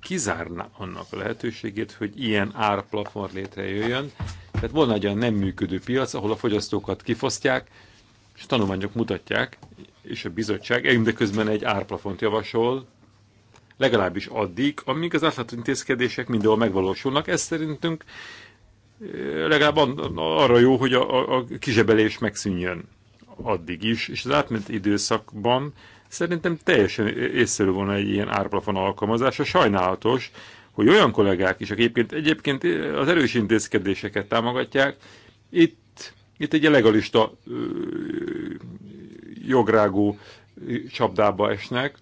kizárná annak a lehetőségét, hogy ilyen árplafon létrejöjjön. Tehát volna egy olyan nem működő piac, ahol a fogyasztókat kifosztják, és tanulmányok mutatják, és a bizottság közben egy árplafont javasol, legalábbis addig, amíg az átlátható intézkedések mindenhol megvalósulnak. Ez szerintünk legalább arra jó, hogy a, a kizsebelés megszűnjön addig is, és az átment időszakban szerintem teljesen észszerű volna egy ilyen árplafon alkalmazása. Sajnálatos, hogy olyan kollégák is, akik egyébként, egyébként az erős intézkedéseket támogatják, itt, itt egy legalista jográgú csapdába esnek.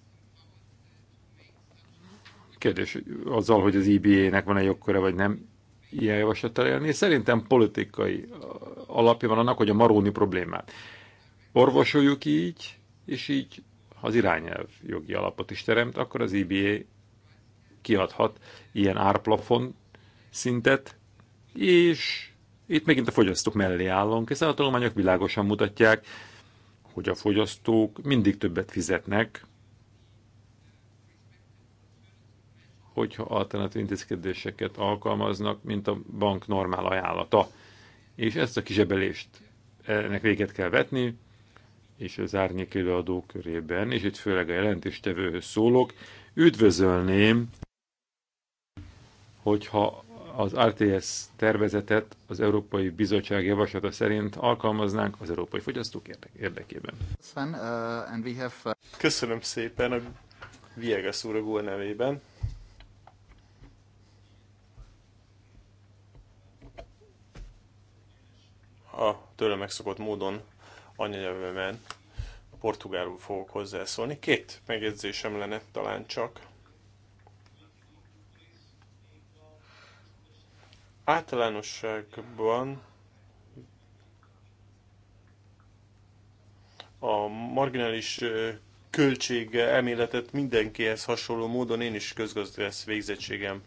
Kérdés azzal, hogy az IBA-nek van-e jogköre, vagy nem ilyen javaslattal élni. Szerintem politikai alapja van annak, hogy a maróni problémát orvosoljuk így, és így ha az irányelv jogi alapot is teremt, akkor az IBA kiadhat ilyen árplafon szintet, és itt megint a fogyasztók mellé állunk, hiszen a tanulmányok világosan mutatják, hogy a fogyasztók mindig többet fizetnek, hogyha alternatív intézkedéseket alkalmaznak, mint a bank normál ajánlata. És ezt a kizsebelést ennek véget kell vetni, és az árnyék előadó körében, és itt főleg a jelentéstevőhöz szólok, üdvözölném, hogyha az RTS tervezetet az Európai Bizottság javaslata szerint alkalmaznánk az európai fogyasztók érdekében. Uh, uh, Köszönöm szépen a Viegas úr nevében. A tőle megszokott módon anyanyelvemen portugálul fogok hozzászólni. Két megjegyzésem lenne talán csak Általánosságban a marginális költség elméletet mindenkihez hasonló módon én is közgazdász végzettségem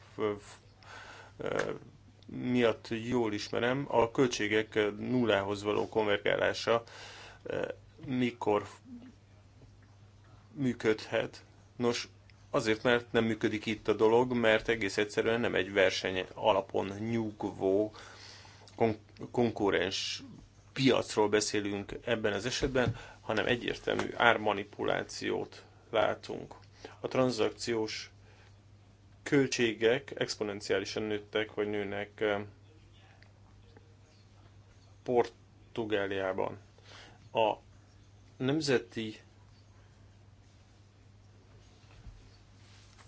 miatt jól ismerem, a költségek nullához való konvergálása mikor működhet. Nos, Azért, mert nem működik itt a dolog, mert egész egyszerűen nem egy verseny alapon nyugvó kon- konkurens piacról beszélünk ebben az esetben, hanem egyértelmű ármanipulációt látunk. A tranzakciós költségek exponenciálisan nőttek, vagy nőnek eh, Portugáliában. A nemzeti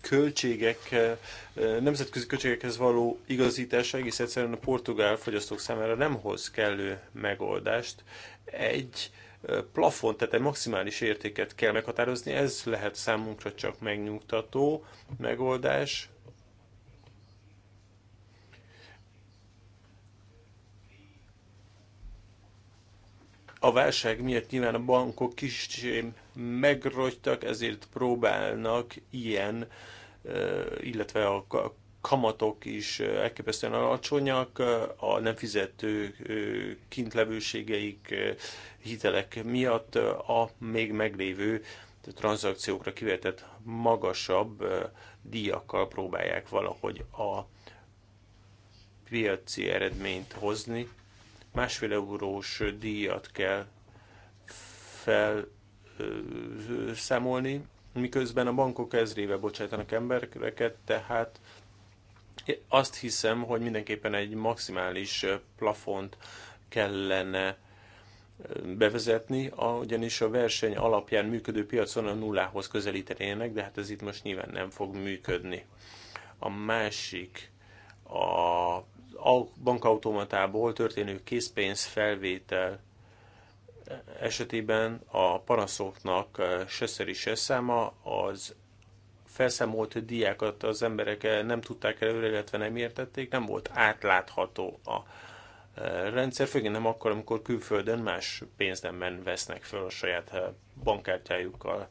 költségek, eh, eh, nemzetközi költségekhez való igazítása egész egyszerűen a portugál fogyasztók számára nem hoz kellő megoldást. Egy eh, plafont, tehát egy maximális értéket kell meghatározni, ez lehet számunkra csak megnyugtató megoldás. A válság miatt nyilván a bankok kis megrogytak, ezért próbálnak ilyen, illetve a kamatok is elképesztően alacsonyak, a nem fizető kintlevőségeik hitelek miatt a még meglévő tranzakciókra kivetett magasabb díjakkal próbálják valahogy a piaci eredményt hozni. Másfél eurós díjat kell fel számolni, miközben a bankok ezréve bocsájtanak embereket, tehát azt hiszem, hogy mindenképpen egy maximális plafont kellene bevezetni, ugyanis a verseny alapján működő piacon a nullához közelítenének, de hát ez itt most nyilván nem fog működni. A másik a bankautomatából történő készpénz felvétel esetében a panaszoknak eh, se szeri se száma, az felszámolt diákat az emberek eh, nem tudták előre, illetve nem értették, nem volt átlátható a eh, rendszer, főleg nem akkor, amikor külföldön más pénznemben vesznek föl a saját bankkártyájukkal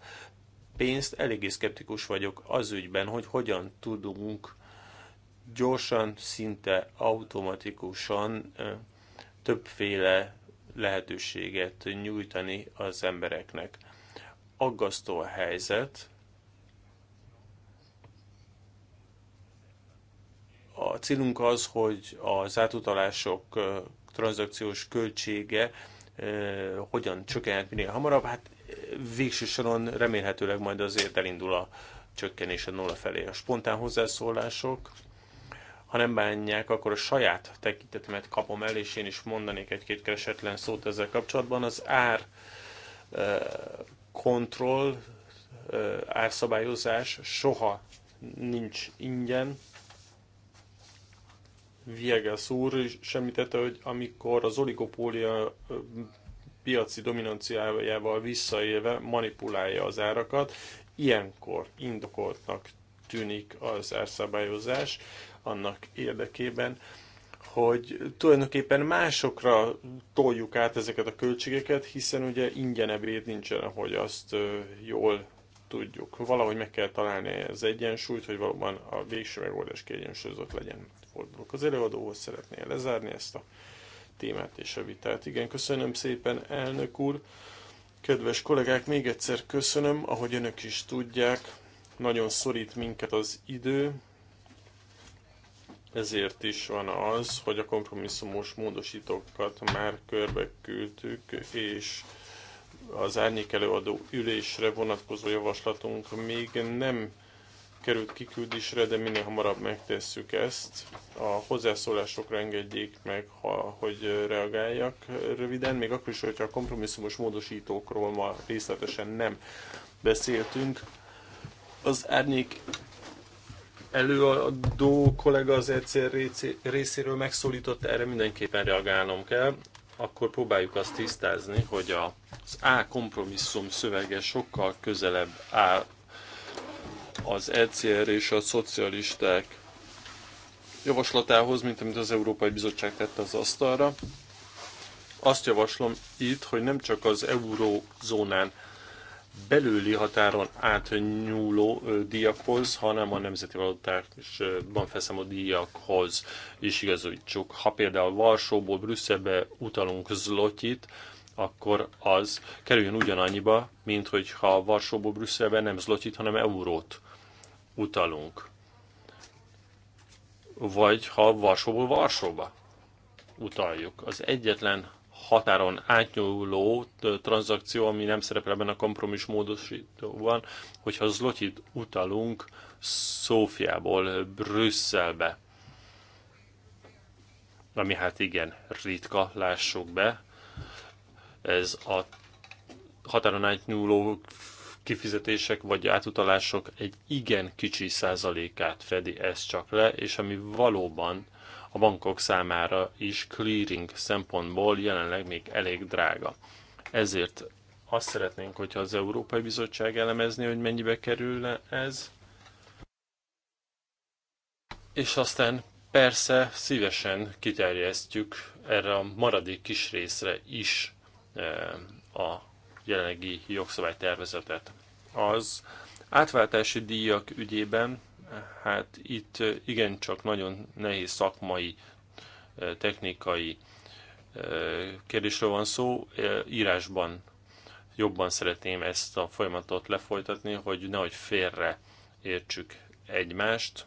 pénzt. Eléggé szkeptikus vagyok az ügyben, hogy hogyan tudunk gyorsan, szinte automatikusan többféle lehetőséget nyújtani az embereknek. Aggasztó a helyzet, A célunk az, hogy az átutalások tranzakciós költsége hogyan csökkenhet minél hamarabb. Hát végső soron remélhetőleg majd azért elindul a csökkenés a nulla felé. A spontán hozzászólások ha nem bánják, akkor a saját tekintetemet kapom el, és én is mondanék egy-két keresetlen szót ezzel kapcsolatban. Az ár kontroll, árszabályozás soha nincs ingyen. Viegas úr is említette, hogy amikor az oligopólia piaci dominanciájával visszaélve manipulálja az árakat, ilyenkor indokoltnak tűnik az árszabályozás annak érdekében, hogy tulajdonképpen másokra toljuk át ezeket a költségeket, hiszen ugye ingyen ebéd nincsen, hogy azt jól tudjuk. Valahogy meg kell találni az egyensúlyt, hogy valóban a végső megoldás kiegyensúlyozott legyen. Fordulok az előadóhoz, szeretnél lezárni ezt a témát és a vitát. Igen, köszönöm szépen, elnök úr. Kedves kollégák, még egyszer köszönöm, ahogy önök is tudják, nagyon szorít minket az idő, ezért is van az, hogy a kompromisszumos módosítókat már körbe küldtük, és az árnyék előadó ülésre vonatkozó javaslatunk még nem került kiküldésre, de minél hamarabb megtesszük ezt. A hozzászólásokra engedjék meg, ha, hogy reagáljak röviden, még akkor is, hogyha a kompromisszumos módosítókról ma részletesen nem beszéltünk. Az árnyék előadó kollega az ECR részéről megszólította, erre mindenképpen reagálnom kell. Akkor próbáljuk azt tisztázni, hogy az A kompromisszum szövege sokkal közelebb áll az ECR és a szocialisták javaslatához, mint amit az Európai Bizottság tette az asztalra. Azt javaslom itt, hogy nem csak az eurózónán belüli határon átnyúló díjakhoz, hanem a nemzeti valutákban felszámolt díjakhoz is igazítsuk. Ha például Varsóból Brüsszelbe utalunk zlotyit, akkor az kerüljön ugyanannyiba, mint hogyha Varsóból Brüsszelbe nem zlotyit, hanem eurót utalunk. Vagy ha Varsóból Varsóba utaljuk. Az egyetlen határon átnyúló tranzakció, ami nem szerepel ebben a kompromis módosítóban, hogyha zlotyit utalunk Szófiából Brüsszelbe. Ami hát igen ritka, lássuk be. Ez a határon átnyúló kifizetések vagy átutalások egy igen kicsi százalékát fedi ez csak le, és ami valóban a bankok számára is clearing szempontból jelenleg még elég drága. Ezért azt szeretnénk, hogyha az Európai Bizottság elemezni, hogy mennyibe kerülne ez, és aztán persze szívesen kiterjesztjük erre a maradék kis részre is eh, a jelenlegi jogszabálytervezetet. Az átváltási díjak ügyében hát itt igencsak nagyon nehéz szakmai, technikai kérdésről van szó. Írásban jobban szeretném ezt a folyamatot lefolytatni, hogy nehogy félre értsük egymást,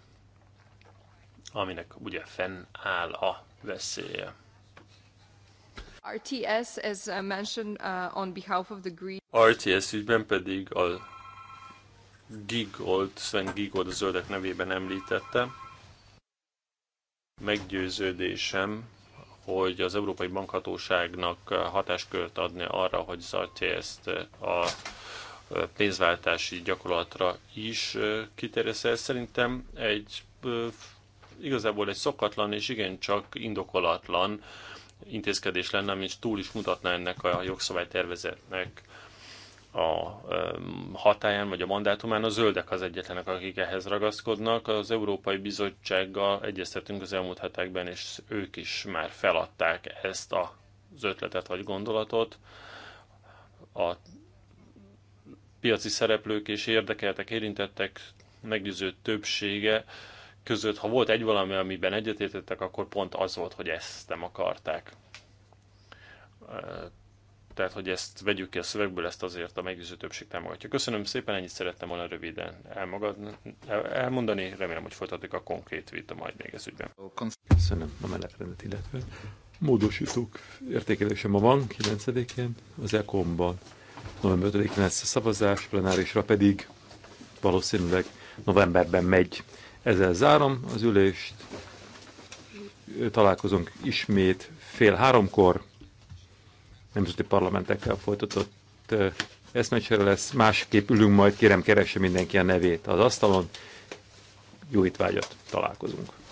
aminek ugye fennáll a veszélye. RTS, as uh, mentioned uh, on behalf of the Greek. RTS ügyben pedig a Gigold, Sven Gigold a zöldek nevében említette. Meggyőződésem, hogy az Európai Bankhatóságnak hatáskört adni arra, hogy zartja ezt a pénzváltási gyakorlatra is kiterjesz el. szerintem egy igazából egy szokatlan és igencsak indokolatlan intézkedés lenne, ami túl is mutatná ennek a jogszabálytervezetnek a hatáján vagy a mandátumán. A zöldek az egyetlenek, akik ehhez ragaszkodnak. Az Európai Bizottsággal egyeztetünk az elmúlt hetekben, és ők is már feladták ezt az ötletet vagy gondolatot. A piaci szereplők és érdekeltek, érintettek meggyőző többsége között, ha volt egy valami, amiben egyetértettek, akkor pont az volt, hogy ezt nem akarták tehát, hogy ezt vegyük ki a szövegből, ezt azért a meggyőző többség támogatja. Köszönöm szépen, ennyit szerettem volna röviden elmagad, elmondani. Remélem, hogy folytatjuk a konkrét vita majd még ez ügyben. Köszönöm a menetrendet, illetve módosítók értékelése ma van, 9-én, az ECOM-ban. November 5-én lesz a szavazás, plenárisra pedig valószínűleg novemberben megy. Ezzel zárom az ülést, találkozunk ismét fél háromkor, nemzeti parlamentekkel folytatott eszmecsere lesz. Másképp ülünk majd, kérem keresse mindenki a nevét az asztalon. Jó étvágyat, találkozunk!